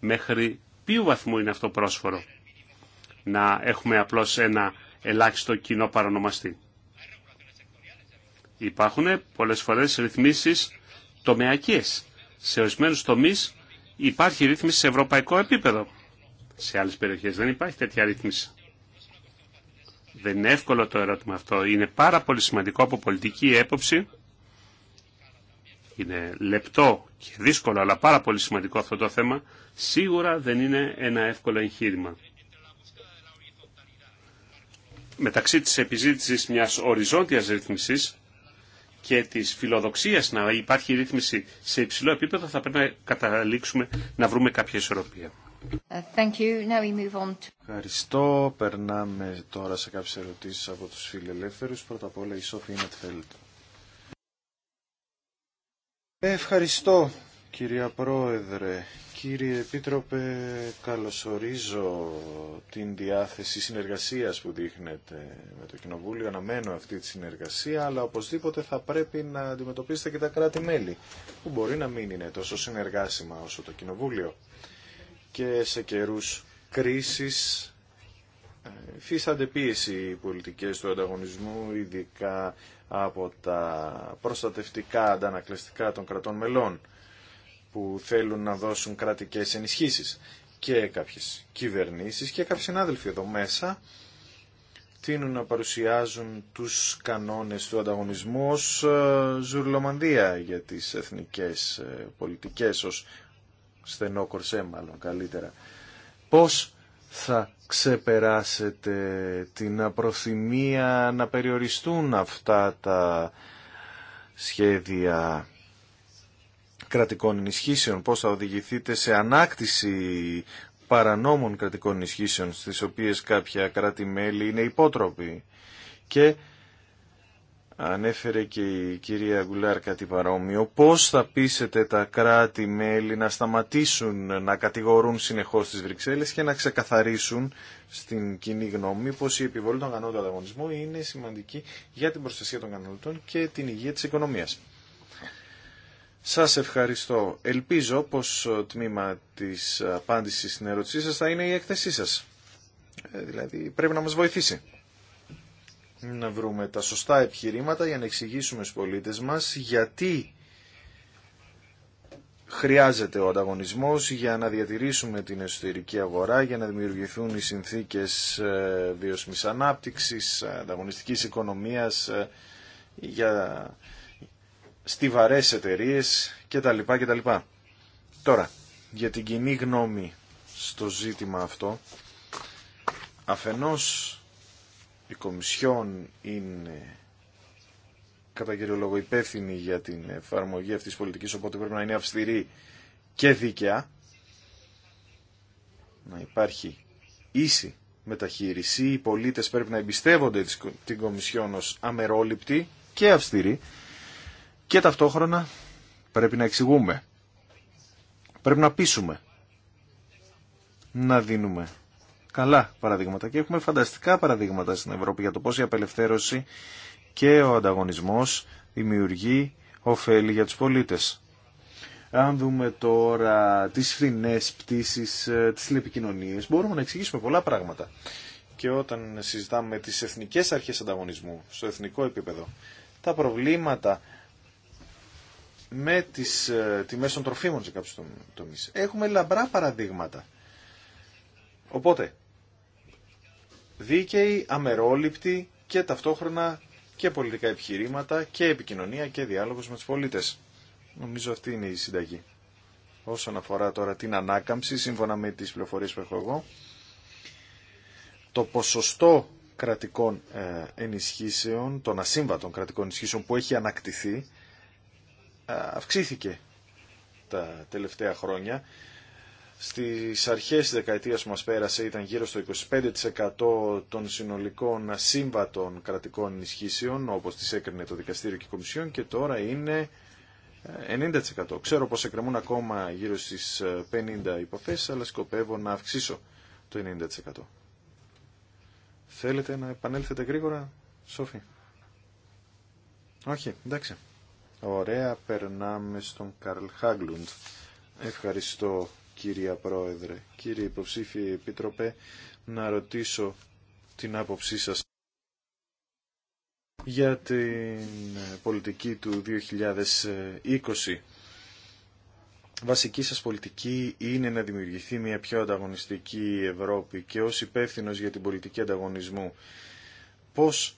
Μέχρι ποιου βαθμού είναι αυτό πρόσφορο να έχουμε απλώς ένα ελάχιστο κοινό παρονομαστή. Υπάρχουν πολλές φορές ρυθμίσεις τομεακές. Σε ορισμένους τομείς υπάρχει ρύθμιση σε ευρωπαϊκό επίπεδο. Σε άλλες περιοχές δεν υπάρχει τέτοια ρύθμιση. Δεν είναι εύκολο το ερώτημα αυτό. Είναι πάρα πολύ σημαντικό από πολιτική έποψη. Είναι λεπτό και δύσκολο, αλλά πάρα πολύ σημαντικό αυτό το θέμα. Σίγουρα δεν είναι ένα εύκολο εγχείρημα. Μεταξύ της επιζήτησης μιας οριζόντιας ρύθμισης και της φιλοδοξίας να υπάρχει ρύθμιση σε υψηλό επίπεδο θα πρέπει να καταλήξουμε να βρούμε κάποια ισορροπία. Ε, Ευχαριστώ. Περνάμε τώρα σε κάποιες ερωτήσεις από τους φιλελεύθερους. Πρώτα απ' όλα η Σόφη Ινετφέλτ. Ευχαριστώ Κυρία Πρόεδρε, κύριε Επίτροπε, καλωσορίζω την διάθεση συνεργασίας που δείχνετε με το Κοινοβούλιο. Αναμένω αυτή τη συνεργασία, αλλά οπωσδήποτε θα πρέπει να αντιμετωπίσετε και τα κράτη-μέλη, που μπορεί να μην είναι τόσο συνεργάσιμα όσο το Κοινοβούλιο. Και σε καιρούς κρίσης ε, φύσανται πίεση οι πολιτικές του ανταγωνισμού, ειδικά από τα προστατευτικά αντανακλαστικά των κρατών μελών που θέλουν να δώσουν κρατικές ενισχύσεις και κάποιες κυβερνήσεις και κάποιοι συνάδελφοι εδώ μέσα τείνουν να παρουσιάζουν τους κανόνες του ανταγωνισμού ως ε, ζουρλομανδία για τις εθνικές ε, πολιτικές, ως στενό κορσέ μάλλον καλύτερα. Πώς θα ξεπεράσετε την απροθυμία να περιοριστούν αυτά τα σχέδια κρατικών ενισχύσεων, πώς θα οδηγηθείτε σε ανάκτηση παρανόμων κρατικών ενισχύσεων, στις οποίες κάποια κράτη-μέλη είναι υπότροποι. Και ανέφερε και η κυρία Γκουλάρ κάτι παρόμοιο, πώς θα πείσετε τα κράτη-μέλη να σταματήσουν να κατηγορούν συνεχώς τις Βρυξέλλες και να ξεκαθαρίσουν στην κοινή γνώμη πως η επιβολή των κανόνων του ανταγωνισμού είναι σημαντική για την προστασία των καταναλωτών και την υγεία της οικονομίας. Σας ευχαριστώ. Ελπίζω πως το τμήμα της απάντησης στην ερώτησή σας θα είναι η έκθεσή σας. Ε, δηλαδή πρέπει να μας βοηθήσει. Να βρούμε τα σωστά επιχειρήματα για να εξηγήσουμε στους πολίτες μας γιατί χρειάζεται ο ανταγωνισμός για να διατηρήσουμε την εσωτερική αγορά, για να δημιουργηθούν οι συνθήκες ε, βιώσιμης ανάπτυξης, ε, ανταγωνιστικής οικονομίας, για στιβαρές εταιρείε κτλ. κτλ. Τώρα, για την κοινή γνώμη στο ζήτημα αυτό, αφενός η Κομισιόν είναι κατά κύριο υπεύθυνη για την εφαρμογή αυτής της πολιτικής, οπότε πρέπει να είναι αυστηρή και δίκαια, να υπάρχει ίση μεταχείριση, οι πολίτες πρέπει να εμπιστεύονται την Κομισιόν ως αμερόληπτη και αυστηρή, και ταυτόχρονα πρέπει να εξηγούμε. Πρέπει να πείσουμε. Να δίνουμε καλά παραδείγματα. Και έχουμε φανταστικά παραδείγματα στην Ευρώπη για το πώς η απελευθέρωση και ο ανταγωνισμός δημιουργεί ωφέλη για τους πολίτες. Αν δούμε τώρα τις φρινές πτήσεις, ε, τις τηλεπικοινωνίες, μπορούμε να εξηγήσουμε πολλά πράγματα. Και όταν συζητάμε τις εθνικές αρχές ανταγωνισμού στο εθνικό επίπεδο, τα προβλήματα με τις ε, τιμές των τροφίμων σε κάποιους τομείς. Έχουμε λαμπρά παραδείγματα. Οπότε, δίκαιοι, αμερόληπτοι και ταυτόχρονα και πολιτικά επιχειρήματα και επικοινωνία και διάλογος με τους πολίτες. Νομίζω αυτή είναι η συνταγή. Όσον αφορά τώρα την ανάκαμψη, σύμφωνα με τις πληροφορίες που έχω εγώ, το ποσοστό κρατικών ε, ενισχύσεων, των ασύμβατων κρατικών ενισχύσεων που έχει ανακτηθεί, αυξήθηκε τα τελευταία χρόνια. Στις αρχές της δεκαετίας που μας πέρασε ήταν γύρω στο 25% των συνολικών ασύμβατων κρατικών ενισχύσεων, όπως τις έκρινε το Δικαστήριο και η Κομισιόν, και τώρα είναι 90%. Ε, Ξέρω πως εκκρεμούν ακόμα γύρω στις 50 ε, υποθέσεις, αλλά σκοπεύω να αυξήσω το 90%. Θέλετε να επανέλθετε γρήγορα, Σόφη. Όχι, εντάξει. Ωραία, περνάμε στον Καρλ Χάγκλουντ. Ευχαριστώ κυρία Πρόεδρε. Κύριε Υποψήφιε Επίτροπε, να ρωτήσω την άποψή σας για την πολιτική του 2020. Βασική σας πολιτική είναι να δημιουργηθεί μια πιο ανταγωνιστική Ευρώπη και ως υπεύθυνο για την πολιτική ανταγωνισμού. Πώς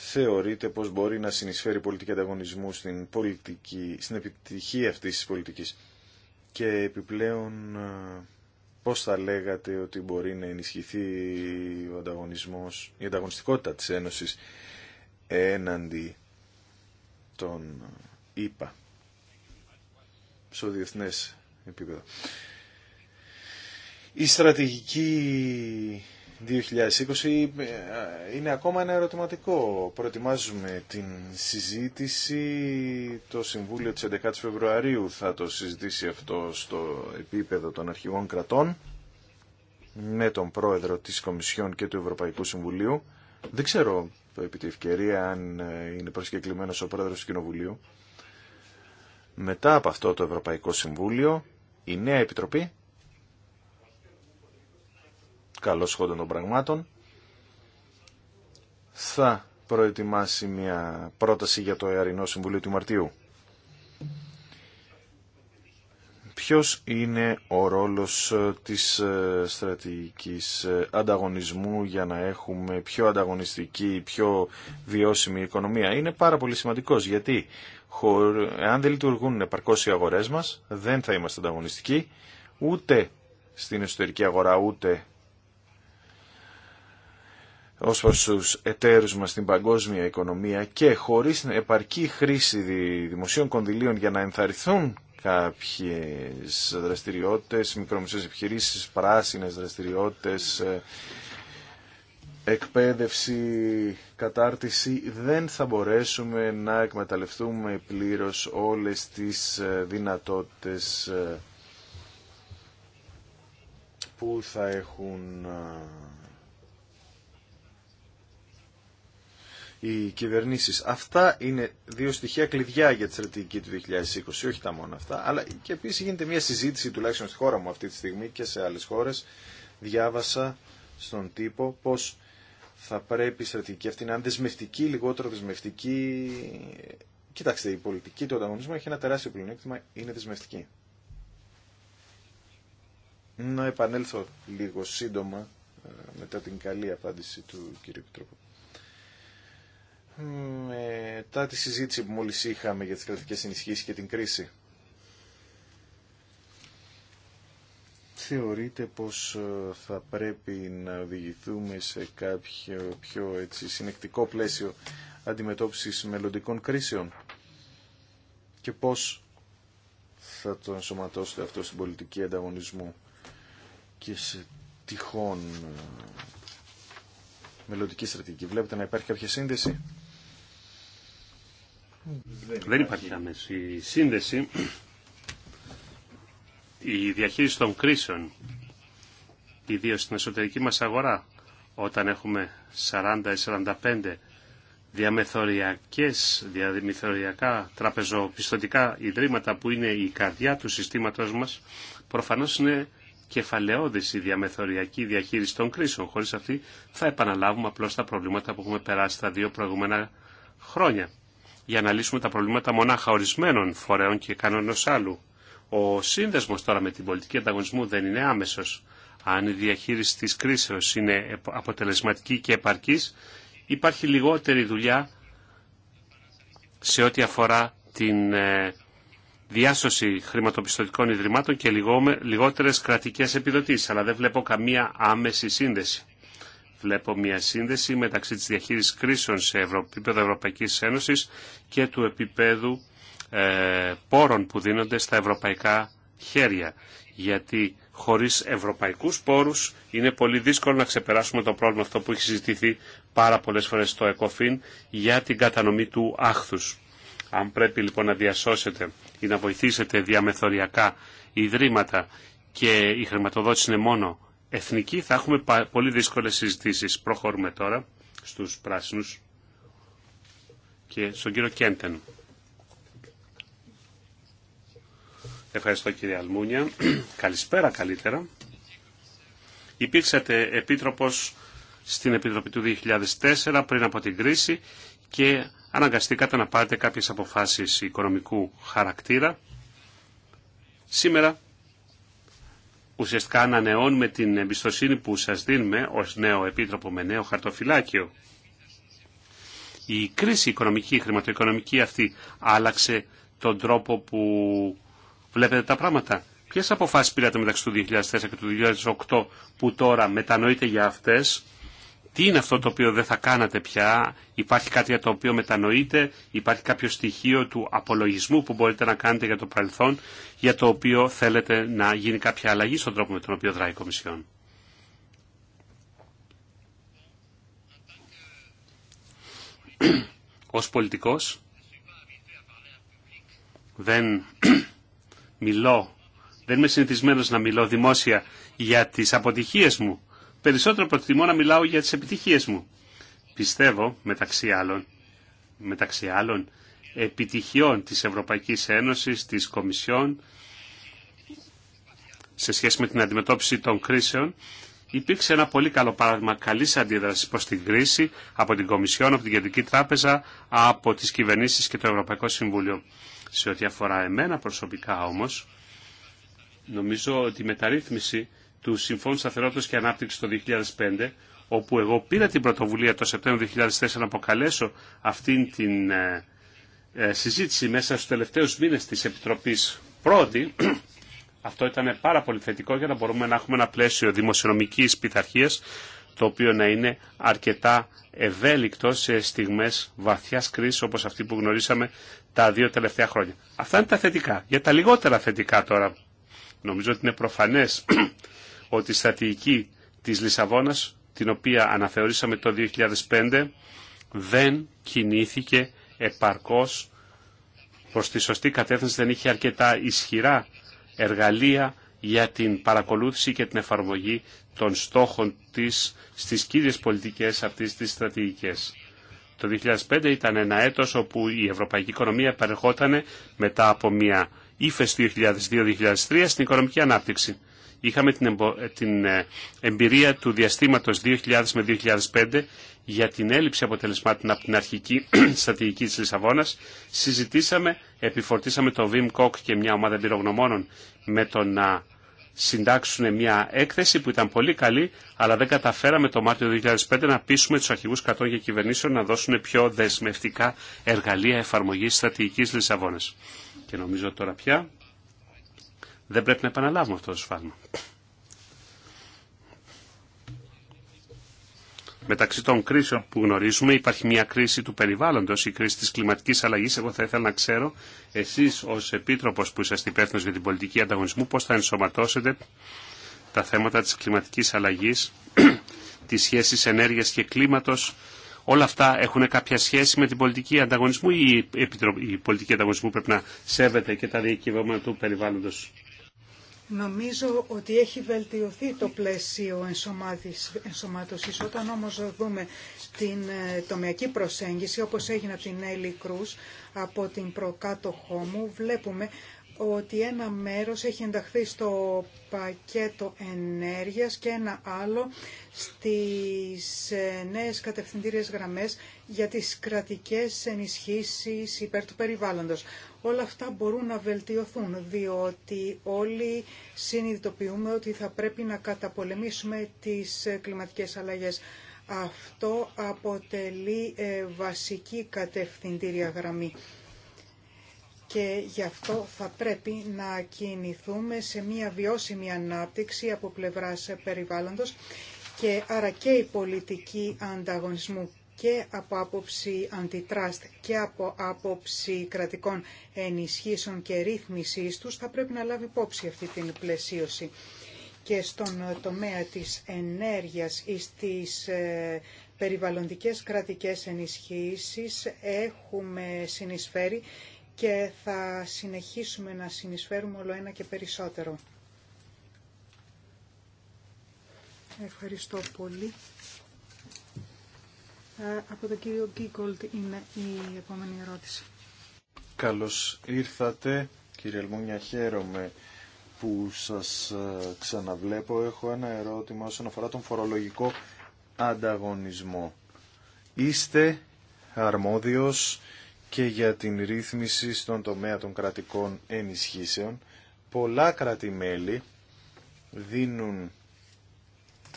θεωρείτε πως μπορεί να συνεισφέρει πολιτική ανταγωνισμού στην, πολιτική, στην επιτυχία αυτής της πολιτικής και επιπλέον ε, πώς θα λέγατε ότι μπορεί να ενισχυθεί ο ανταγωνισμός, η ανταγωνιστικότητα της Ένωσης έναντι των ΙΠΑ ε, στο διεθνές επίπεδο. Η στρατηγική 2020 ε, είναι ακόμα ένα ερωτηματικό. Προετοιμάζουμε την συζήτηση, το Συμβούλιο της 11 Φεβρουαρίου θα το συζητήσει αυτό στο επίπεδο των αρχηγών κρατών με τον πρόεδρο της Κομισιόν και του Ευρωπαϊκού Συμβουλίου. Δεν ξέρω επί τη ευκαιρία αν ε, είναι προσκεκλημένος ο πρόεδρος του Κοινοβουλίου. Μετά από αυτό το Ευρωπαϊκό Συμβούλιο, η νέα Επιτροπή Καλό χόντων των πραγμάτων, θα προετοιμάσει μια πρόταση για το Εαρινό Συμβουλίο του Μαρτίου. Ποιος είναι ο ρόλος ε, της ε, στρατηγικής ε, ανταγωνισμού για να έχουμε πιο ανταγωνιστική, πιο βιώσιμη οικονομία. Είναι πάρα πολύ σημαντικός γιατί αν δεν λειτουργούν επαρκώς οι αγορές μας δεν θα είμαστε ανταγωνιστικοί ούτε στην εσωτερική αγορά ούτε ως προς τους εταίρους μας στην παγκόσμια οικονομία και χωρίς επαρκή χρήση δημοσίων κονδυλίων για να ενθαρρυθούν κάποιες δραστηριότητες, μικρομεσαίες επιχειρήσεις, πράσινες δραστηριότητες, ε, εκπαίδευση, κατάρτιση, δεν θα μπορέσουμε να εκμεταλλευτούμε πλήρως όλες τις ε, δυνατότητες ε, που θα έχουν οι κυβερνήσει. Αυτά είναι δύο στοιχεία κλειδιά για τη στρατηγική του 2020, όχι τα μόνο αυτά, αλλά και επίσης γίνεται μια συζήτηση τουλάχιστον στη χώρα μου αυτή τη στιγμή και σε άλλες χώρες. Διάβασα στον τύπο πως θα πρέπει η στρατηγική αυτή να είναι δεσμευτική, λιγότερο δεσμευτική. Κοιτάξτε, η πολιτική του ανταγωνισμού έχει ένα τεράστιο πλεονέκτημα, είναι δεσμευτική. Να επανέλθω λίγο σύντομα ε, μετά την καλή απάντηση του κ. Πιτρόπου μετά τη συζήτηση που μόλις είχαμε για τις κρατικές ενισχύσεις και την κρίση. Θεωρείτε πως ε, θα πρέπει να οδηγηθούμε σε κάποιο πιο έτσι, συνεκτικό πλαίσιο αντιμετώπισης μελλοντικών κρίσεων και πώς θα το ενσωματώσετε αυτό στην πολιτική ανταγωνισμού και σε τυχόν ε, μελλοντική στρατηγική. Βλέπετε να υπάρχει κάποια σύνδεση. Δεν υπάρχει Η σύνδεση. Η διαχείριση των κρίσεων, ιδίω στην εσωτερική μας αγορά, όταν έχουμε 40 ή 45 διαμεθοριακές, διαμεθοριακά τραπεζοπιστωτικά ιδρύματα που είναι καρδιά του συστήματος μας, προφανώς είναι κεφαλαιώδης η διαμεθοριακή διαχείριση των κρίσεων. Χωρίς αυτή θα επαναλάβουμε απλώς τα προβλήματα που έχουμε περάσει τα δύο προηγούμενα χρόνια για να λύσουμε τα προβλήματα μονάχα ορισμένων φορέων και κανόνε άλλου. Ο σύνδεσμο τώρα με την πολιτική ανταγωνισμού δεν είναι άμεσο. Αν η διαχείριση τη κρίσεω είναι αποτελεσματική και επαρκή, υπάρχει λιγότερη δουλειά σε ό,τι αφορά την ε, διάσωση χρηματοπιστωτικών ιδρυμάτων και λιγότερες κρατικές επιδοτήσεις, αλλά δεν βλέπω καμία άμεση σύνδεση βλέπω μια σύνδεση μεταξύ της διαχείρισης κρίσεων σε επίπεδο Ευρωπαϊκής Ένωσης και του επίπεδου ε, πόρων που δίνονται στα ευρωπαϊκά χέρια. Γιατί χωρίς ευρωπαϊκούς πόρους είναι πολύ δύσκολο να ξεπεράσουμε το πρόβλημα αυτό που έχει συζητηθεί πάρα πολλές φορές στο ΕΚΟΦΗΝ για την κατανομή του άχθους. Αν πρέπει λοιπόν να διασώσετε ή να βοηθήσετε διαμεθοριακά ιδρύματα και η χρηματοδότηση είναι μόνο εθνική θα έχουμε πολύ δύσκολες συζητήσεις. Προχωρούμε τώρα στους πράσινους και στον κύριο Κέντεν. Ευχαριστώ κύριε Αλμούνια. Καλησπέρα καλύτερα. Υπήρξατε επίτροπος στην Επιτροπή του 2004 πριν από την κρίση και αναγκαστήκατε να πάρετε κάποιες αποφάσεις οικονομικού χαρακτήρα. Σήμερα ουσιαστικά ανανεώνουμε την εμπιστοσύνη που σας δίνουμε ως νέο επίτροπο με νέο χαρτοφυλάκιο. Η κρίση οικονομική, η χρηματοοικονομική αυτή άλλαξε τον τρόπο που βλέπετε τα πράγματα. Ποιες αποφάσεις πήρατε μεταξύ του 2004 και του 2008 που τώρα μετανοείτε για αυτές τι είναι αυτό το οποίο δεν θα κάνατε πια, υπάρχει κάτι για το οποίο μετανοείτε, υπάρχει κάποιο στοιχείο του απολογισμού που μπορείτε να κάνετε για το παρελθόν, για το οποίο θέλετε να γίνει κάποια αλλαγή στον τρόπο με τον οποίο δράει η Κομισιόν. Ως πολιτικός δεν μιλώ, δεν είμαι συνηθισμένος να μιλώ δημόσια για τις αποτυχίες μου περισσότερο προτιμώ να μιλάω για τις επιτυχίες μου. Πιστεύω, μεταξύ άλλων, μεταξύ άλλων επιτυχιών της Ευρωπαϊκής Ένωσης, της Κομισιόν, σε σχέση με την αντιμετώπιση των κρίσεων, υπήρξε ένα πολύ καλό παράδειγμα καλή αντίδραση προ την κρίση από την Κομισιόν, από την Κεντρική Τράπεζα, από τις κυβερνήσει και το Ευρωπαϊκό Συμβούλιο. Σε ό,τι αφορά εμένα προσωπικά όμως, νομίζω ότι η μεταρρύθμιση του Συμφώνου Σταθερότητα και ανάπτυξη το 2005, όπου εγώ πήρα την πρωτοβουλία το Σεπτέμβριο 2004 να αποκαλέσω αυτήν την ε, ε, συζήτηση μέσα στους τελευταίους μήνες της Επιτροπής πρώτη, αυτό ήταν πάρα πολύ θετικό για να μπορούμε να έχουμε ένα πλαίσιο δημοσιονομικής πειθαρχίας, το οποίο να είναι αρκετά ευέλικτο σε στιγμές βαθιάς κρίσης όπως αυτή που γνωρίσαμε τα δύο τελευταία χρόνια. Αυτά είναι τα θετικά. Για τα λιγότερα θετικά τώρα, νομίζω ότι είναι προφανές ότι η στρατηγική της Λισαβόνας, την οποία αναθεωρήσαμε το 2005, δεν κινήθηκε επαρκώς προς τη σωστή κατεύθυνση, δεν είχε αρκετά ισχυρά εργαλεία για την παρακολούθηση και την εφαρμογή των στόχων της στις κύριες πολιτικές αυτής της στρατηγικές. Το 2005 ήταν ένα έτος όπου η ευρωπαϊκή οικονομία παρεχόταν μετά από μια ύφεση 2002-2003 στην οικονομική ανάπτυξη. Είχαμε την ε, ε, εμπειρία του διαστήματος 2000 με 2005 για την έλλειψη αποτελεσμάτων από την αρχική στρατηγική της Λισαβόνας. Συζητήσαμε, επιφορτήσαμε το Βιμ Κοκ και μια ομάδα εμπειρογνωμόνων με το να συντάξουν μια έκθεση που ήταν πολύ καλή, αλλά δεν καταφέραμε το Μάρτιο 2005 να πείσουμε τους αρχηγούς κρατών και κυβερνήσεων να δώσουν πιο δεσμευτικά εργαλεία εφαρμογής στρατηγικής Λισαβόνας. Και νομίζω τώρα πια δεν πρέπει να επαναλάβουμε αυτό το σφάλμα. Μεταξύ των κρίσεων που γνωρίζουμε υπάρχει μια κρίση του περιβάλλοντος, η κρίση της κλιματικής αλλαγής. Εγώ θα ήθελα να ξέρω εσείς ως επίτροπος που είσαστε υπεύθυνος για την πολιτική ανταγωνισμού πώς θα ενσωματώσετε τα θέματα της κλιματικής αλλαγής, της σχέσης ενέργειας και κλίματος. Όλα αυτά έχουν κάποια σχέση με την πολιτική ανταγωνισμού ή η πολιτική ανταγωνισμού πρέπει να σέβεται και τα διακυβεύματα του περιβάλλοντος. Νομίζω ότι έχει βελτιωθεί το πλαίσιο ενσωμάτωσης. Όταν όμως δούμε την ε, τομιακή προσέγγιση, όπως έγινε από την Έλλη Κρούς, από την προκάτοχό μου, βλέπουμε ότι ένα μέρος έχει ενταχθεί στο πακέτο ενέργειας και ένα άλλο στις ε, νέες κατευθυντήριες γραμμές για τις κρατικές ενισχύσεις υπέρ του περιβάλλοντος. Όλα αυτά μπορούν να βελτιωθούν, διότι όλοι συνειδητοποιούμε ότι θα πρέπει να καταπολεμήσουμε τις ε, κλιματικές αλλαγές. Αυτό αποτελεί ε, βασική κατευθυντήρια γραμμή και γι' αυτό θα πρέπει να κινηθούμε σε μια βιώσιμη ανάπτυξη από πλευράς περιβάλλοντος και άρα και η πολιτική ανταγωνισμού και από άποψη αντιτράστ και από άποψη κρατικών ενισχύσεων και ρύθμισης τους θα πρέπει να λάβει υπόψη αυτή την πλαισίωση. Και στον τομέα της ενέργειας ή στις ε, περιβαλλοντικές κρατικές ενισχύσεις έχουμε συνεισφέρει και θα συνεχίσουμε να συνεισφέρουμε όλο ένα και περισσότερο. Ευχαριστώ πολύ. Ε, από τον κύριο Γκίγκολτ είναι η επόμενη ερώτηση. Καλώς ήρθατε. Κύριε Ελμούνια, χαίρομαι που σας ε, ξαναβλέπω. Έχω ένα ερώτημα όσον αφορά τον φορολογικό ανταγωνισμό. Είστε αρμόδιος και για την ρύθμιση στον τομέα των κρατικών ενισχύσεων. Πολλά κράτη-μέλη δίνουν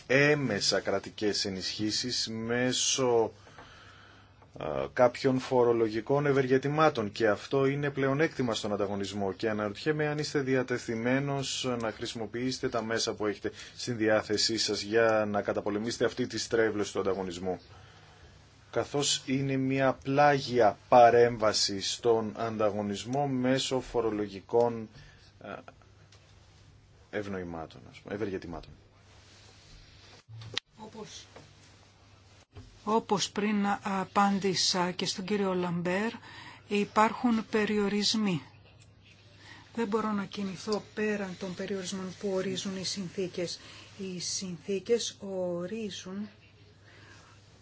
έμεσα κρατικές ενισχύσεις μέσω κάποιων φορολογικών ευεργετημάτων και αυτό είναι πλεονέκτημα στον ανταγωνισμό και αναρωτιέμαι αν είστε διατεθειμένος να χρησιμοποιήσετε τα μέσα που έχετε στην διάθεσή σας για να καταπολεμήσετε αυτή τη στρέβλωση του ανταγωνισμού καθώς είναι μια πλάγια παρέμβαση στον ανταγωνισμό μέσω φορολογικών ε, ευνοημάτων, ευεργετημάτων. Όπως, όπως πριν απάντησα και στον κύριο Λαμπέρ, υπάρχουν περιορισμοί. Δεν μπορώ να κινηθώ πέραν των περιορισμών που ορίζουν οι συνθήκες. Οι συνθήκες ορίζουν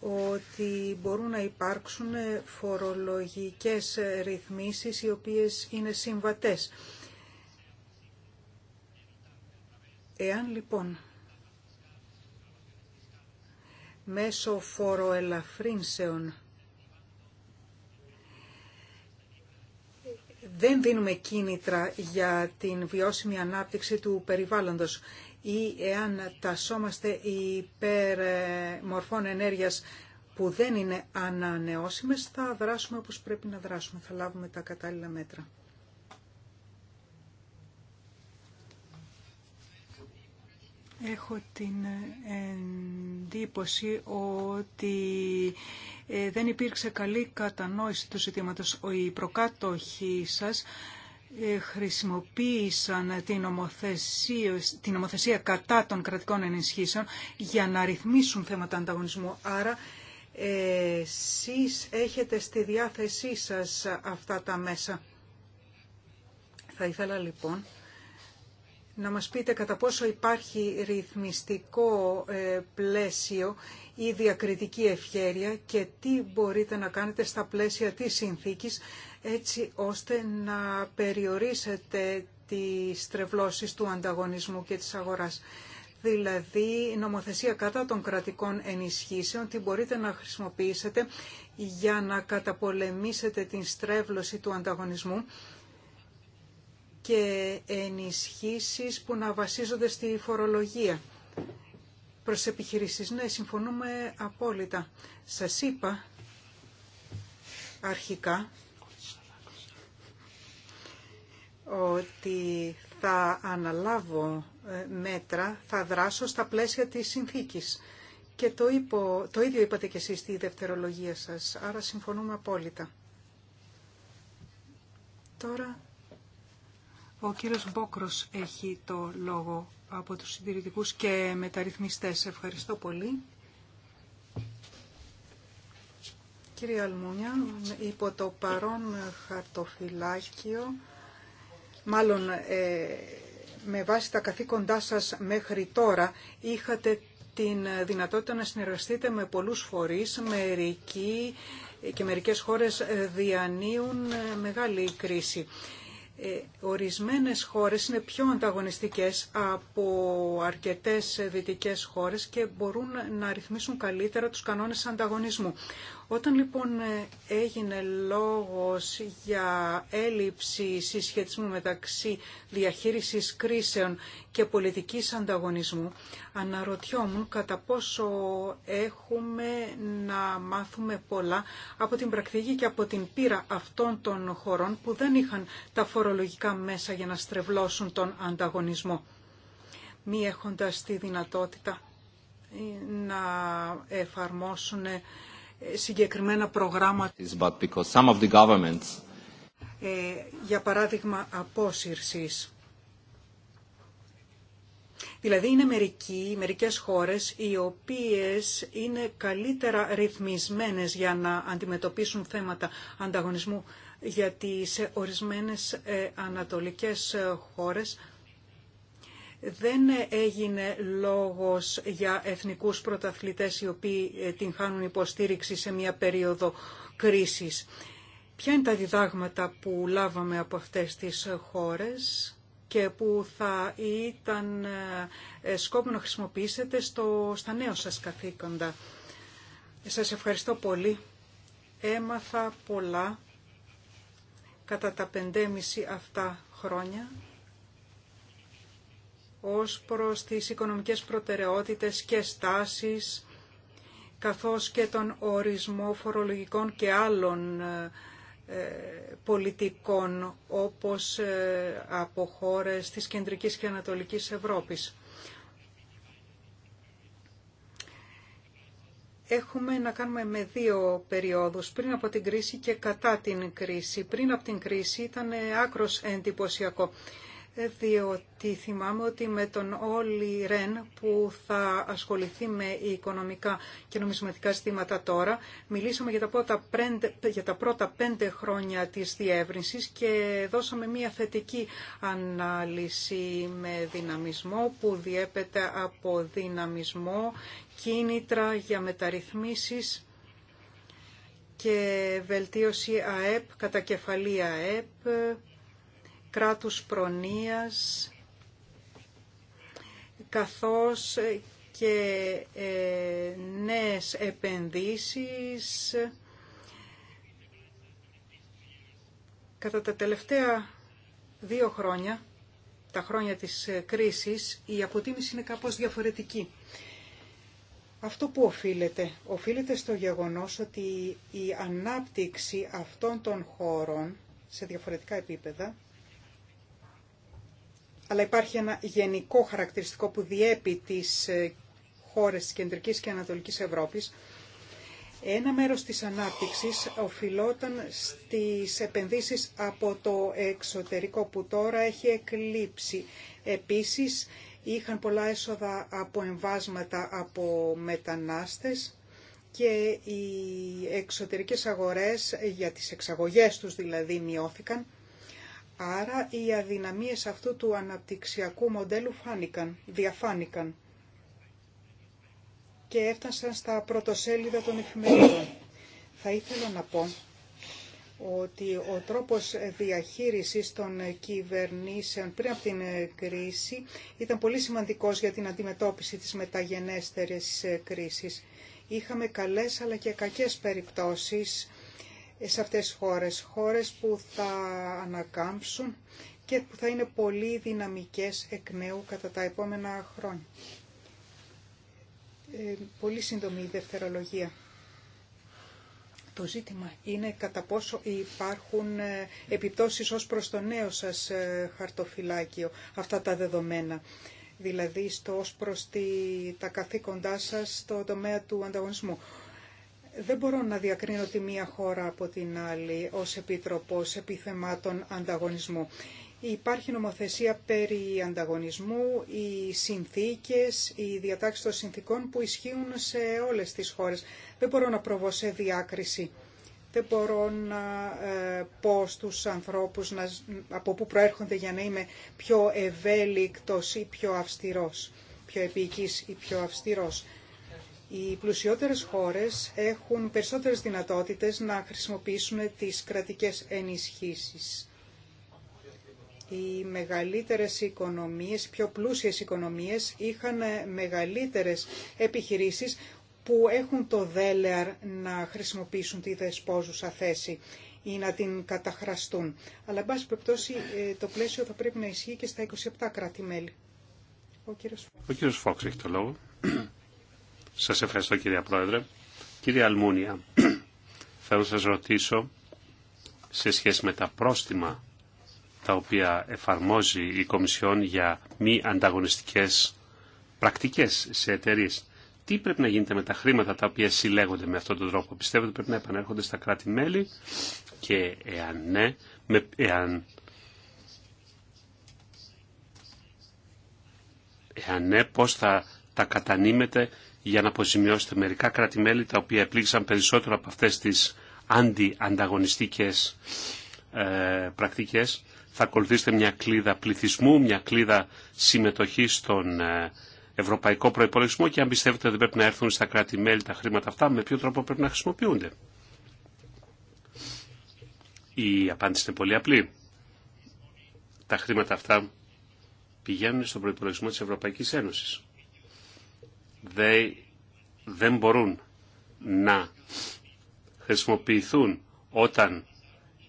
ότι μπορούν να υπάρξουν φορολογικές ρυθμίσεις οι οποίες είναι συμβατές. Εάν λοιπόν μέσω φοροελαφρύνσεων δεν δίνουμε κίνητρα για την βιώσιμη ανάπτυξη του περιβάλλοντος ή εάν τασόμαστε υπέρ ε, μορφών ενέργειας που δεν είναι ανανεώσιμες, θα δράσουμε όπως πρέπει να δράσουμε, θα λάβουμε τα κατάλληλα μέτρα. Έχω την ε, εντύπωση ότι ε, δεν υπήρξε καλή κατανόηση του ζητήματος. Οι προκάτοχοι σας ε, χρησιμοποίησαν την νομοθεσία, την ομοθέσια κατά των κρατικών ενισχύσεων για να ρυθμίσουν θέματα ανταγωνισμού. Άρα εσείς έχετε στη διάθεσή σας αυτά τα μέσα. Θα ήθελα λοιπόν να μας πείτε κατά πόσο υπάρχει ρυθμιστικό ε, πλαίσιο ή διακριτική ευχέρεια και τι μπορείτε να κάνετε στα πλαίσια της συνθήκης έτσι ώστε να περιορίσετε τις τρευλώσεις του ανταγωνισμού και της αγοράς. Δηλαδή, νομοθεσία κατά των κρατικών ενισχύσεων, τι μπορείτε να χρησιμοποιήσετε για να καταπολεμήσετε την στρέβλωση του ανταγωνισμού και ενισχύσεις που να βασίζονται στη φορολογία. Προς επιχειρήσεις, ναι, συμφωνούμε απόλυτα. Σας είπα αρχικά ότι θα αναλάβω ε, μέτρα, θα δράσω στα πλαίσια της συνθήκης. Και το, το ίδιο είπατε και εσείς στη δευτερολογία σας, άρα συμφωνούμε απόλυτα. Τώρα ο κύριος Μπόκρος έχει το λόγο από τους συντηρητικούς και μεταρρυθμιστές. Ευχαριστώ πολύ. Κύριε Αλμούνια, υπό το παρόν χαρτοφυλάκιο, μάλλον ε, με βάση τα καθήκοντά σας μέχρι τώρα, είχατε την δυνατότητα να συνεργαστείτε με πολλούς φορείς, μερικοί και μερικές χώρες διανύουν μεγάλη κρίση. Ε, ορισμένες χώρες είναι πιο ανταγωνιστικές από αρκετές ε, δυτικές χώρες και μπορούν να ρυθμίσουν καλύτερα τους κανόνες ανταγωνισμού. Όταν λοιπόν ε, έγινε λόγος για έλλειψη συσχετισμού μεταξύ διαχείρισης κρίσεων και πολιτικής ανταγωνισμού, αναρωτιόμουν κατά πόσο έχουμε να μάθουμε πολλά από την πρακτική και από την πείρα αυτών των χωρών που δεν είχαν τα φορολογικά μέσα για να στρεβλώσουν τον ανταγωνισμό, μη έχοντας τη δυνατότητα ε, να εφαρμόσουν συγκεκριμένα προγράμματα. Ε, για παράδειγμα απόσυρσης. Δηλαδή είναι μερικοί, μερικές χώρες οι οποίες είναι καλύτερα ρυθμισμένες για να αντιμετωπίσουν θέματα ανταγωνισμού γιατί σε ορισμένες ε, ανατολικές ε, χώρες δεν έγινε λόγος για εθνικούς πρωταθλητές οι οποίοι ε, την χάνουν υποστήριξη σε μια περίοδο κρίσης. Ποια είναι τα διδάγματα που λάβαμε από αυτές τις χώρες και που θα ήταν ε, σκόπιμο να χρησιμοποιήσετε στο, στα νέα σας καθήκοντα. Σας ευχαριστώ πολύ. Έμαθα πολλά κατά τα πεντέμιση αυτά χρόνια ως προς τις οικονομικές προτεραιότητες και στάσεις, καθώς και τον ορισμό φορολογικών και άλλων ε, πολιτικών, όπως ε, από χώρες της Κεντρικής και Ανατολικής Ευρώπης. Έχουμε να κάνουμε με δύο περιόδους, πριν από την κρίση και κατά την κρίση. Πριν από την κρίση ήταν άκρος εντυπωσιακό διότι θυμάμαι ότι με τον όλη Ρεν που θα ασχοληθεί με οικονομικά και νομισματικά ζητήματα τώρα, μιλήσαμε για τα, πρώτα, για τα πρώτα πέντε χρόνια της διεύρυνσης και δώσαμε μια θετική ανάλυση με δυναμισμό που διέπεται από δυναμισμό, κίνητρα για μεταρρυθμίσεις και βελτίωση ΑΕΠ, κατακεφαλή ΑΕΠ, κράτους προνοίας, καθώς και ε, νέες επενδύσεις. Κατά τα τελευταία δύο χρόνια, τα χρόνια της ε, κρίσης, η αποτίμηση είναι κάπως διαφορετική. Αυτό που οφείλεται, οφείλεται στο γεγονός ότι η ανάπτυξη αυτών των χώρων σε διαφορετικά επίπεδα αλλά υπάρχει ένα γενικό χαρακτηριστικό που διέπει τις ε, χώρες της Κεντρικής και Ανατολικής Ευρώπης. Ένα μέρος της ανάπτυξης οφειλόταν στις επενδύσεις από το εξωτερικό που τώρα έχει εκλείψει. Επίσης είχαν πολλά έσοδα από εμβάσματα από μετανάστες και οι εξωτερικές αγορές για τις εξαγωγές τους δηλαδή μειώθηκαν Άρα οι αδυναμίες αυτού του αναπτυξιακού μοντέλου φάνηκαν, διαφάνηκαν και έφτασαν στα πρωτοσέλιδα των εφημερίδων. Θα ήθελα να πω ότι ο τρόπος διαχείρισης των κυβερνήσεων πριν από την κρίση ήταν πολύ σημαντικός για την αντιμετώπιση της μεταγενέστερης κρίσης. Είχαμε καλές αλλά και κακές περιπτώσεις σε αυτές τις χώρες. Χώρες που θα ανακάμψουν και που θα είναι πολύ δυναμικές εκ νέου κατά τα επόμενα χρόνια. Ε, πολύ σύντομη η δευτερολογία. Το ζήτημα είναι κατά πόσο υπάρχουν ε, επιπτώσεις ως προς το νέο σας ε, χαρτοφυλάκιο, αυτά τα δεδομένα. Δηλαδή στο ως προς τη, τα καθήκοντά σας στο τομέα του ανταγωνισμού δεν μπορώ να διακρίνω τη μία χώρα από την άλλη ως Επίτροπος Επιθεμάτων Ανταγωνισμού. Υπάρχει νομοθεσία περί ανταγωνισμού, οι συνθήκες, οι διατάξεις των συνθήκων που ισχύουν σε όλες τις χώρες. Δεν μπορώ να προβώ σε διάκριση. Δεν μπορώ να ε, πω στους ανθρώπους από πού προέρχονται για να είμαι πιο ευέλικτος ή πιο αυστηρός, πιο επίκης ή πιο αυστηρός. Οι πλουσιότερες χώρες έχουν περισσότερες δυνατότητες να χρησιμοποιήσουν τις κρατικές ενισχύσεις. Οι μεγαλύτερες οικονομίες, οι πιο πλούσιες οικονομίες είχαν μεγαλύτερες επιχειρήσεις που έχουν το δέλεαρ να χρησιμοποιήσουν τη δεσπόζουσα θέση ή να την καταχραστούν. Αλλά, εν πάση περιπτώσει, ε, το πλαίσιο θα πρέπει να ισχύει και στα 27 κράτη-μέλη. Ο κύριος Φόξ έχει το λόγο. Σας ευχαριστώ κύριε Πρόεδρε. Κύριε Αλμούνια, θέλω να σας ρωτήσω σε σχέση με τα πρόστιμα τα οποία εφαρμόζει η Κομισιόν για μη ανταγωνιστικές πρακτικές σε εταιρείε. Τι πρέπει να γίνεται με τα χρήματα τα οποία συλλέγονται με αυτόν τον τρόπο. Πιστεύω ότι πρέπει να επανέρχονται στα κράτη-μέλη και εάν ναι, με, εάν, εάν ναι, πώς θα τα κατανείμετε για να αποζημιώσετε μερικά κράτη-μέλη τα οποία επλήγησαν περισσότερο από αυτές τις αντιανταγωνιστικές ε, πρακτικές. Θα ακολουθήσετε μια κλίδα πληθυσμού, μια κλίδα συμμετοχής στον ε, ευρωπαϊκό προϋπολογισμό και αν πιστεύετε ότι πρέπει να έρθουν στα κράτη-μέλη τα χρήματα αυτά, με ποιο τρόπο πρέπει να χρησιμοποιούνται. Η απάντηση είναι πολύ απλή. Τα χρήματα αυτά πηγαίνουν στον προϋπολογισμό της Ευρωπαϊκής Ένωσης δεν μπορούν να χρησιμοποιηθούν όταν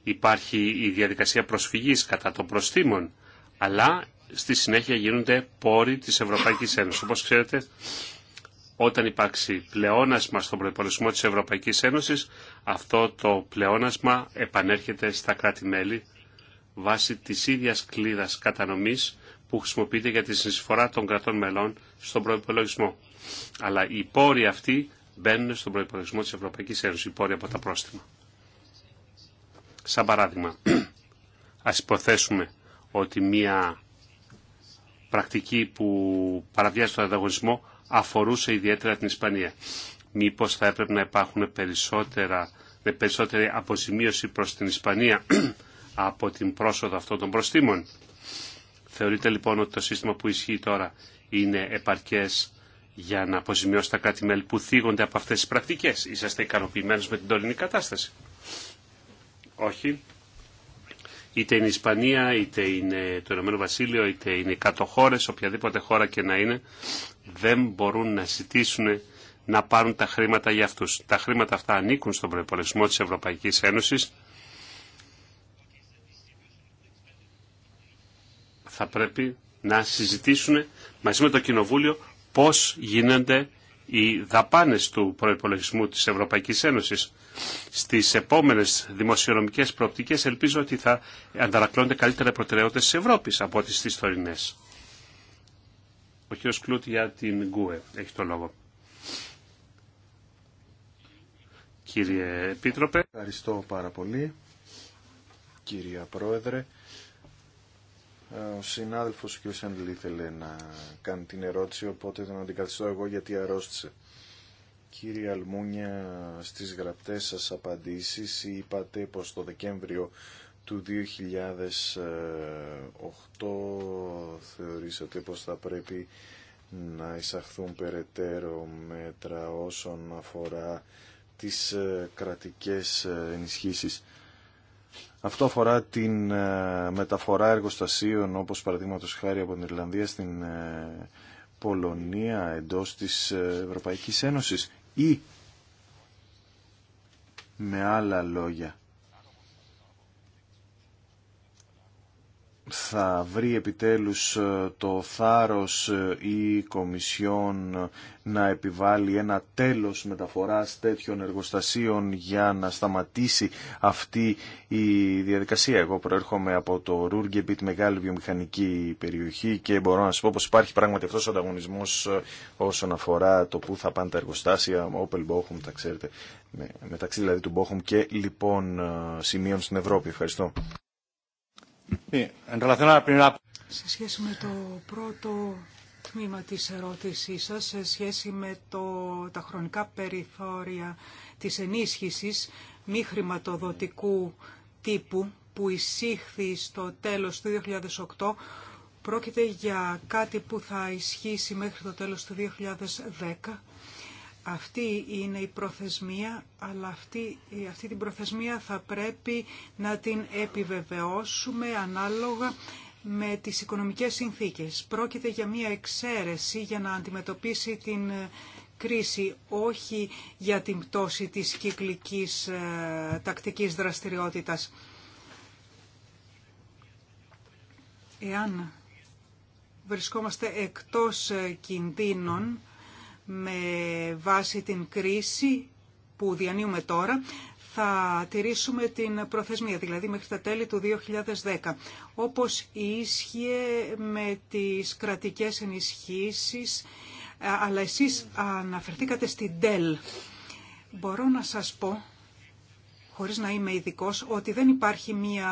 υπάρχει η διαδικασία προσφυγής κατά των προστήμων, αλλά στη συνέχεια γίνονται πόροι της Ευρωπαϊκής Ένωσης. Όπως ξέρετε, όταν υπάρξει πλεόνασμα στον προπολογισμό της Ευρωπαϊκής Ένωσης, αυτό το πλεόνασμα επανέρχεται στα κράτη-μέλη βάσει της ίδιας κλίδας κατανομής που χρησιμοποιείται για τη συνεισφορά των κρατών μελών στον προπολογισμό. Αλλά οι πόροι αυτοί μπαίνουν στον προπολογισμό της Ευρωπαϊκής Ένωσης, οι πόροι από τα πρόστιμα. Σαν παράδειγμα, ας υποθέσουμε ότι μία πρακτική που παραβιάζει τον ανταγωνισμό αφορούσε ιδιαίτερα την Ισπανία. Μήπως θα έπρεπε να υπάρχουν περισσότερα, με περισσότερη αποζημίωση προς την Ισπανία από την πρόσοδο αυτών των προστήμων. Θεωρείτε λοιπόν ότι το σύστημα που ισχύει τώρα είναι επαρκές για να αποζημιώσει τα κράτη-μέλη που θίγονται από αυτές τις πρακτικές. Είσαστε ικανοποιημένος με την τωρινή κατάσταση. Όχι. Είτε είναι η Ισπανία, είτε είναι το Ηνωμένο Βασίλειο, είτε είναι οι κάτω χώρες, οποιαδήποτε χώρα και να είναι, δεν μπορούν να ζητήσουν να πάρουν τα χρήματα για αυτούς. Τα χρήματα αυτά ανήκουν στον προπολογισμό της Ευρωπαϊκής Ένωσης θα πρέπει να συζητήσουν μαζί με το Κοινοβούλιο πώς γίνονται οι δαπάνες του προϋπολογισμού της Ευρωπαϊκής Ένωσης. Στις επόμενες δημοσιονομικές προοπτικές ελπίζω ότι θα ανταρακλώνται καλύτερα προτεραιότητες της Ευρώπης από τις τις Ο κ. Κλούτ για την Γκουε έχει το λόγο. Κύριε Επίτροπε. Ευχαριστώ πάρα πολύ, κυρία Πρόεδρε. Ο συνάδελφος κ. Σέντλ ήθελε να κάνει την ερώτηση, οπότε τον αντικαθιστώ εγώ γιατί αρρώστησε. Κύριε Αλμούνια, στις γραπτές σα απαντήσει. είπατε πω το Δεκέμβριο του 2008 θεωρήσατε πως θα πρέπει να εισαχθούν περαιτέρω μέτρα όσον αφορά τις ε, κρατικές ε, ενισχύσεις. Αυτό αφορά την ε, μεταφορά εργοστασίων όπως παραδείγματο χάρη από την Ιρλανδία στην ε, Πολωνία εντός της ε, Ευρωπαϊκής Ένωσης ή με άλλα λόγια θα βρει επιτέλους ε, το θάρρος ε, η Κομισιόν να επιβάλλει ένα τέλος μεταφοράς τέτοιων εργοστασίων για να σταματήσει αυτή η διαδικασία. Εγώ προέρχομαι από το Ρούργκεμπιτ, μεγάλη βιομηχανική περιοχή και μπορώ να σας πω πως υπάρχει πράγματι αυτός ο ανταγωνισμός ε, όσον αφορά το που θα πάνε τα εργοστάσια, Opel, τα ξέρετε, μεταξύ δηλαδή του Bochum και λοιπόν σημείων στην Ευρώπη. Ευχαριστώ. Σε σχέση με το πρώτο τμήμα της ερώτησής σας, σε σχέση με το, τα χρονικά περιθώρια της ενίσχυσης μη χρηματοδοτικού τύπου που εισήχθη στο τέλος του 2008, πρόκειται για κάτι που θα ισχύσει μέχρι το τέλος του 2010 αυτή είναι η προθεσμία, αλλά αυτή, αυτή την προθεσμία θα πρέπει να την επιβεβαιώσουμε ανάλογα με τις οικονομικές συνθήκες. Πρόκειται για μια εξαίρεση για να αντιμετωπίσει την ε, κρίση, όχι για την πτώση της κυκλικής ε, τακτικής δραστηριότητας. Εάν βρισκόμαστε εκτός ε, κινδύνων, με βάση την κρίση που διανύουμε τώρα, θα τηρήσουμε την προθεσμία, δηλαδή μέχρι τα τέλη του 2010, όπως ίσχυε με τις κρατικές ενισχύσεις, αλλά εσείς αναφερθήκατε στην ΤΕΛ. Μπορώ να σας πω χωρίς να είμαι ειδικό, ότι δεν υπάρχει μία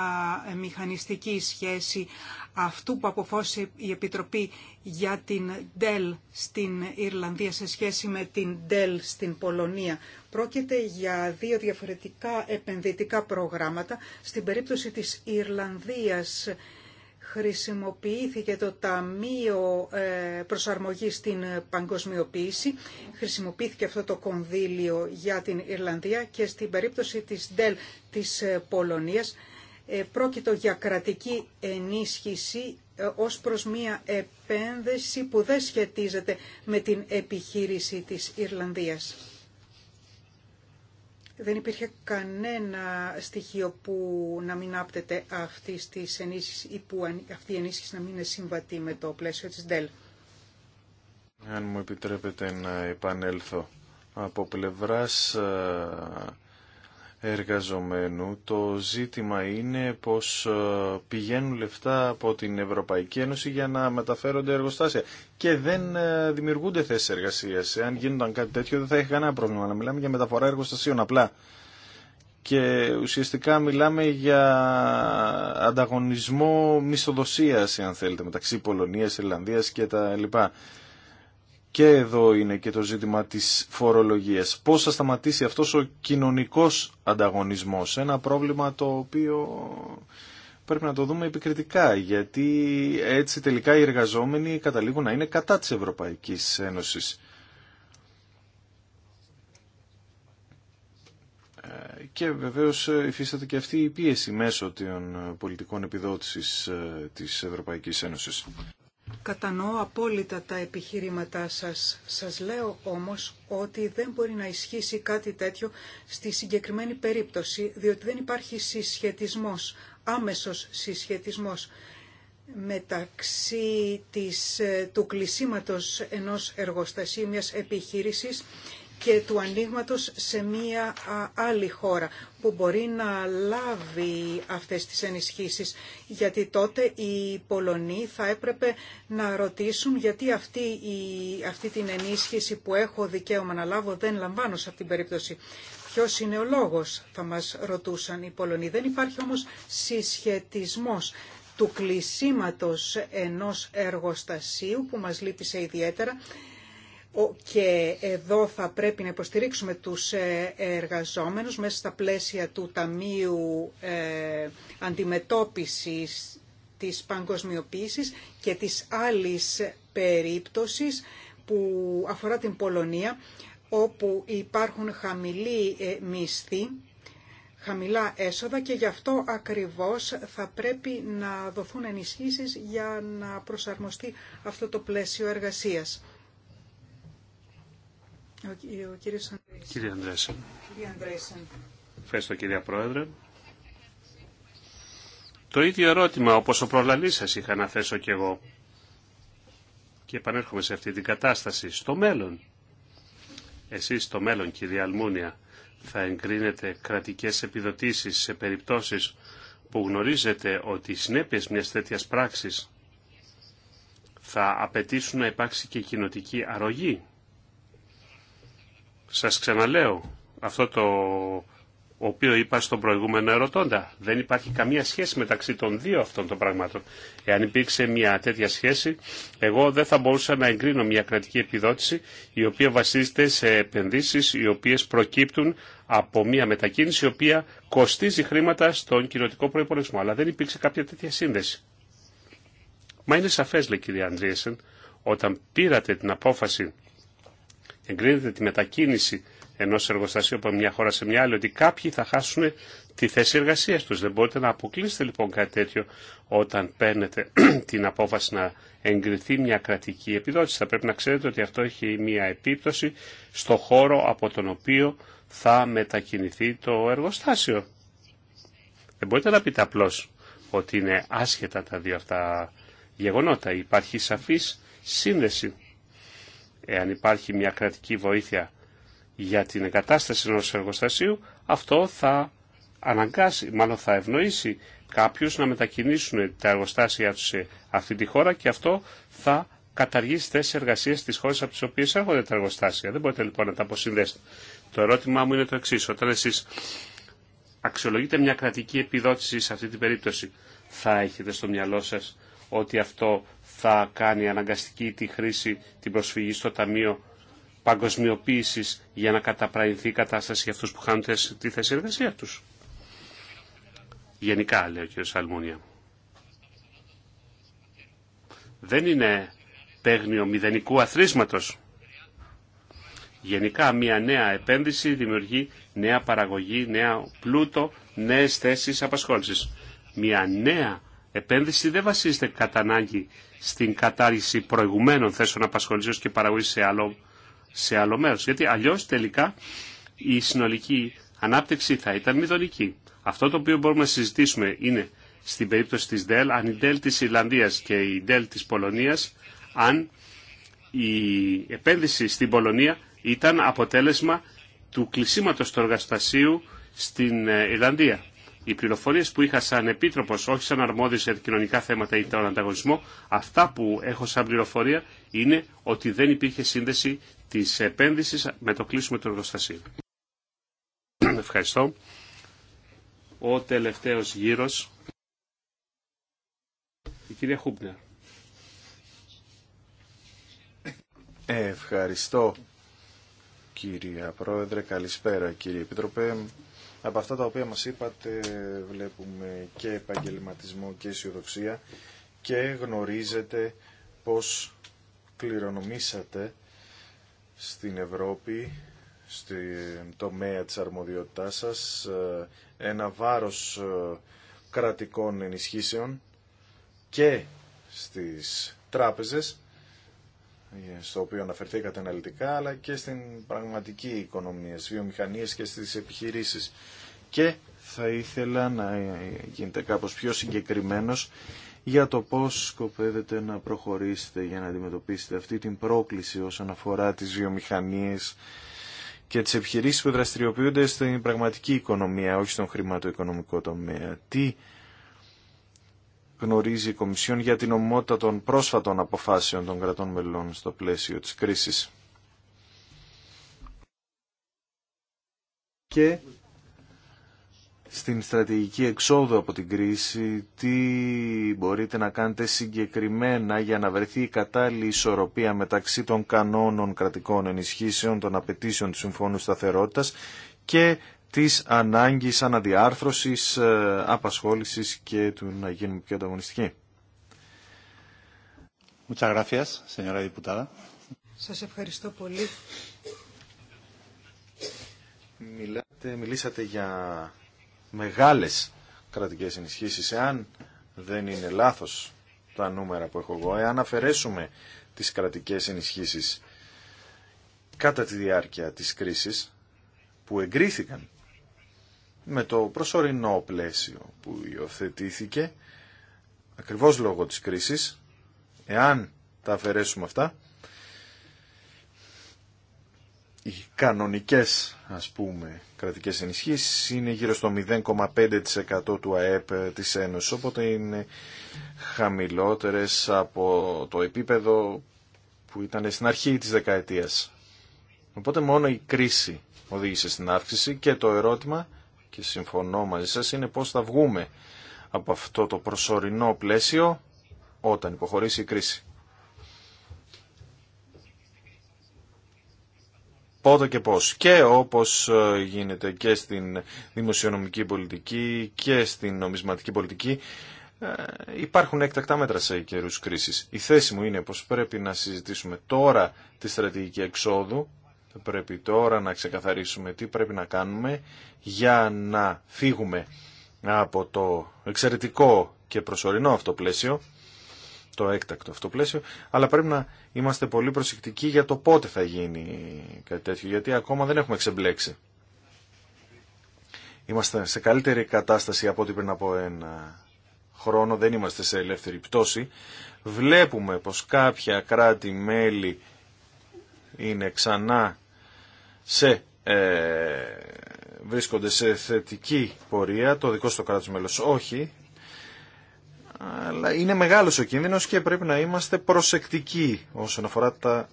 ε, μηχανιστική σχέση αυτού που αποφώσει η Επιτροπή για την ΔΕΛ στην Ιρλανδία σε σχέση με την ΔΕΛ στην Πολωνία. Πρόκειται για δύο διαφορετικά επενδυτικά προγράμματα. Στην περίπτωση της Ιρλανδίας χρησιμοποιήθηκε το Ταμείο ε, Προσαρμογής στην Παγκοσμιοποίηση, χρησιμοποιήθηκε αυτό το κονδύλιο για την Ιρλανδία και στην περίπτωση της ΔΕΛ της ε, Πολωνίας ε, πρόκειτο για κρατική ενίσχυση ως προς μία επένδυση που δεν σχετίζεται με την επιχείρηση της Ιρλανδίας δεν υπήρχε κανένα στοιχείο που να μην άπτεται αυτή τη ενίσχυση ή που αυτή η ενίσχυση να μην είναι συμβατή με το πλαίσιο της ΔΕΛ. Αν μου επιτρέπετε να επανέλθω από πλευράς ε, εργαζομένου. Το ζήτημα είναι πως ε, πηγαίνουν λεφτά από την Ευρωπαϊκή Ένωση για να μεταφέρονται εργοστάσια και δεν ε, δημιουργούνται θέσεις εργασίας. Εάν γίνονταν κάτι τέτοιο δεν θα είχε κανένα πρόβλημα να μιλάμε για μεταφορά εργοστασίων απλά. Και ουσιαστικά μιλάμε για ανταγωνισμό μισθοδοσίας, αν θέλετε, μεταξύ Πολωνίας, Ιρλανδίας και τα λοιπά και εδώ είναι και το ζήτημα της φορολογίας. Πώς θα σταματήσει αυτός ο κοινωνικός ανταγωνισμός. Ένα πρόβλημα το οποίο πρέπει να το δούμε επικριτικά, γιατί έτσι τελικά οι εργαζόμενοι καταλήγουν να είναι κατά της Ευρωπαϊκής Ένωσης. Και βεβαίως υφίσταται και αυτή η πίεση μέσω των πολιτικών επιδότησης ε, της Ευρωπαϊκής Ένωσης. Κατανοώ απόλυτα τα επιχείρηματά σας. Σας λέω όμως ότι δεν μπορεί να ισχύσει κάτι τέτοιο στη συγκεκριμένη περίπτωση, διότι δεν υπάρχει συσχετισμός, άμεσος συσχετισμός μεταξύ της, ε, του κλεισίματος ενός εργοστασίου μιας επιχείρησης και του ανοίγματο σε μία άλλη χώρα που μπορεί να λάβει αυτές τις ενισχύσεις γιατί τότε οι Πολωνοί θα έπρεπε να ρωτήσουν γιατί αυτή, η, αυτή την ενίσχυση που έχω δικαίωμα να λάβω δεν λαμβάνω σε αυτήν την περίπτωση. Ποιος είναι ο λόγος θα μας ρωτούσαν οι Πολωνοί. Δεν υπάρχει όμως συσχετισμός του κλεισίματος ενός εργοστασίου που μας σε ιδιαίτερα και εδώ θα πρέπει να υποστηρίξουμε τους ε, εργαζόμενους μέσα στα πλαίσια του Ταμείου ε, Αντιμετώπισης της Παγκοσμιοποίησης και της άλλης περίπτωσης που αφορά την Πολωνία όπου υπάρχουν χαμηλοί ε, μισθοί, χαμηλά έσοδα και γι' αυτό ακριβώς θα πρέπει να δοθούν ενισχύσεις για να προσαρμοστεί αυτό το πλαίσιο εργασίας. Κύριε Ανδρέσεν. κυρία Πρόεδρε. Το ίδιο ερώτημα όπως ο προλαλής σας είχα να θέσω κι εγώ. Και επανέρχομαι σε αυτή την κατάσταση. Στο μέλλον, εσείς στο μέλλον κυρία Αλμούνια, θα εγκρίνετε κρατικές επιδοτήσεις σε περιπτώσεις που γνωρίζετε ότι οι συνέπειες μιας τέτοιας πράξης θα απαιτήσουν να υπάρξει και κοινοτική αρρωγή. Σας ξαναλέω αυτό το οποίο είπα στον προηγούμενο ερωτώντα. Δεν υπάρχει καμία σχέση μεταξύ των δύο αυτών των πραγμάτων. Εάν υπήρξε μια τέτοια σχέση, εγώ δεν θα μπορούσα να εγκρίνω μια κρατική επιδότηση η οποία βασίζεται σε επενδύσεις οι οποίες προκύπτουν από μια μετακίνηση η οποία κοστίζει χρήματα στον κοινωτικό προϋπολογισμό. Αλλά δεν υπήρξε κάποια τέτοια σύνδεση. Μα είναι σαφές, λέει κυρία Αντρίεσεν, όταν πήρατε την απόφαση Εγκρίνεται τη μετακίνηση ενός εργοστασίου από μια χώρα σε μια άλλη, ότι κάποιοι θα χάσουν τη θέση εργασίας τους. Δεν μπορείτε να αποκλείσετε λοιπόν κάτι τέτοιο όταν παίρνετε την απόφαση να εγκριθεί μια κρατική επιδότηση. Θα πρέπει να ξέρετε ότι αυτό έχει μια επίπτωση στο χώρο από τον οποίο θα μετακινηθεί το εργοστάσιο. Δεν μπορείτε να πείτε απλώς ότι είναι άσχετα τα δύο αυτά γεγονότα. Υπάρχει σαφής σύνδεση. Εάν υπάρχει μια κρατική βοήθεια για την εγκατάσταση ενός εργοστασίου, αυτό θα αναγκάσει, μάλλον θα ευνοήσει κάποιους να μετακινήσουν τα εργοστάσια τους σε αυτή τη χώρα και αυτό θα καταργήσει θέσει εργασία στι χώρε από τι οποίε έρχονται τα εργοστάσια. Δεν μπορείτε λοιπόν να τα αποσυνδέσετε. Το ερώτημά μου είναι το εξή. Όταν εσεί αξιολογείτε μια κρατική επιδότηση σε αυτή την περίπτωση, θα έχετε στο μυαλό σα ότι αυτό θα κάνει αναγκαστική τη χρήση, την προσφυγή στο Ταμείο Παγκοσμιοποίηση για να καταπραγηθεί η κατάσταση για αυτού που χάνουν τη θέση εργασία του. Γενικά, λέει ο κ. Σαλμούνια. Δεν είναι παίγνιο μηδενικού αθρίσματος. Γενικά μια νέα επένδυση δημιουργεί νέα παραγωγή, νέα πλούτο, νέες θέσεις απασχόλησης. Μια νέα επένδυση δεν βασίζεται κατά ανάγκη στην κατάργηση προηγουμένων θέσεων απασχολήσεως και παραγωγή σε άλλο, σε άλλο Γιατί αλλιώς τελικά η συνολική ανάπτυξη θα ήταν μηδονική. Αυτό το οποίο μπορούμε να συζητήσουμε είναι στην περίπτωση της ΔΕΛ, αν η ΔΕΛ της Ιρλανδίας και η ΔΕΛ της Πολωνίας, αν η επένδυση στην Πολωνία ήταν αποτέλεσμα του κλεισίματος του εργαστασίου στην ε, Ιρλανδία. Οι πληροφορίε που είχα σαν επίτροπο, όχι σαν αρμόδιο για κοινωνικά θέματα ή τον ανταγωνισμό, αυτά που έχω σαν πληροφορία είναι ότι δεν υπήρχε σύνδεση τη επένδυση με το κλείσιμο του εργοστασίου. Ευχαριστώ. Ο τελευταίο γύρο. Η κυρία Χούμπνερ. Ευχαριστώ κυρία Πρόεδρε, καλησπέρα κύριε Επιτροπέ. Από αυτά τα οποία μας είπατε βλέπουμε και επαγγελματισμό και αισιοδοξία και γνωρίζετε πως κληρονομήσατε στην Ευρώπη, στην τομέα της αρμοδιότητάς σας, ε, ένα βάρος ε, κρατικών ενισχύσεων και στις τράπεζες στο οποίο αναφερθήκατε αναλυτικά, αλλά και στην πραγματική οικονομία, στις βιομηχανίες και στις επιχειρήσεις. Και θα ήθελα να γίνετε κάπως πιο συγκεκριμένος για το πώς σκοπεύετε να προχωρήσετε για να αντιμετωπίσετε αυτή την πρόκληση όσον αφορά τις βιομηχανίες και τις επιχειρήσεις που δραστηριοποιούνται στην πραγματική οικονομία, όχι στον χρηματοοικονομικό τομέα. Τι γνωρίζει η Κομισιόν για την ομότητα των πρόσφατων αποφάσεων των κρατών μελών στο πλαίσιο της κρίσης. Και στην στρατηγική εξόδου από την κρίση, τι μπορείτε να κάνετε συγκεκριμένα για να βρεθεί η κατάλληλη ισορροπία μεταξύ των κανόνων κρατικών ενισχύσεων, των απαιτήσεων του Συμφώνου Σταθερότητας και της ανάγκης αναδιάρθρωσης, ε, απασχόλησης και του να γίνουμε πιο ανταγωνιστικοί. Σας ευχαριστώ πολύ. Μιλάτε, μιλήσατε για μεγάλες κρατικές ενισχύσεις. Εάν δεν είναι λάθος τα νούμερα που έχω εγώ, εάν αφαιρέσουμε τις κρατικές ενισχύσεις κατά τη διάρκεια της κρίσης που εγκρίθηκαν με το προσωρινό πλαίσιο που υιοθετήθηκε, ακριβώς λόγω της κρίσης, εάν τα αφαιρέσουμε αυτά, οι κανονικές ας πούμε κρατικές ενισχύσεις είναι γύρω στο 0,5% του ΑΕΠ της Ένωσης οπότε είναι χαμηλότερες από το επίπεδο που ήταν στην αρχή της δεκαετίας. Οπότε μόνο η κρίση οδήγησε στην αύξηση και το ερώτημα και συμφωνώ μαζί σας είναι πώς θα βγούμε από αυτό το προσωρινό πλαίσιο όταν υποχωρήσει η κρίση. Πότε και πώς. Και όπως ε, γίνεται και στην δημοσιονομική πολιτική και στην νομισματική πολιτική ε, υπάρχουν έκτακτα μέτρα σε καιρούς κρίσης. Η θέση μου είναι πως πρέπει να συζητήσουμε τώρα τη στρατηγική εξόδου πρέπει τώρα να ξεκαθαρίσουμε τι πρέπει να κάνουμε για να φύγουμε από το εξαιρετικό και προσωρινό αυτό πλαίσιο, το έκτακτο αυτό πλαίσιο, αλλά πρέπει να είμαστε πολύ προσεκτικοί για το πότε θα γίνει κάτι τέτοιο, γιατί ακόμα δεν έχουμε ξεμπλέξει. Είμαστε σε καλύτερη κατάσταση από ό,τι πριν από ένα χρόνο, δεν είμαστε σε ελεύθερη πτώση. Βλέπουμε πως κάποια κράτη-μέλη είναι ξανά σε, ε, βρίσκονται σε θετική πορεία, το δικό στο κράτος μέλος όχι, αλλά είναι μεγάλος ο κίνδυνος και πρέπει να είμαστε προσεκτικοί όσον αφορά τα,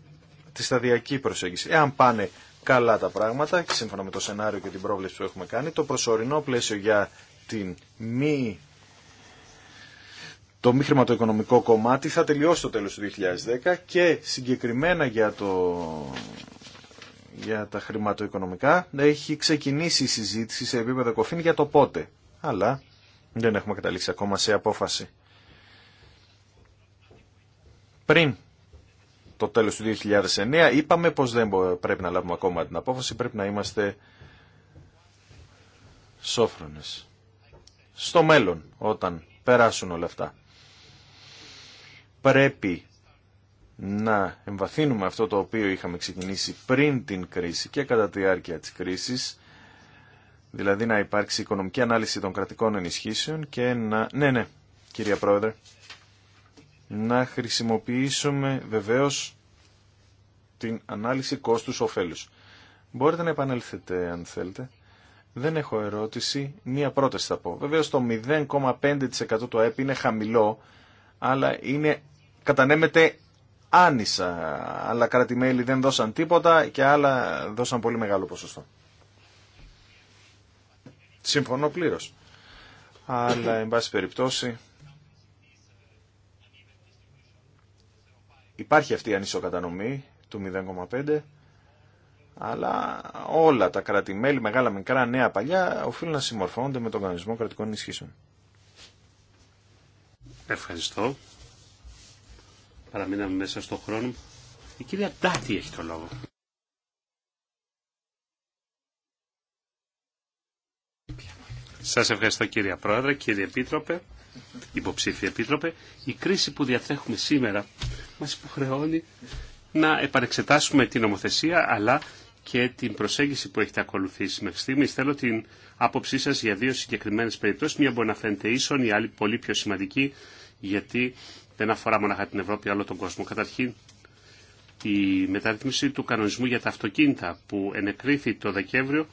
τη σταδιακή προσέγγιση. Εάν πάνε καλά τα πράγματα, και σύμφωνα με το σενάριο και την πρόβλεψη που έχουμε κάνει, το προσωρινό πλαίσιο για την μη το μη χρηματοοικονομικό κομμάτι θα τελειώσει το τέλος του 2010 και συγκεκριμένα για το για τα χρηματοοικονομικά έχει ξεκινήσει η συζήτηση σε επίπεδο κοφήν για το πότε. Αλλά δεν έχουμε καταλήξει ακόμα σε απόφαση. Πριν το τέλος του 2009 είπαμε πως δεν πρέπει να λάβουμε ακόμα την απόφαση, πρέπει να είμαστε σόφρονες. Στο μέλλον, όταν περάσουν όλα αυτά, πρέπει να εμβαθύνουμε αυτό το οποίο είχαμε ξεκινήσει πριν την κρίση και κατά τη διάρκεια της κρίσης, δηλαδή να υπάρξει οικονομική ανάλυση των κρατικών ενισχύσεων και να... Ναι, ναι, κυρία Πρόεδρε, να χρησιμοποιήσουμε βεβαίως την ανάλυση κόστους ωφέλους. Μπορείτε να επανέλθετε αν θέλετε. Δεν έχω ερώτηση. Μία πρόταση θα πω. Βεβαίως το 0,5% του ΑΕΠ είναι χαμηλό, αλλά είναι, κατανέμεται άνισα. Άλλα κράτη-μέλη δεν δώσαν τίποτα και άλλα δώσαν πολύ μεγάλο ποσοστό. Συμφωνώ πλήρω. Αλλά, εν πάση περιπτώσει, υπάρχει αυτή η ανισοκατανομή του 0,5, αλλά όλα τα κράτη-μέλη, μεγάλα, μικρά, νέα, παλιά, οφείλουν να συμμορφώνονται με τον κανονισμό κρατικών ενισχύσεων. Ευχαριστώ παραμείναμε μέσα στον χρόνο. Η κυρία Ντάτη έχει το λόγο. Σας ευχαριστώ κύριε Πρόεδρε, κύριε Επίτροπε, υποψήφιε Επίτροπε. Η κρίση που διατρέχουμε σήμερα μας υποχρεώνει να επανεξετάσουμε την νομοθεσία αλλά και την προσέγγιση που έχετε ακολουθήσει μέχρι στιγμή. Θέλω την άποψή σας για δύο συγκεκριμένες περιπτώσεις. Μία μπορεί να φαίνεται ίσον, η άλλη πολύ πιο σημαντική γιατί δεν αφορά μόνο την Ευρώπη, αλλά τον κόσμο. Καταρχήν, η μεταρρύθμιση του κανονισμού για τα αυτοκίνητα που ενεκρίθη το Δεκέμβριο,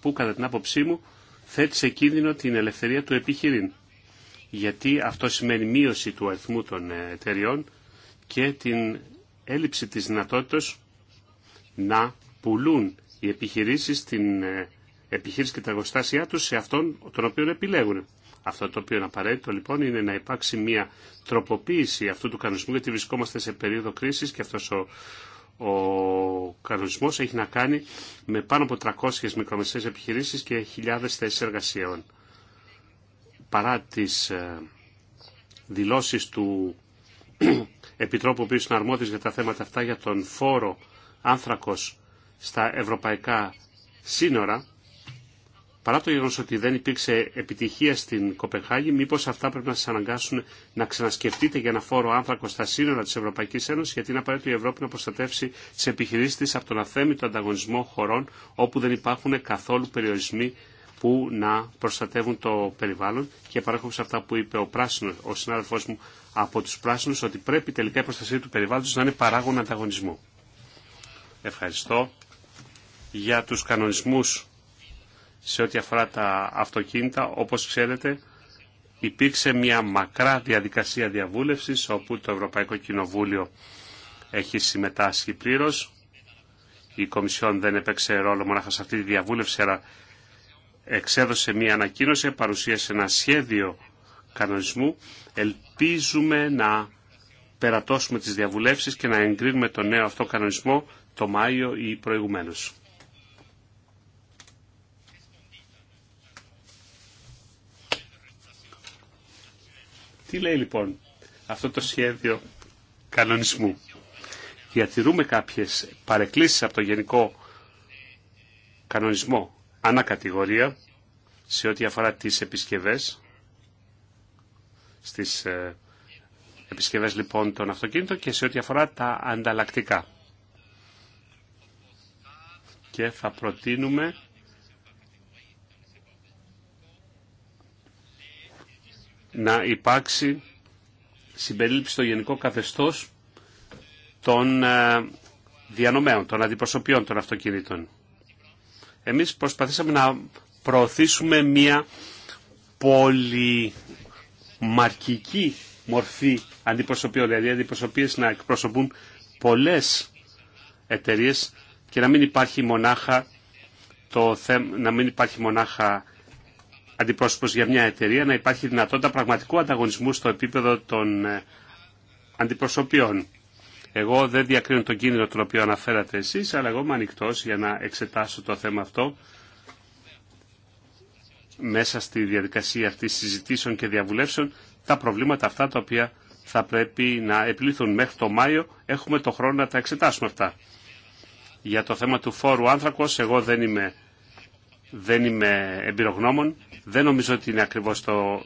που κατά την άποψή μου θέτει σε κίνδυνο την ελευθερία του επιχειρήν. Γιατί αυτό σημαίνει μείωση του αριθμού των εταιριών και την έλλειψη της δυνατότητας να πουλούν οι επιχειρήσεις την ε, επιχείρηση και τα εργοστάσια τους σε αυτόν τον οποίο επιλέγουν. Αυτό το οποίο είναι απαραίτητο λοιπόν είναι να υπάρξει μια τροποποίηση αυτού του κανονισμού γιατί βρισκόμαστε σε περίοδο κρίσης και αυτός ο, ο κανονισμός έχει να κάνει με πάνω από 300 μικρομεσαίες επιχειρήσεις και χιλιάδες θέσεις εργασιών. Παρά τις ε, δηλώσεις του Επιτρόπου που είναι αρμόδιος για τα θέματα αυτά για τον φόρο άνθρακος στα ευρωπαϊκά σύνορα, παρά το γεγονό ότι δεν υπήρξε επιτυχία στην Κοπεχάγη, μήπω αυτά πρέπει να σα αναγκάσουν να ξανασκεφτείτε για ένα φόρο άνθρακο στα σύνορα τη Ευρωπαϊκή Ένωση, γιατί είναι απαραίτητο η Ευρώπη να προστατεύσει τι επιχειρήσει τη από τον αθέμητο ανταγωνισμό χωρών όπου δεν υπάρχουν καθόλου περιορισμοί που να προστατεύουν το περιβάλλον. Και παρέχομαι σε αυτά που είπε ο πράσινο, ο συνάδελφό μου από του πράσινου, ότι πρέπει τελικά η προστασία του περιβάλλοντο να είναι παράγον ανταγωνισμό. Ευχαριστώ για τους κανονισμούς σε ό,τι αφορά τα αυτοκίνητα, όπως ξέρετε, υπήρξε μια μακρά διαδικασία διαβούλευσης, όπου το Ευρωπαϊκό Κοινοβούλιο έχει συμμετάσχει πλήρως. Η Κομισιόν δεν έπαιξε ρόλο μονάχα σε αυτή τη διαβούλευση, αλλά εξέδωσε μια ανακοίνωση, παρουσίασε ένα σχέδιο κανονισμού. Ελπίζουμε να περατώσουμε τις διαβουλεύσεις και να εγκρίνουμε τον νέο αυτό κανονισμό το Μάιο ή προηγουμένως. Τι λέει λοιπόν αυτό το σχέδιο κανονισμού. Διατηρούμε κάποιες παρεκκλήσεις από το γενικό κανονισμό ανακατηγορία σε ό,τι αφορά τις επισκευές στις ε, επισκευές λοιπόν των αυτοκίνητων και σε ό,τι αφορά τα ανταλλακτικά. Και θα προτείνουμε να υπάρξει συμπερίληψη στο γενικό καθεστώς των ε, διανομέων, των αντιπροσωπιών των αυτοκινήτων. Εμείς προσπαθήσαμε να προωθήσουμε μια πολυμαρκική μορφή αντιπροσωπιών, δηλαδή αντιπροσωπίες να εκπροσωπούν πολλές εταιρείες και να μην υπάρχει μονάχα το να μην υπάρχει μονάχα αντιπρόσωπο για μια εταιρεία να υπάρχει δυνατότητα πραγματικού ανταγωνισμού στο επίπεδο των ε, αντιπροσωπιών. Εγώ δεν διακρίνω τον κίνδυνο τον οποίο αναφέρατε εσείς, αλλά εγώ είμαι ανοιχτό για να εξετάσω το θέμα αυτό μέσα στη διαδικασία αυτή συζητήσεων και διαβουλεύσεων τα προβλήματα αυτά τα οποία θα πρέπει να επιλύθουν μέχρι το Μάιο. Έχουμε το χρόνο να τα εξετάσουμε αυτά. Για το θέμα του φόρου άνθρακος, εγώ δεν είμαι δεν είμαι εμπειρογνώμων. Δεν νομίζω ότι είναι ακριβώς το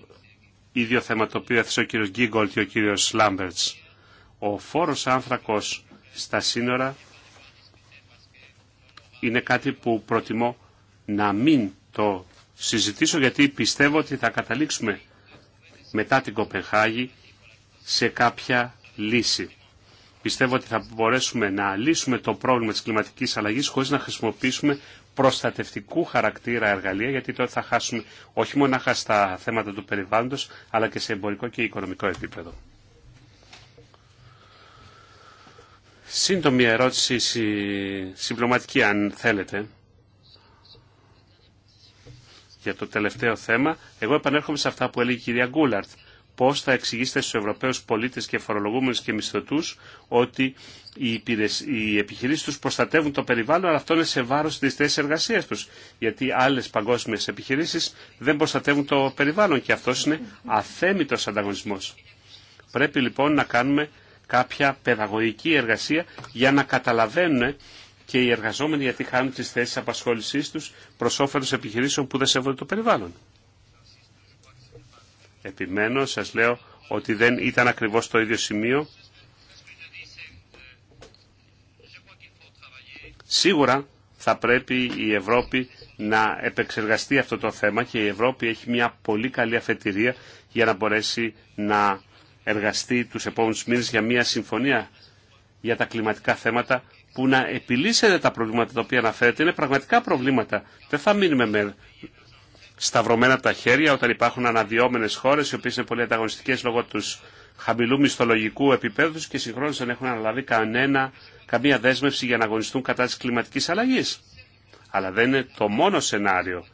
ίδιο θέμα το οποίο έθεσε ο κύριος Γκίγκολτ και ο κύριος Λάμπερτς. Ο φόρος άνθρακος στα σύνορα είναι κάτι που προτιμώ να μην το συζητήσω γιατί πιστεύω ότι θα καταλήξουμε μετά την Κοπεχάγη σε κάποια λύση. Πιστεύω ότι θα μπορέσουμε να λύσουμε το πρόβλημα της κλιματικής αλλαγής χωρίς να χρησιμοποιήσουμε προστατευτικού χαρακτήρα εργαλεία, γιατί τότε θα χάσουμε όχι μόνο στα θέματα του περιβάλλοντος, αλλά και σε εμπορικό και οικονομικό επίπεδο. Σύντομη ερώτηση, συμπληρωματική αν θέλετε, για το τελευταίο θέμα. Εγώ επανέρχομαι σε αυτά που έλεγε η κυρία Γκούλαρτ πώς θα εξηγήσετε στους Ευρωπαίους πολίτες και φορολογούμενους και μισθωτούς ότι οι, επιχειρήσει του επιχειρήσεις τους προστατεύουν το περιβάλλον, αλλά αυτό είναι σε βάρος της θέσης εργασίας τους. Γιατί άλλες παγκόσμιες επιχειρήσεις δεν προστατεύουν το περιβάλλον και αυτός είναι αθέμητος ανταγωνισμός. Πρέπει λοιπόν να κάνουμε κάποια παιδαγωγική εργασία για να καταλαβαίνουν και οι εργαζόμενοι γιατί χάνουν τις θέσεις απασχόλησής τους προς όφελος επιχειρήσεων που δεν σέβονται το περιβάλλον. Επιμένω, σας λέω ότι δεν ήταν ακριβώς το ίδιο σημείο. Σίγουρα θα πρέπει η Ευρώπη να επεξεργαστεί αυτό το θέμα και η Ευρώπη έχει μια πολύ καλή αφετηρία για να μπορέσει να εργαστεί τους επόμενους μήνες για μια συμφωνία για τα κλιματικά θέματα που να επιλύσετε τα προβλήματα τα οποία αναφέρετε. Είναι πραγματικά προβλήματα. Δεν θα μείνουμε με σταυρωμένα τα χέρια όταν υπάρχουν αναδυόμενες χώρες οι οποίες είναι πολύ ανταγωνιστικές λόγω τους χαμηλού μισθολογικού επίπεδου και συγχρόνως δεν έχουν αναλάβει κανένα, καμία δέσμευση για να αγωνιστούν κατά της κλιματικής αλλαγής. Αλλά δεν είναι το μόνο σενάριο.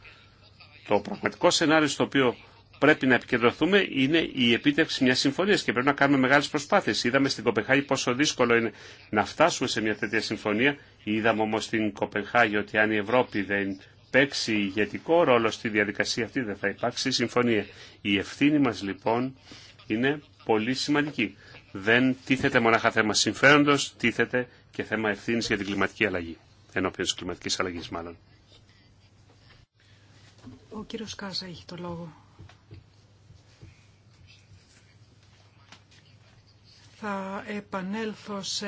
Το πραγματικό σενάριο στο οποίο πρέπει να επικεντρωθούμε είναι η επίτευξη μια συμφωνία και πρέπει να κάνουμε μεγάλε προσπάθειε. Είδαμε στην Κοπεχάγη πόσο δύσκολο είναι να φτάσουμε σε μια τέτοια συμφωνία. Είδαμε όμω στην Κοπεχάγη ότι αν η Ευρώπη δεν παίξει ηγετικό ρόλο στη διαδικασία αυτή δεν θα υπάρξει συμφωνία. Η ευθύνη μας λοιπόν είναι πολύ σημαντική. Δεν τίθεται μονάχα θέμα συμφέροντος, τίθεται και θέμα ευθύνης για την κλιματική αλλαγή. Ενώπιον της κλιματικής αλλαγής μάλλον. Ο κύριος Κάζα έχει το λόγο. θα επανέλθω σε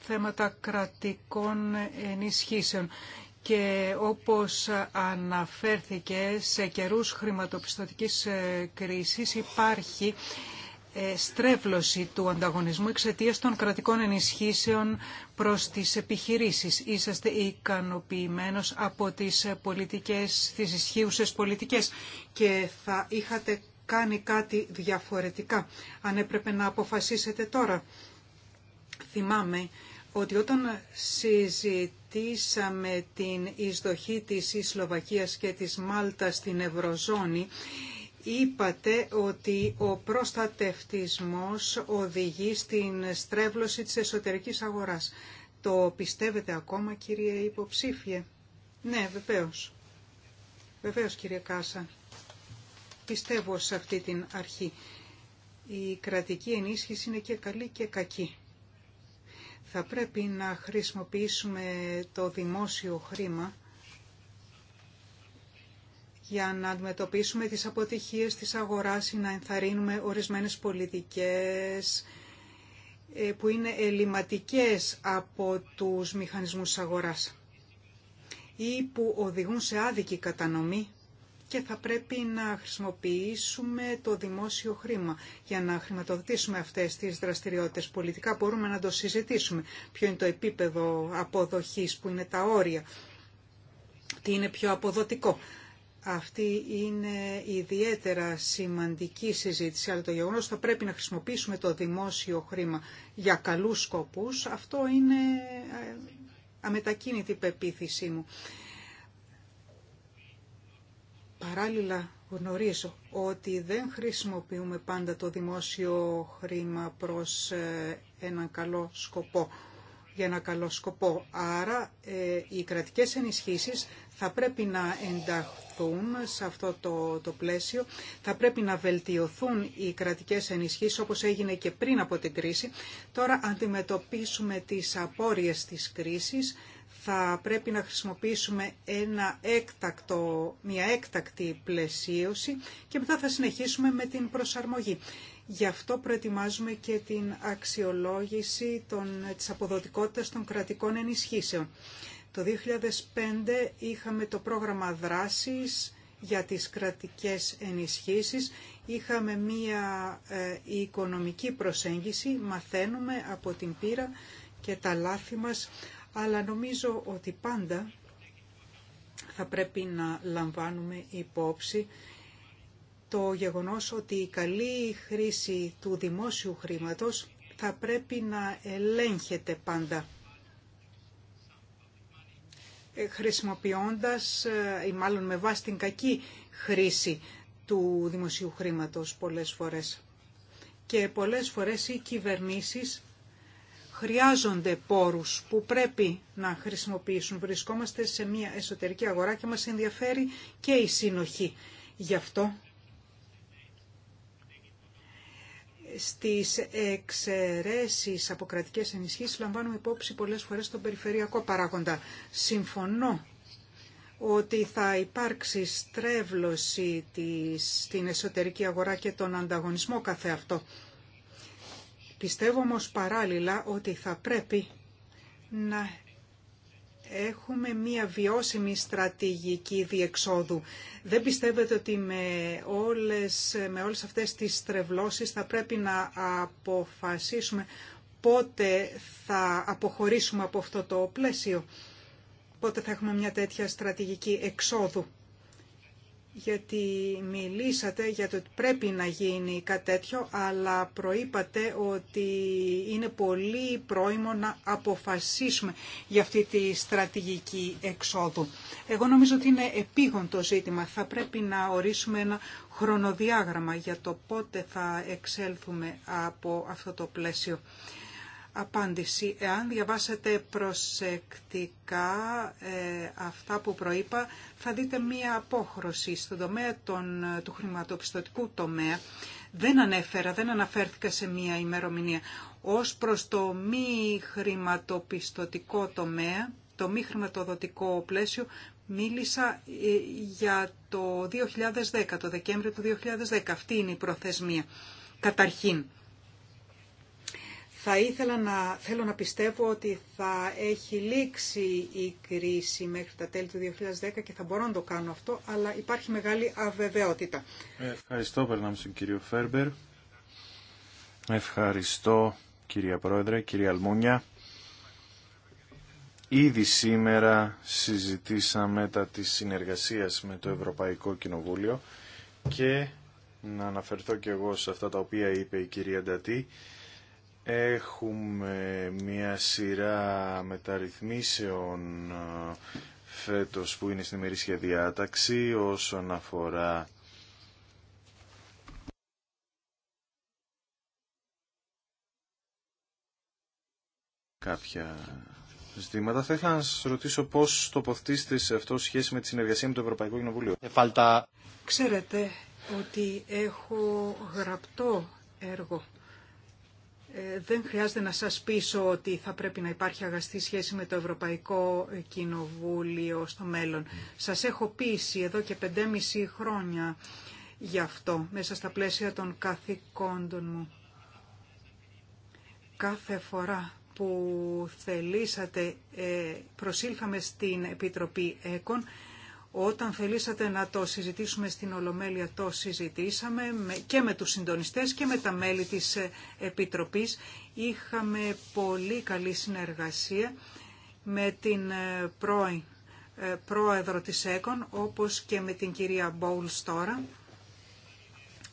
θέματα κρατικών ενισχύσεων και όπως αναφέρθηκε σε καιρούς χρηματοπιστωτικής ε, κρίσης υπάρχει ε, στρέβλωση του ανταγωνισμού εξαιτία των κρατικών ενισχύσεων προς τις επιχειρήσεις. Είσαστε ικανοποιημένος από τις, πολιτικές, τις ισχύουσες πολιτικές και θα είχατε κάνει κάτι διαφορετικά αν έπρεπε να αποφασίσετε τώρα. Θυμάμαι ότι όταν συζητήσαμε την εισδοχή της Ισλοβακίας και της Μάλτας στην Ευρωζώνη, είπατε ότι ο προστατευτισμός οδηγεί στην στρέβλωση της εσωτερικής αγοράς. Το πιστεύετε ακόμα κύριε υποψήφιε. Ναι, βεβαίως. Βεβαίως κύριε Κάσα. Πιστεύω σε αυτή την αρχή. Η κρατική ενίσχυση είναι και καλή και κακή θα πρέπει να χρησιμοποιήσουμε το δημόσιο χρήμα για να αντιμετωπίσουμε τις αποτυχίες της αγοράς ή να ενθαρρύνουμε ορισμένες πολιτικές ε, που είναι ελληματικές από τους μηχανισμούς της αγοράς ή που οδηγούν σε άδικη κατανομή και θα πρέπει να χρησιμοποιήσουμε το δημόσιο χρήμα για να χρηματοδοτήσουμε αυτές τις δραστηριότητες. Πολιτικά μπορούμε να το συζητήσουμε ποιο είναι το επίπεδο αποδοχής, που είναι τα όρια, τι είναι πιο αποδοτικό. Αυτή είναι ιδιαίτερα σημαντική συζήτηση, αλλά το γεγονό ότι θα πρέπει να χρησιμοποιήσουμε το δημόσιο χρήμα για καλούς σκοπούς, αυτό είναι ε, αμετακίνητη πεποίθησή μου παράλληλα γνωρίζω ότι δεν χρησιμοποιούμε πάντα το δημόσιο χρήμα προς ε, έναν καλό σκοπό για ένα καλό σκοπό. Άρα ε, οι κρατικές ενισχύσεις θα πρέπει να ενταχθούν σε αυτό το, το πλαίσιο, θα πρέπει να βελτιωθούν οι κρατικές ενισχύσεις όπως έγινε και πριν από την κρίση. Τώρα αντιμετωπίσουμε τις απόρριες της κρίσης, θα πρέπει να χρησιμοποιήσουμε ένα έκτακτο, μια έκτακτη πλαισίωση και μετά θα συνεχίσουμε με την προσαρμογή. Γι' αυτό προετοιμάζουμε και την αξιολόγηση των, της αποδοτικότητας των κρατικών ενισχύσεων. Το 2005 είχαμε το πρόγραμμα δράσης για τις κρατικές ενισχύσεις. Είχαμε μία ε, οικονομική προσέγγιση, μαθαίνουμε από την πείρα και τα λάθη μας, αλλά νομίζω ότι πάντα θα πρέπει να λαμβάνουμε υπόψη το γεγονός ότι η καλή χρήση του δημόσιου χρήματος θα πρέπει να ελέγχεται πάντα ε, χρησιμοποιώντας ε, ή μάλλον με βάση την κακή χρήση του δημοσίου χρήματος πολλές φορές. Και πολλές φορές οι κυβερνήσεις χρειάζονται πόρους που πρέπει να χρησιμοποιήσουν. Βρισκόμαστε σε μια εσωτερική αγορά και μας ενδιαφέρει και η συνοχή. Γι' αυτό στις εξαιρέσεις από κρατικές ενισχύσεις λαμβάνουμε υπόψη πολλές φορές στον περιφερειακό παράγοντα. Συμφωνώ ότι θα υπάρξει στρέβλωση της, στην εσωτερική αγορά και τον ανταγωνισμό καθεαυτό. Πιστεύω όμως παράλληλα ότι θα πρέπει να έχουμε μία βιώσιμη στρατηγική διεξόδου. Δεν πιστεύετε ότι με όλες, με όλες αυτές τις στρεβλώσεις θα πρέπει να αποφασίσουμε πότε θα αποχωρήσουμε από αυτό το πλαίσιο, πότε θα έχουμε μια τέτοια στρατηγική εξόδου γιατί μιλήσατε για το ότι πρέπει να γίνει κάτι τέτοιο, αλλά προείπατε ότι είναι πολύ πρόημο να αποφασίσουμε για αυτή τη στρατηγική εξόδου. Εγώ νομίζω ότι είναι επίγον το ζήτημα. Θα πρέπει να ορίσουμε ένα χρονοδιάγραμμα για το πότε θα εξέλθουμε από αυτό το πλαίσιο απάντηση. Εάν διαβάσετε προσεκτικά ε, αυτά που προείπα, θα δείτε μία απόχρωση στον τομέα των, του χρηματοπιστωτικού τομέα. Δεν ανέφερα, δεν αναφέρθηκα σε μία ημερομηνία. Ως προς το μη χρηματοπιστωτικό τομέα, το μη χρηματοδοτικό πλαίσιο, μίλησα ε, για το 2010, το Δεκέμβριο του 2010. Αυτή είναι η προθεσμία. Καταρχήν, θα ήθελα να, θέλω να πιστεύω ότι θα έχει λήξει η κρίση μέχρι τα τέλη του 2010 και θα μπορώ να το κάνω αυτό, αλλά υπάρχει μεγάλη αβεβαιότητα. Ευχαριστώ, περνάμε στον κύριο Φέρμπερ. Ευχαριστώ, κυρία Πρόεδρε, κυρία Αλμούνια. Ήδη σήμερα συζητήσαμε τα της συνεργασίας με το Ευρωπαϊκό Κοινοβούλιο και να αναφερθώ και εγώ σε αυτά τα οποία είπε η κυρία Ντατή Έχουμε μια σειρά μεταρρυθμίσεων ε, φέτος που είναι στην ημερήσια διάταξη όσον αφορά κάποια ζητήματα. Θα ήθελα να σα ρωτήσω πώς τοποθετήσετε σε αυτό σχέση με τη συνεργασία με το Ευρωπαϊκό Κοινοβούλιο. Ξέρετε ότι έχω γραπτό έργο ε, δεν χρειάζεται να σας πείσω ότι θα πρέπει να υπάρχει αγαστή σχέση με το Ευρωπαϊκό Κοινοβούλιο στο μέλλον. Σας έχω πείσει εδώ και 5,5 χρόνια γι' αυτό, μέσα στα πλαίσια των καθηκόντων μου. Κάθε φορά που θελήσατε, ε, προσήλθαμε στην Επιτροπή ΕΚΟΝ όταν θελήσατε να το συζητήσουμε στην Ολομέλεια, το συζητήσαμε και με τους συντονιστές και με τα μέλη της ε, Επιτροπής. Είχαμε πολύ καλή συνεργασία με την ε, ε, πρόεδρο της ΕΚΟΝ, όπως και με την κυρία Μπόουλς τώρα.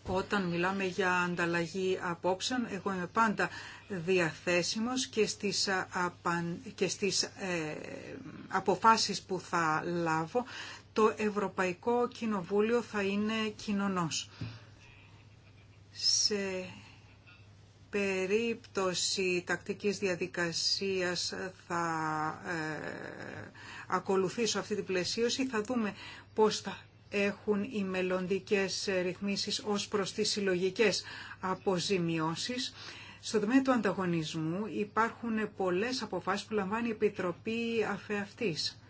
Όταν μιλάμε για ανταλλαγή απόψεων, εγώ είμαι πάντα διαθέσιμος και στις, και στις αποφάσεις που θα λάβω το Ευρωπαϊκό Κοινοβούλιο θα είναι κοινωνός. Σε περίπτωση τακτικής διαδικασίας θα ε, ακολουθήσω αυτή την πλαισίωση. Θα δούμε πώς θα έχουν οι μελλοντικές ρυθμίσεις ως προς τις συλλογικές αποζημιώσεις. Στο τομέα του ανταγωνισμού υπάρχουν πολλές αποφάσεις που λαμβάνει η Επιτροπή αφεαυτής.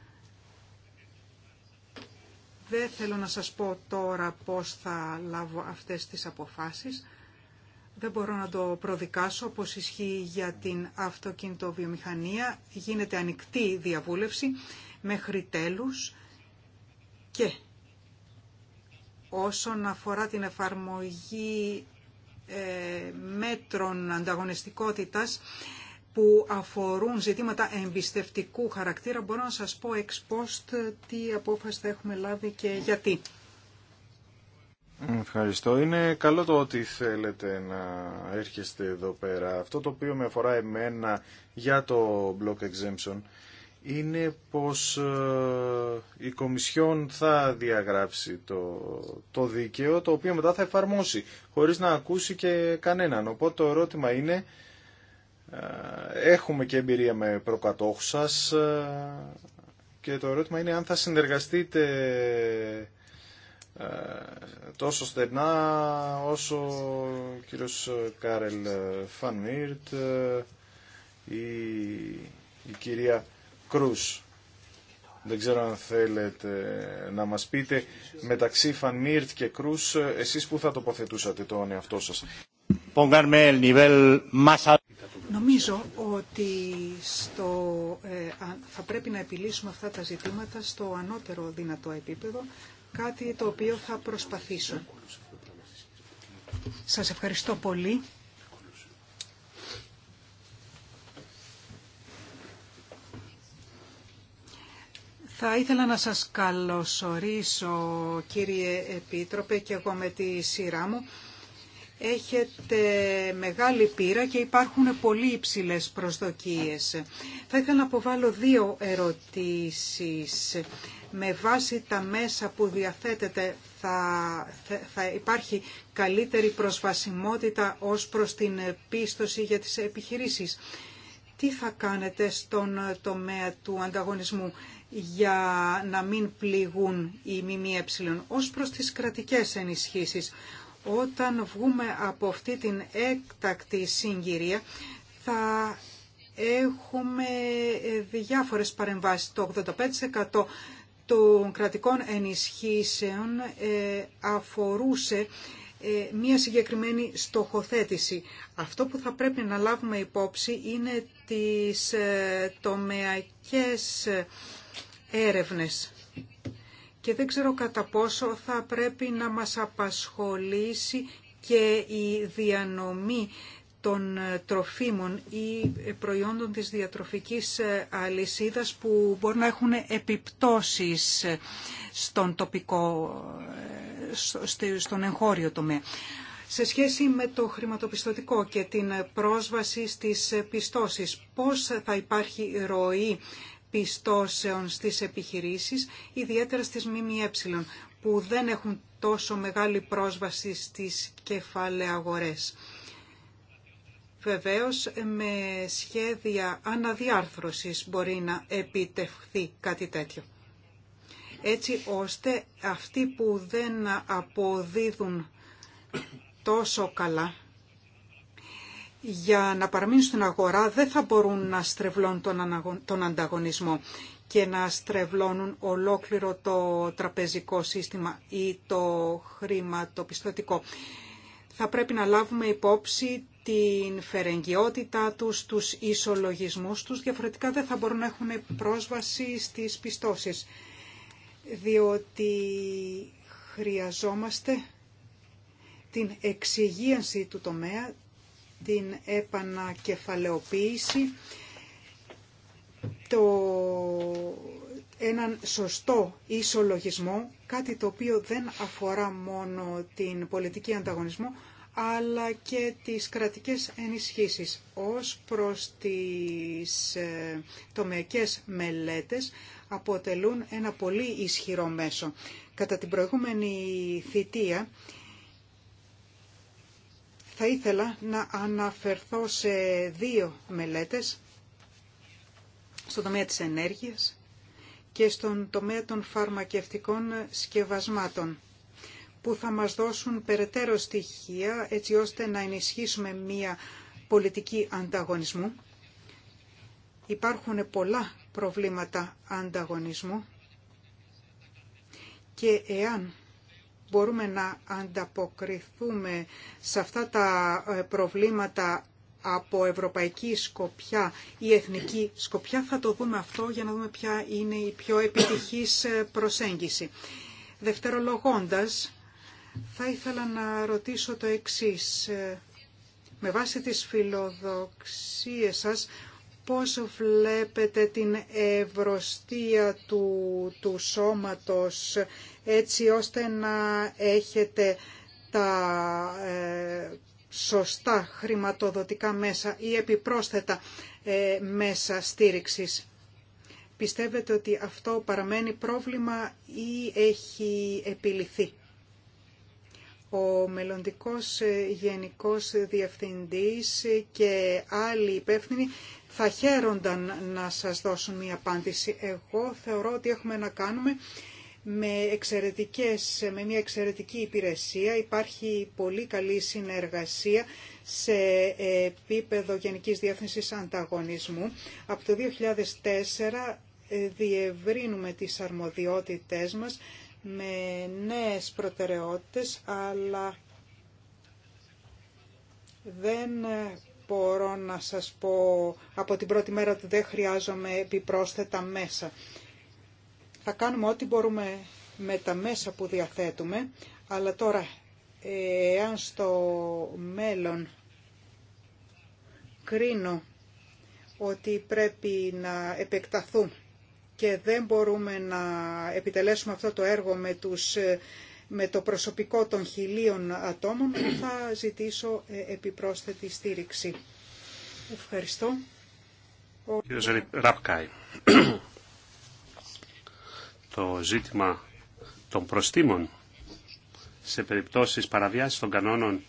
Δεν θέλω να σας πω τώρα πώς θα λάβω αυτές τις αποφάσεις. Δεν μπορώ να το προδικάσω όπως ισχύει για την αυτοκινητοβιομηχανία. Γίνεται ανοιχτή διαβούλευση μέχρι τέλους και όσον αφορά την εφαρμογή ε, μέτρων ανταγωνιστικότητας που αφορούν ζητήματα εμπιστευτικού χαρακτήρα. Μπορώ να σας πω εξ post τι απόφαση θα έχουμε λάβει και γιατί. Ευχαριστώ. Είναι καλό το ότι θέλετε να έρχεστε εδώ πέρα. Αυτό το οποίο με αφορά εμένα για το block exemption είναι πως ε, η Κομισιόν θα διαγράψει το, το δίκαιο το οποίο μετά θα εφαρμόσει χωρίς να ακούσει και κανέναν. Οπότε το ερώτημα είναι Έχουμε και εμπειρία με προκατόχους σας ε, και το ερώτημα είναι αν θα συνεργαστείτε ε, τόσο στενά όσο ο κύριος Κάρελ Φανμίρτ ε, ή η κυρία Κρούς. Δεν ξέρω αν θέλετε να μας πείτε μεταξύ Φανμίρτ και Κρούς εσείς που θα τοποθετούσατε τον εαυτό σας. Νομίζω ότι στο, ε, θα πρέπει να επιλύσουμε αυτά τα ζητήματα στο ανώτερο δυνατό επίπεδο, κάτι το οποίο θα προσπαθήσω. Σας ευχαριστώ πολύ. Θα ήθελα να σας καλωσορίσω κύριε Επίτροπε και εγώ με τη σειρά μου έχετε μεγάλη πείρα και υπάρχουν πολύ υψηλές προσδοκίες. Θα ήθελα να αποβάλω δύο ερωτήσεις. Με βάση τα μέσα που διαθέτεται θα, θα υπάρχει καλύτερη προσβασιμότητα ως προς την πίστοση για τις επιχειρήσεις. Τι θα κάνετε στον τομέα του ανταγωνισμού για να μην πληγούν οι ΜΜΕ ως προς τις κρατικές ενισχύσεις. Όταν βγούμε από αυτή την έκτακτη συγκυρία θα έχουμε ε, διάφορες παρεμβάσεις. Το 85% των κρατικών ενισχύσεων ε, αφορούσε ε, μία συγκεκριμένη στοχοθέτηση. Αυτό που θα πρέπει να λάβουμε υπόψη είναι τις τομεακές έρευνες και δεν ξέρω κατά πόσο θα πρέπει να μας απασχολήσει και η διανομή των ε, τροφίμων ή ε, προϊόντων της διατροφικής ε, αλυσίδας που μπορεί να έχουν επιπτώσεις στον τοπικό, στον εγχώριο τομέα. Σε σχέση με το χρηματοπιστωτικό και την πρόσβαση στις πιστώσεις, πώς θα υπάρχει ροή πιστώσεων στις επιχειρήσεις, ιδιαίτερα στις ΜΜΕ, που δεν έχουν τόσο μεγάλη πρόσβαση στις κεφάλαια αγορές. Βεβαίως, με σχέδια αναδιάρθρωσης μπορεί να επιτευχθεί κάτι τέτοιο. Έτσι ώστε αυτοί που δεν αποδίδουν τόσο καλά για να παραμείνουν στην αγορά δεν θα μπορούν να στρεβλώνουν τον ανταγωνισμό και να στρεβλώνουν ολόκληρο το τραπεζικό σύστημα ή το χρηματοπιστωτικό. Θα πρέπει να λάβουμε υπόψη την φερεγγιότητά τους, τους ισολογισμούς τους, διαφορετικά δεν θα μπορούν να έχουν πρόσβαση στις πιστώσεις, διότι χρειαζόμαστε την εξυγίανση του τομέα, την επανακεφαλαιοποίηση, το, έναν σωστό ισολογισμό, κάτι το οποίο δεν αφορά μόνο την πολιτική ανταγωνισμό, αλλά και τις κρατικές ενισχύσεις. Ως προς τις ε, τομεακές μελέτες αποτελούν ένα πολύ ισχυρό μέσο. Κατά την προηγούμενη θητεία θα ήθελα να αναφερθώ σε δύο μελέτες στον τομέα της ενέργειας και στον τομέα των φαρμακευτικών σκευασμάτων που θα μας δώσουν περαιτέρω στοιχεία έτσι ώστε να ενισχύσουμε μία πολιτική ανταγωνισμού. Υπάρχουν πολλά προβλήματα ανταγωνισμού και εάν μπορούμε να ανταποκριθούμε σε αυτά τα ε, προβλήματα από ευρωπαϊκή σκοπιά ή εθνική σκοπιά, θα το δούμε αυτό για να δούμε ποια είναι η πιο επιτυχής ε, προσέγγιση. Δευτερολογώντας, θα ήθελα να ρωτήσω το εξής. Ε, με βάση τις φιλοδοξίες σας, πώς βλέπετε την ευρωστία του, του σώματος έτσι ώστε να έχετε τα ε, σωστά χρηματοδοτικά μέσα ή επιπρόσθετα ε, μέσα στήριξης. Πιστεύετε ότι αυτό παραμένει πρόβλημα ή έχει επιληθεί. Ο μελλοντικός ε, γενικός διευθυντής και άλλοι υπεύθυνοι θα χαίρονταν να σας δώσουν μία απάντηση. Εγώ θεωρώ ότι έχουμε να κάνουμε με, εξαιρετικές, με μια εξαιρετική υπηρεσία. Υπάρχει πολύ καλή συνεργασία σε επίπεδο Γενικής Διεύθυνσης Ανταγωνισμού. Από το 2004 ε, διευρύνουμε τις αρμοδιότητές μας με νέες προτεραιότητες, αλλά δεν μπορώ να σας πω από την πρώτη μέρα ότι δεν χρειάζομαι επιπρόσθετα μέσα. Θα κάνουμε ό,τι μπορούμε με τα μέσα που διαθέτουμε, αλλά τώρα, εάν στο μέλλον κρίνω ότι πρέπει να επεκταθούν και δεν μπορούμε να επιτελέσουμε αυτό το έργο με, τους, με το προσωπικό των χιλίων ατόμων, θα ζητήσω ε, επιπρόσθετη στήριξη. Ευχαριστώ. Ο το ζήτημα των προστήμων σε περιπτώσεις παραβιάσης των κανόνων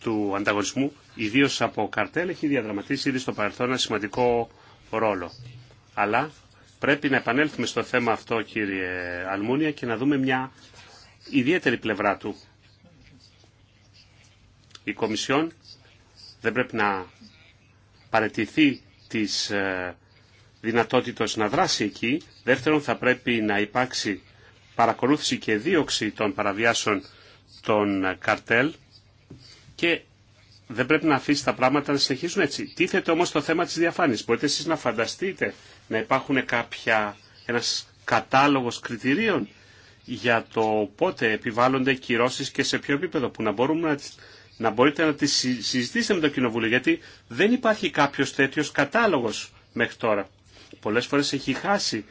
του ανταγωνισμού, ιδίω από καρτέλ, έχει διαδραματίσει ήδη στο παρελθόν ένα σημαντικό ρόλο. Αλλά πρέπει να επανέλθουμε στο θέμα αυτό, κύριε Αλμούνια, και να δούμε μια ιδιαίτερη πλευρά του. Η Κομισιόν δεν πρέπει να παρετηθεί της ε, δυνατότητος να δράσει εκεί. Δεύτερον, θα πρέπει να υπάρξει παρακολούθηση και δίωξη των παραβιάσεων των καρτέλ και δεν πρέπει να αφήσει τα πράγματα να συνεχίσουν έτσι. Τίθεται όμως το θέμα της διαφάνειας. Μπορείτε εσείς να φανταστείτε να υπάρχουν κάποια, ένας κατάλογος κριτηρίων για το πότε επιβάλλονται κυρώσεις και σε ποιο επίπεδο που να, μπορούμε να, να μπορείτε να τις συζητήσετε με το Κοινοβούλιο γιατί δεν υπάρχει κάποιος τέτοιος κατάλογος μέχρι τώρα πολλές φορές έχει χάσει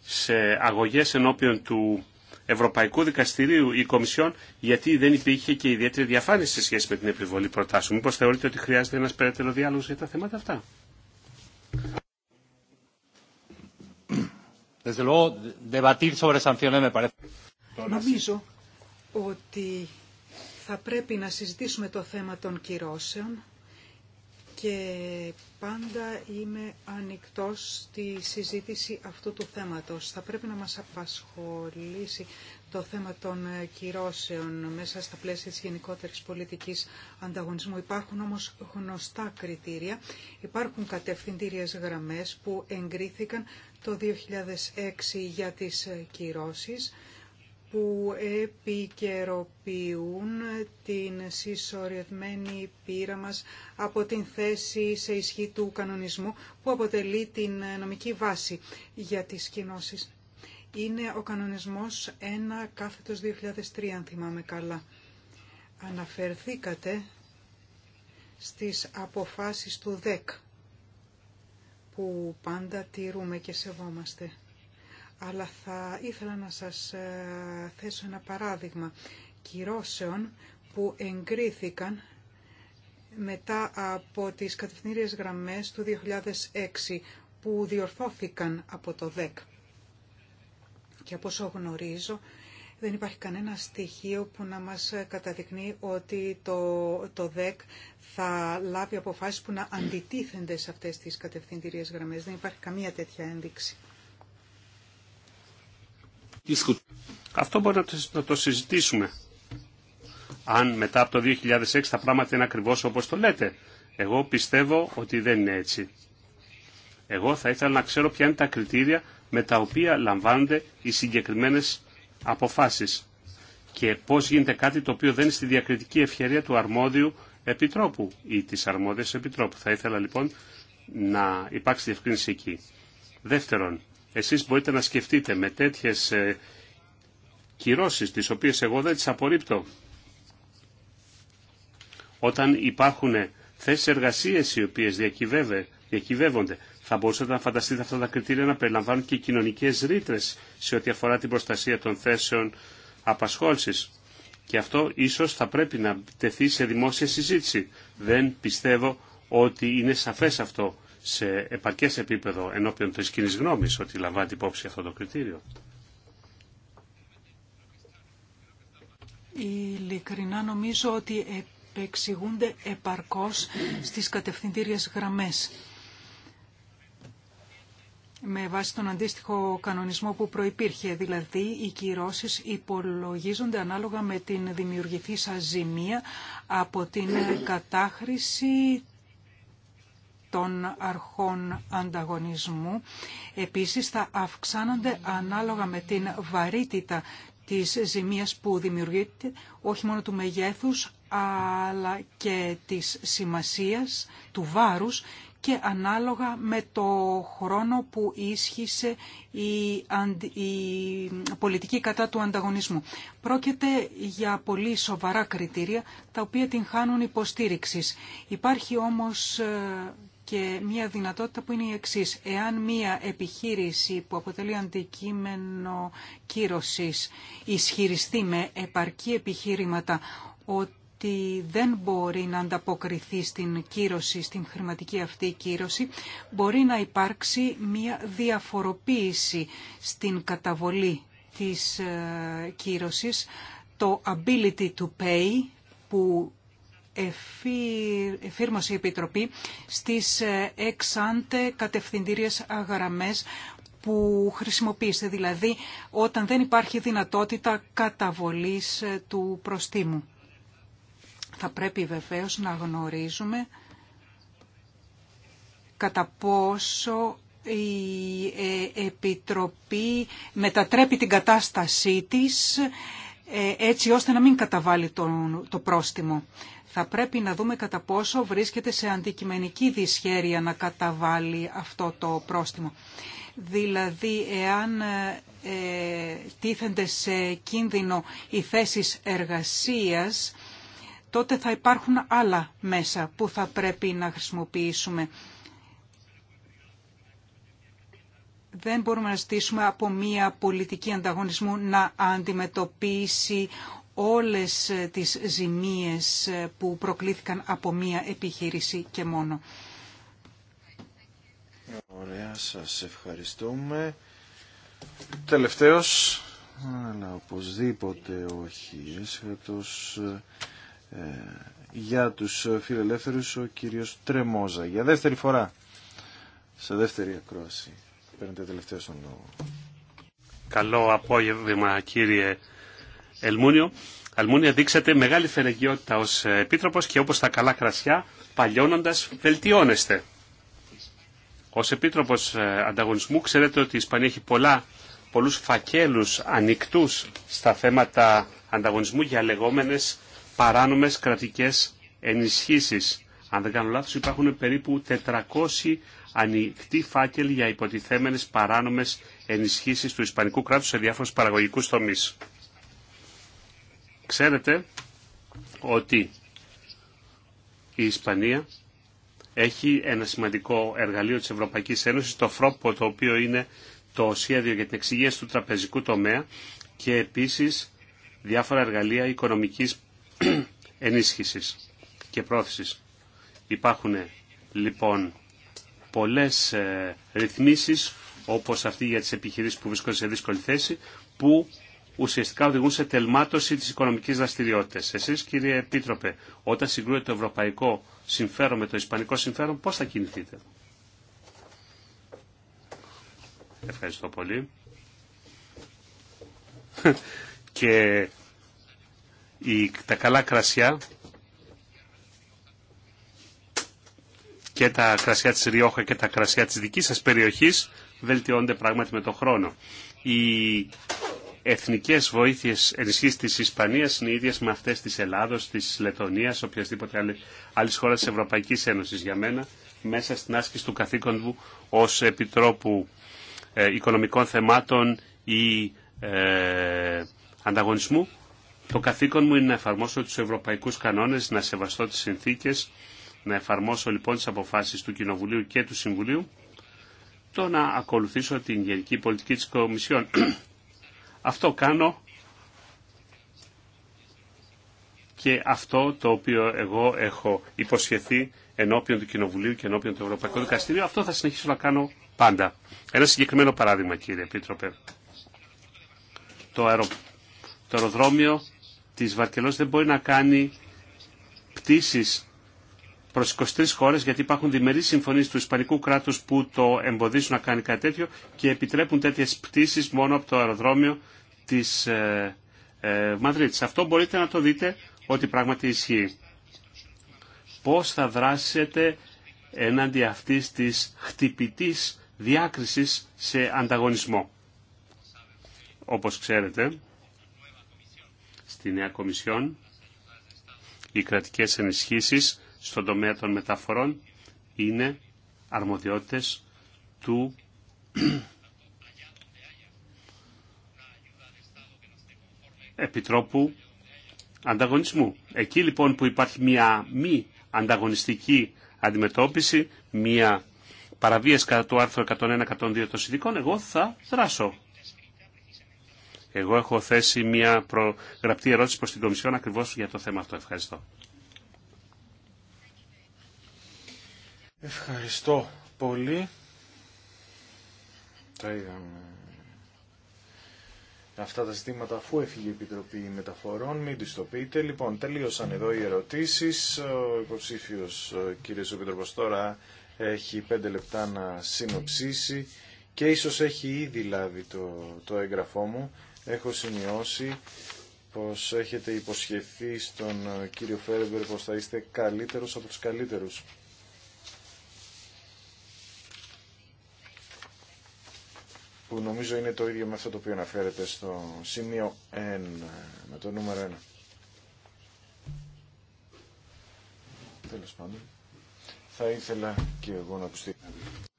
σε αγωγές ενώπιον του Ευρωπαϊκού Δικαστηρίου η Κομισιόν γιατί δεν υπήρχε και ιδιαίτερη διαφάνεια σε σχέση με την επιβολή προτάσεων. Μήπως θεωρείτε ότι χρειάζεται ένας περαιτέρω διάλογος για τα θέματα αυτά. Νομίζω ότι θα πρέπει να συζητήσουμε το θέμα των κυρώσεων και πάντα είμαι ανοιχτός στη συζήτηση αυτού του θέματος. Θα πρέπει να μας απασχολήσει το θέμα των κυρώσεων μέσα στα πλαίσια της γενικότερης πολιτικής ανταγωνισμού. Υπάρχουν όμως γνωστά κριτήρια, υπάρχουν κατευθυντήριες γραμμές που εγκρίθηκαν το 2006 για τις κυρώσεις που επικαιροποιούν την συσσωρευμένη πείρα μας από την θέση σε ισχύ του κανονισμού που αποτελεί την νομική βάση για τις κοινώσεις. Είναι ο κανονισμός 1 κάθετος 2003, αν θυμάμαι καλά. Αναφερθήκατε στις αποφάσεις του ΔΕΚ που πάντα τηρούμε και σεβόμαστε αλλά θα ήθελα να σας ε, θέσω ένα παράδειγμα κυρώσεων που εγκρίθηκαν μετά από τις κατευθυντήριες γραμμές του 2006 που διορθώθηκαν από το ΔΕΚ. Και από όσο γνωρίζω, δεν υπάρχει κανένα στοιχείο που να μας καταδεικνύει ότι το, το ΔΕΚ θα λάβει αποφάσεις που να αντιτίθενται σε αυτές τις κατευθυντήριες γραμμές. Δεν υπάρχει καμία τέτοια ένδειξη. Αυτό μπορεί να το συζητήσουμε. Αν μετά από το 2006 τα πράγματα είναι ακριβώς όπως το λέτε. Εγώ πιστεύω ότι δεν είναι έτσι. Εγώ θα ήθελα να ξέρω ποια είναι τα κριτήρια με τα οποία λαμβάνονται οι συγκεκριμένες αποφάσεις και πώς γίνεται κάτι το οποίο δεν είναι στη διακριτική ευκαιρία του αρμόδιου επιτρόπου ή της αρμόδιας επιτρόπου. Θα ήθελα λοιπόν να υπάρξει διευκρίνηση εκεί. Δεύτερον, εσείς μπορείτε να σκεφτείτε με τέτοιες ε, κυρώσεις, τις οποίες εγώ δεν τις απορρίπτω, όταν υπάρχουν θέσεις εργασίες οι οποίες διακυβεύονται, θα μπορούσατε να φανταστείτε αυτά τα κριτήρια να περιλαμβάνουν και κοινωνικές ρήτρε σε ό,τι αφορά την προστασία των θέσεων απασχόλησης. Και αυτό ίσως θα πρέπει να τεθεί σε δημόσια συζήτηση. Δεν πιστεύω ότι είναι σαφές αυτό σε επαρκές επίπεδο ενώπιον της κοινή γνώμης ότι λαμβάνει υπόψη αυτό το κριτήριο. Ειλικρινά νομίζω ότι επεξηγούνται επαρκώς στις κατευθυντήριες γραμμές με βάση τον αντίστοιχο κανονισμό που προϋπήρχε, δηλαδή οι κυρώσεις υπολογίζονται ανάλογα με την δημιουργηθήσα ζημία από την κατάχρηση των αρχών ανταγωνισμού. Επίσης θα αυξάνονται ανάλογα με την βαρύτητα της ζημίας που δημιουργείται, όχι μόνο του μεγέθους, αλλά και της σημασίας, του βάρους και ανάλογα με το χρόνο που ίσχυσε η, πολιτική κατά του ανταγωνισμού. Πρόκειται για πολύ σοβαρά κριτήρια τα οποία την χάνουν υποστήριξης. Υπάρχει όμως ε, και μια δυνατότητα που είναι η εξή. Εάν μια επιχείρηση που αποτελεί αντικείμενο κύρωσης ισχυριστεί με επαρκή επιχείρηματα ότι δεν μπορεί να ανταποκριθεί στην κύρωση, στην χρηματική αυτή κύρωση, μπορεί να υπάρξει μια διαφοροποίηση στην καταβολή της ε, κύρωσης, το ability to pay που εφήρμοσε Επιτροπή στις ε, εξάντε κατευθυντήριες αγαραμές που χρησιμοποιήσετε, δηλαδή όταν δεν υπάρχει δυνατότητα καταβολής ε, του προστίμου. Θα πρέπει βεβαίως να γνωρίζουμε κατά πόσο η ε, Επιτροπή μετατρέπει την κατάστασή της έτσι ώστε να μην καταβάλει το πρόστιμο θα πρέπει να δούμε κατά πόσο βρίσκεται σε αντικειμενική δυσχέρεια να καταβάλει αυτό το πρόστιμο. Δηλαδή, εάν ε, τίθενται σε κίνδυνο οι θέσεις εργασίας, τότε θα υπάρχουν άλλα μέσα που θα πρέπει να χρησιμοποιήσουμε. Δεν μπορούμε να ζητήσουμε από μία πολιτική ανταγωνισμού να αντιμετωπίσει όλες ε, τις ζημίες ε, που προκλήθηκαν από μία επιχείρηση και μόνο. Ωραία, σας ευχαριστούμε. Τελευταίος, αλλά οπωσδήποτε όχι έσχατος, ε, για τους φιλελεύθερους ο κύριος Τρεμόζα. Για δεύτερη φορά, σε δεύτερη ακρόαση, παίρνετε τελευταίο τον λόγο. Καλό απόγευμα κύριε Ελμούνιο, δείξατε μεγάλη φαινεγιότητα ω ε, επίτροπο και όπω τα καλά κρασιά παλιώνοντα, βελτιώνεστε. Ω επίτροπο ε, ανταγωνισμού ξέρετε ότι η Ισπανία έχει πολλά, πολλούς φακέλους ανοιχτού στα θέματα ανταγωνισμού για λεγόμενες παράνομες κρατικές ενισχύσεις. Αν δεν κάνω λάθος υπάρχουν περίπου 400 ανοιχτοί φάκελοι για υποτιθέμενες παράνομες ενισχύσεις του Ισπανικού κράτους σε διάφορους παραγωγικούς τομείς. Ξέρετε ότι η Ισπανία έχει ένα σημαντικό εργαλείο της Ευρωπαϊκής Ένωσης, το ΦΡΟΠΟ, το οποίο είναι το σχέδιο για την εξηγήση του τραπεζικού τομέα και επίσης διάφορα εργαλεία οικονομικής ενίσχυσης και πρόθεσης. Υπάρχουν λοιπόν πολλές ε, ρυθμίσεις όπως αυτή για τις επιχειρήσεις που βρίσκονται σε δύσκολη θέση που ουσιαστικά οδηγούν σε τελμάτωση τη οικονομική δραστηριότητα. Εσείς κύριε Επίτροπε, όταν συγκρούεται το ευρωπαϊκό συμφέρον με το ισπανικό συμφέρον, πώς θα κινηθείτε. Ευχαριστώ πολύ. Και η, τα καλά κρασιά και τα κρασιά της Ριόχα και τα κρασιά της δικής σας περιοχής βελτιώνται πράγματι με το χρόνο. Η εθνικές βοήθειες ενισχύσεις της Ισπανίας είναι ίδιες με αυτές της Ελλάδος, της Λετωνίας, οποιασδήποτε άλλη χώρας της Ευρωπαϊκής Ένωσης. Για μένα, μέσα στην άσκηση του καθήκον μου ως Επιτρόπου ε, Οικονομικών Θεμάτων ή ε, Ανταγωνισμού, το καθήκον μου είναι να εφαρμόσω τους ευρωπαϊκούς κανόνες, να σεβαστώ τις συνθήκες, να εφαρμόσω λοιπόν τις αποφάσεις του Κοινοβουλίου και του Συμβουλίου, το να ακολουθήσω την γενική πολιτική της Κομισιόν αυτό κάνω και αυτό το οποίο εγώ έχω υποσχεθεί ενώπιον του Κοινοβουλίου και ενώπιον του Ευρωπαϊκού Δικαστηρίου, αυτό θα συνεχίσω να κάνω πάντα. Ένα συγκεκριμένο παράδειγμα, κύριε Επίτροπε. Το, αεροδρόμιο της Βαρκελός δεν μπορεί να κάνει πτήσεις προς 23 χώρες γιατί υπάρχουν διμερείς συμφωνίες του Ισπανικού κράτους που το εμποδίζουν να κάνει κάτι τέτοιο και επιτρέπουν τέτοιες πτήσεις μόνο από το αεροδρόμιο της ε, ε, Μαδρίτης. Αυτό μπορείτε να το δείτε ότι πράγματι ισχύει. Πώς θα δράσετε εναντί αυτής της χτυπητής διάκρισης σε ανταγωνισμό. Όπως ξέρετε, στη Νέα Κομισιόν, οι κρατικές ενισχύσεις στον τομέα των μεταφορών είναι αρμοδιότητες του Επιτρόπου Ανταγωνισμού. Εκεί λοιπόν που υπάρχει μια μη ανταγωνιστική αντιμετώπιση, μια παραβίαση κατά του άρθρου 101-102 των συνδικών, εγώ θα δράσω. Εγώ έχω θέσει μια γραπτή ερώτηση προς την Κομισιόν ακριβώς για το θέμα αυτό. Ευχαριστώ. Ευχαριστώ πολύ. Τα είδαμε αυτά τα ζητήματα αφού έφυγε η Επιτροπή Μεταφορών. Μην πείτε. Λοιπόν, τελείωσαν εδώ οι ερωτήσεις. Ο υποψήφιος κύριος Επιτροπός τώρα έχει πέντε λεπτά να συνοψίσει και ίσως έχει ήδη λάβει το, το έγγραφό μου. Έχω σημειώσει πως έχετε υποσχεθεί στον κύριο Φέρεμπερ πως θα είστε καλύτερος από τους καλύτερους. που νομίζω είναι το ίδιο με αυτό το οποίο αναφέρεται στο σημείο 1, με το νούμερο 1. Τέλος πάντων, θα ήθελα και εγώ να ακουστεί.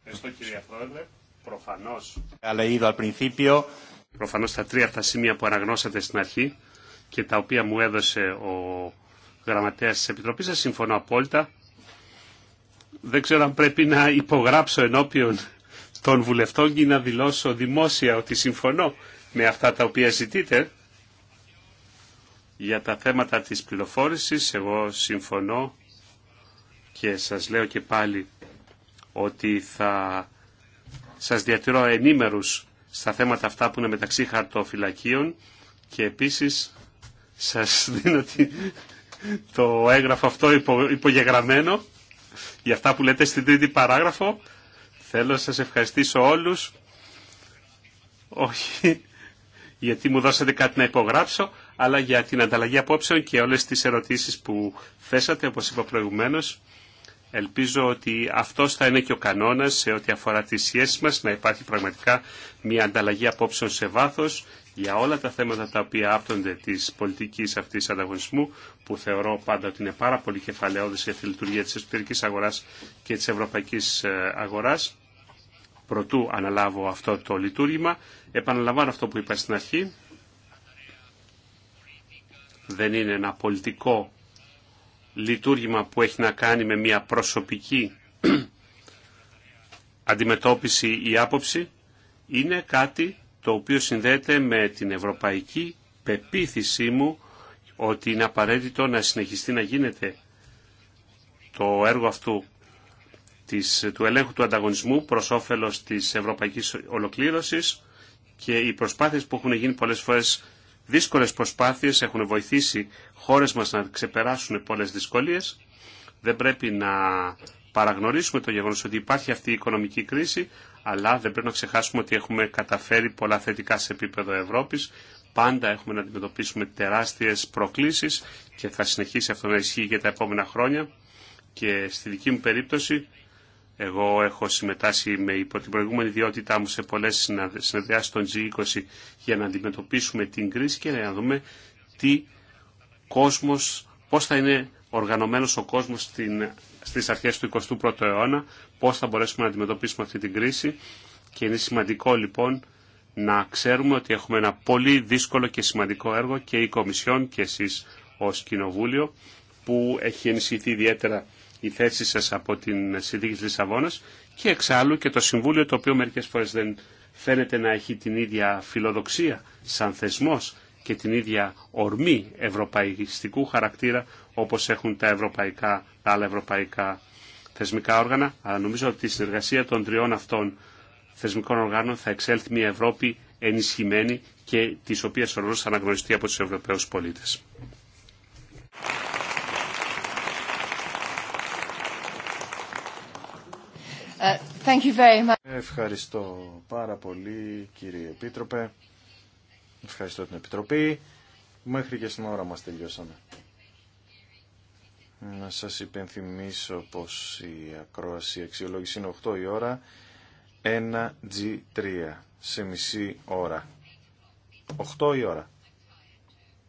Ευχαριστώ κύριε Πρόεδρε. Προφανώς, αλλά είδα al προφανώς τα τρία αυτά σημεία που αναγνώσατε στην αρχή και τα οποία μου έδωσε ο γραμματέας της Επιτροπής, σας συμφωνώ απόλυτα. Δεν ξέρω αν πρέπει να υπογράψω ενώπιον των βουλευτών και να δηλώσω δημόσια ότι συμφωνώ με αυτά τα οποία ζητείτε για τα θέματα της πληροφόρησης. Εγώ συμφωνώ και σας λέω και πάλι ότι θα σας διατηρώ ενήμερους στα θέματα αυτά που είναι μεταξύ χαρτοφυλακίων και επίσης σας δίνω το έγγραφο αυτό υπογεγραμμένο για αυτά που λέτε στην τρίτη παράγραφο Θέλω να σας ευχαριστήσω όλους. Όχι γιατί μου δώσατε κάτι να υπογράψω, αλλά για την ανταλλαγή απόψεων και όλες τις ερωτήσεις που θέσατε, όπως είπα προηγουμένως. Ελπίζω ότι αυτό θα είναι και ο κανόνας σε ό,τι αφορά τις σχέσεις μας, να υπάρχει πραγματικά μια ανταλλαγή απόψεων σε βάθος για όλα τα θέματα τα οποία άπτονται τη πολιτική αυτής ανταγωνισμού, που θεωρώ πάντα ότι είναι πάρα πολύ κεφαλαιόδης για τη λειτουργία της εσωτερική αγορά και της ευρωπαϊκής ε, αγοράς. Προτού αναλάβω αυτό το λειτουργήμα, επαναλαμβάνω αυτό που είπα στην αρχή. Δεν είναι ένα πολιτικό λειτουργήμα που έχει να κάνει με μια προσωπική αντιμετώπιση ή άποψη. Είναι κάτι το οποίο συνδέεται με την ευρωπαϊκή πεποίθησή μου ότι είναι απαραίτητο να συνεχιστεί να γίνεται το έργο αυτού της, του ελέγχου του ανταγωνισμού προς όφελος της ευρωπαϊκής ολοκλήρωσης και οι προσπάθειες που έχουν γίνει πολλές φορές δύσκολες προσπάθειες έχουν βοηθήσει χώρες μας να ξεπεράσουν πολλές δυσκολίες. Δεν πρέπει να παραγνωρίσουμε το γεγονός ότι υπάρχει αυτή η οικονομική κρίση αλλά δεν πρέπει να ξεχάσουμε ότι έχουμε καταφέρει πολλά θετικά σε επίπεδο Ευρώπης. Πάντα έχουμε να αντιμετωπίσουμε τεράστιες προκλήσεις και θα συνεχίσει αυτό να ισχύει για τα επόμενα χρόνια. Και στη δική μου περίπτωση, εγώ έχω συμμετάσχει με υπό την προηγούμενη ιδιότητά μου σε πολλές συνεδριάσεις των G20 για να αντιμετωπίσουμε την κρίση και να δούμε τι κόσμος, πώς θα είναι οργανωμένος ο κόσμος στην, στις αρχές του 21ου αιώνα, πώς θα μπορέσουμε να αντιμετωπίσουμε αυτή την κρίση και είναι σημαντικό λοιπόν να ξέρουμε ότι έχουμε ένα πολύ δύσκολο και σημαντικό έργο και η Κομισιόν και εσείς ως Κοινοβούλιο που έχει ενισχυθεί ιδιαίτερα η θέση σας από την Συνθήκη της Λισαβόνας και εξάλλου και το Συμβούλιο το οποίο μερικές φορές δεν φαίνεται να έχει την ίδια φιλοδοξία σαν θεσμός και την ίδια ορμή ευρωπαϊστικού χαρακτήρα όπως έχουν τα, ευρωπαϊκά, τα άλλα ευρωπαϊκά θεσμικά όργανα, αλλά νομίζω ότι η συνεργασία των τριών αυτών θεσμικών οργάνων θα εξέλθει μια Ευρώπη ενισχυμένη και της οποίας ο ρόλος θα αναγνωριστεί από τους Ευρωπαίους πολίτες. Ε, Ευχαριστώ πάρα πολύ κύριε Επίτροπε. Ευχαριστώ την Επιτροπή. Μέχρι και στην ώρα μας τελειώσαμε. Να σας υπενθυμίσω πως η ακρόαση αξιολόγηση είναι 8 η ώρα, 1G3 σε μισή ώρα. 8 η ώρα.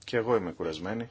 Και εγώ είμαι κουρασμένη.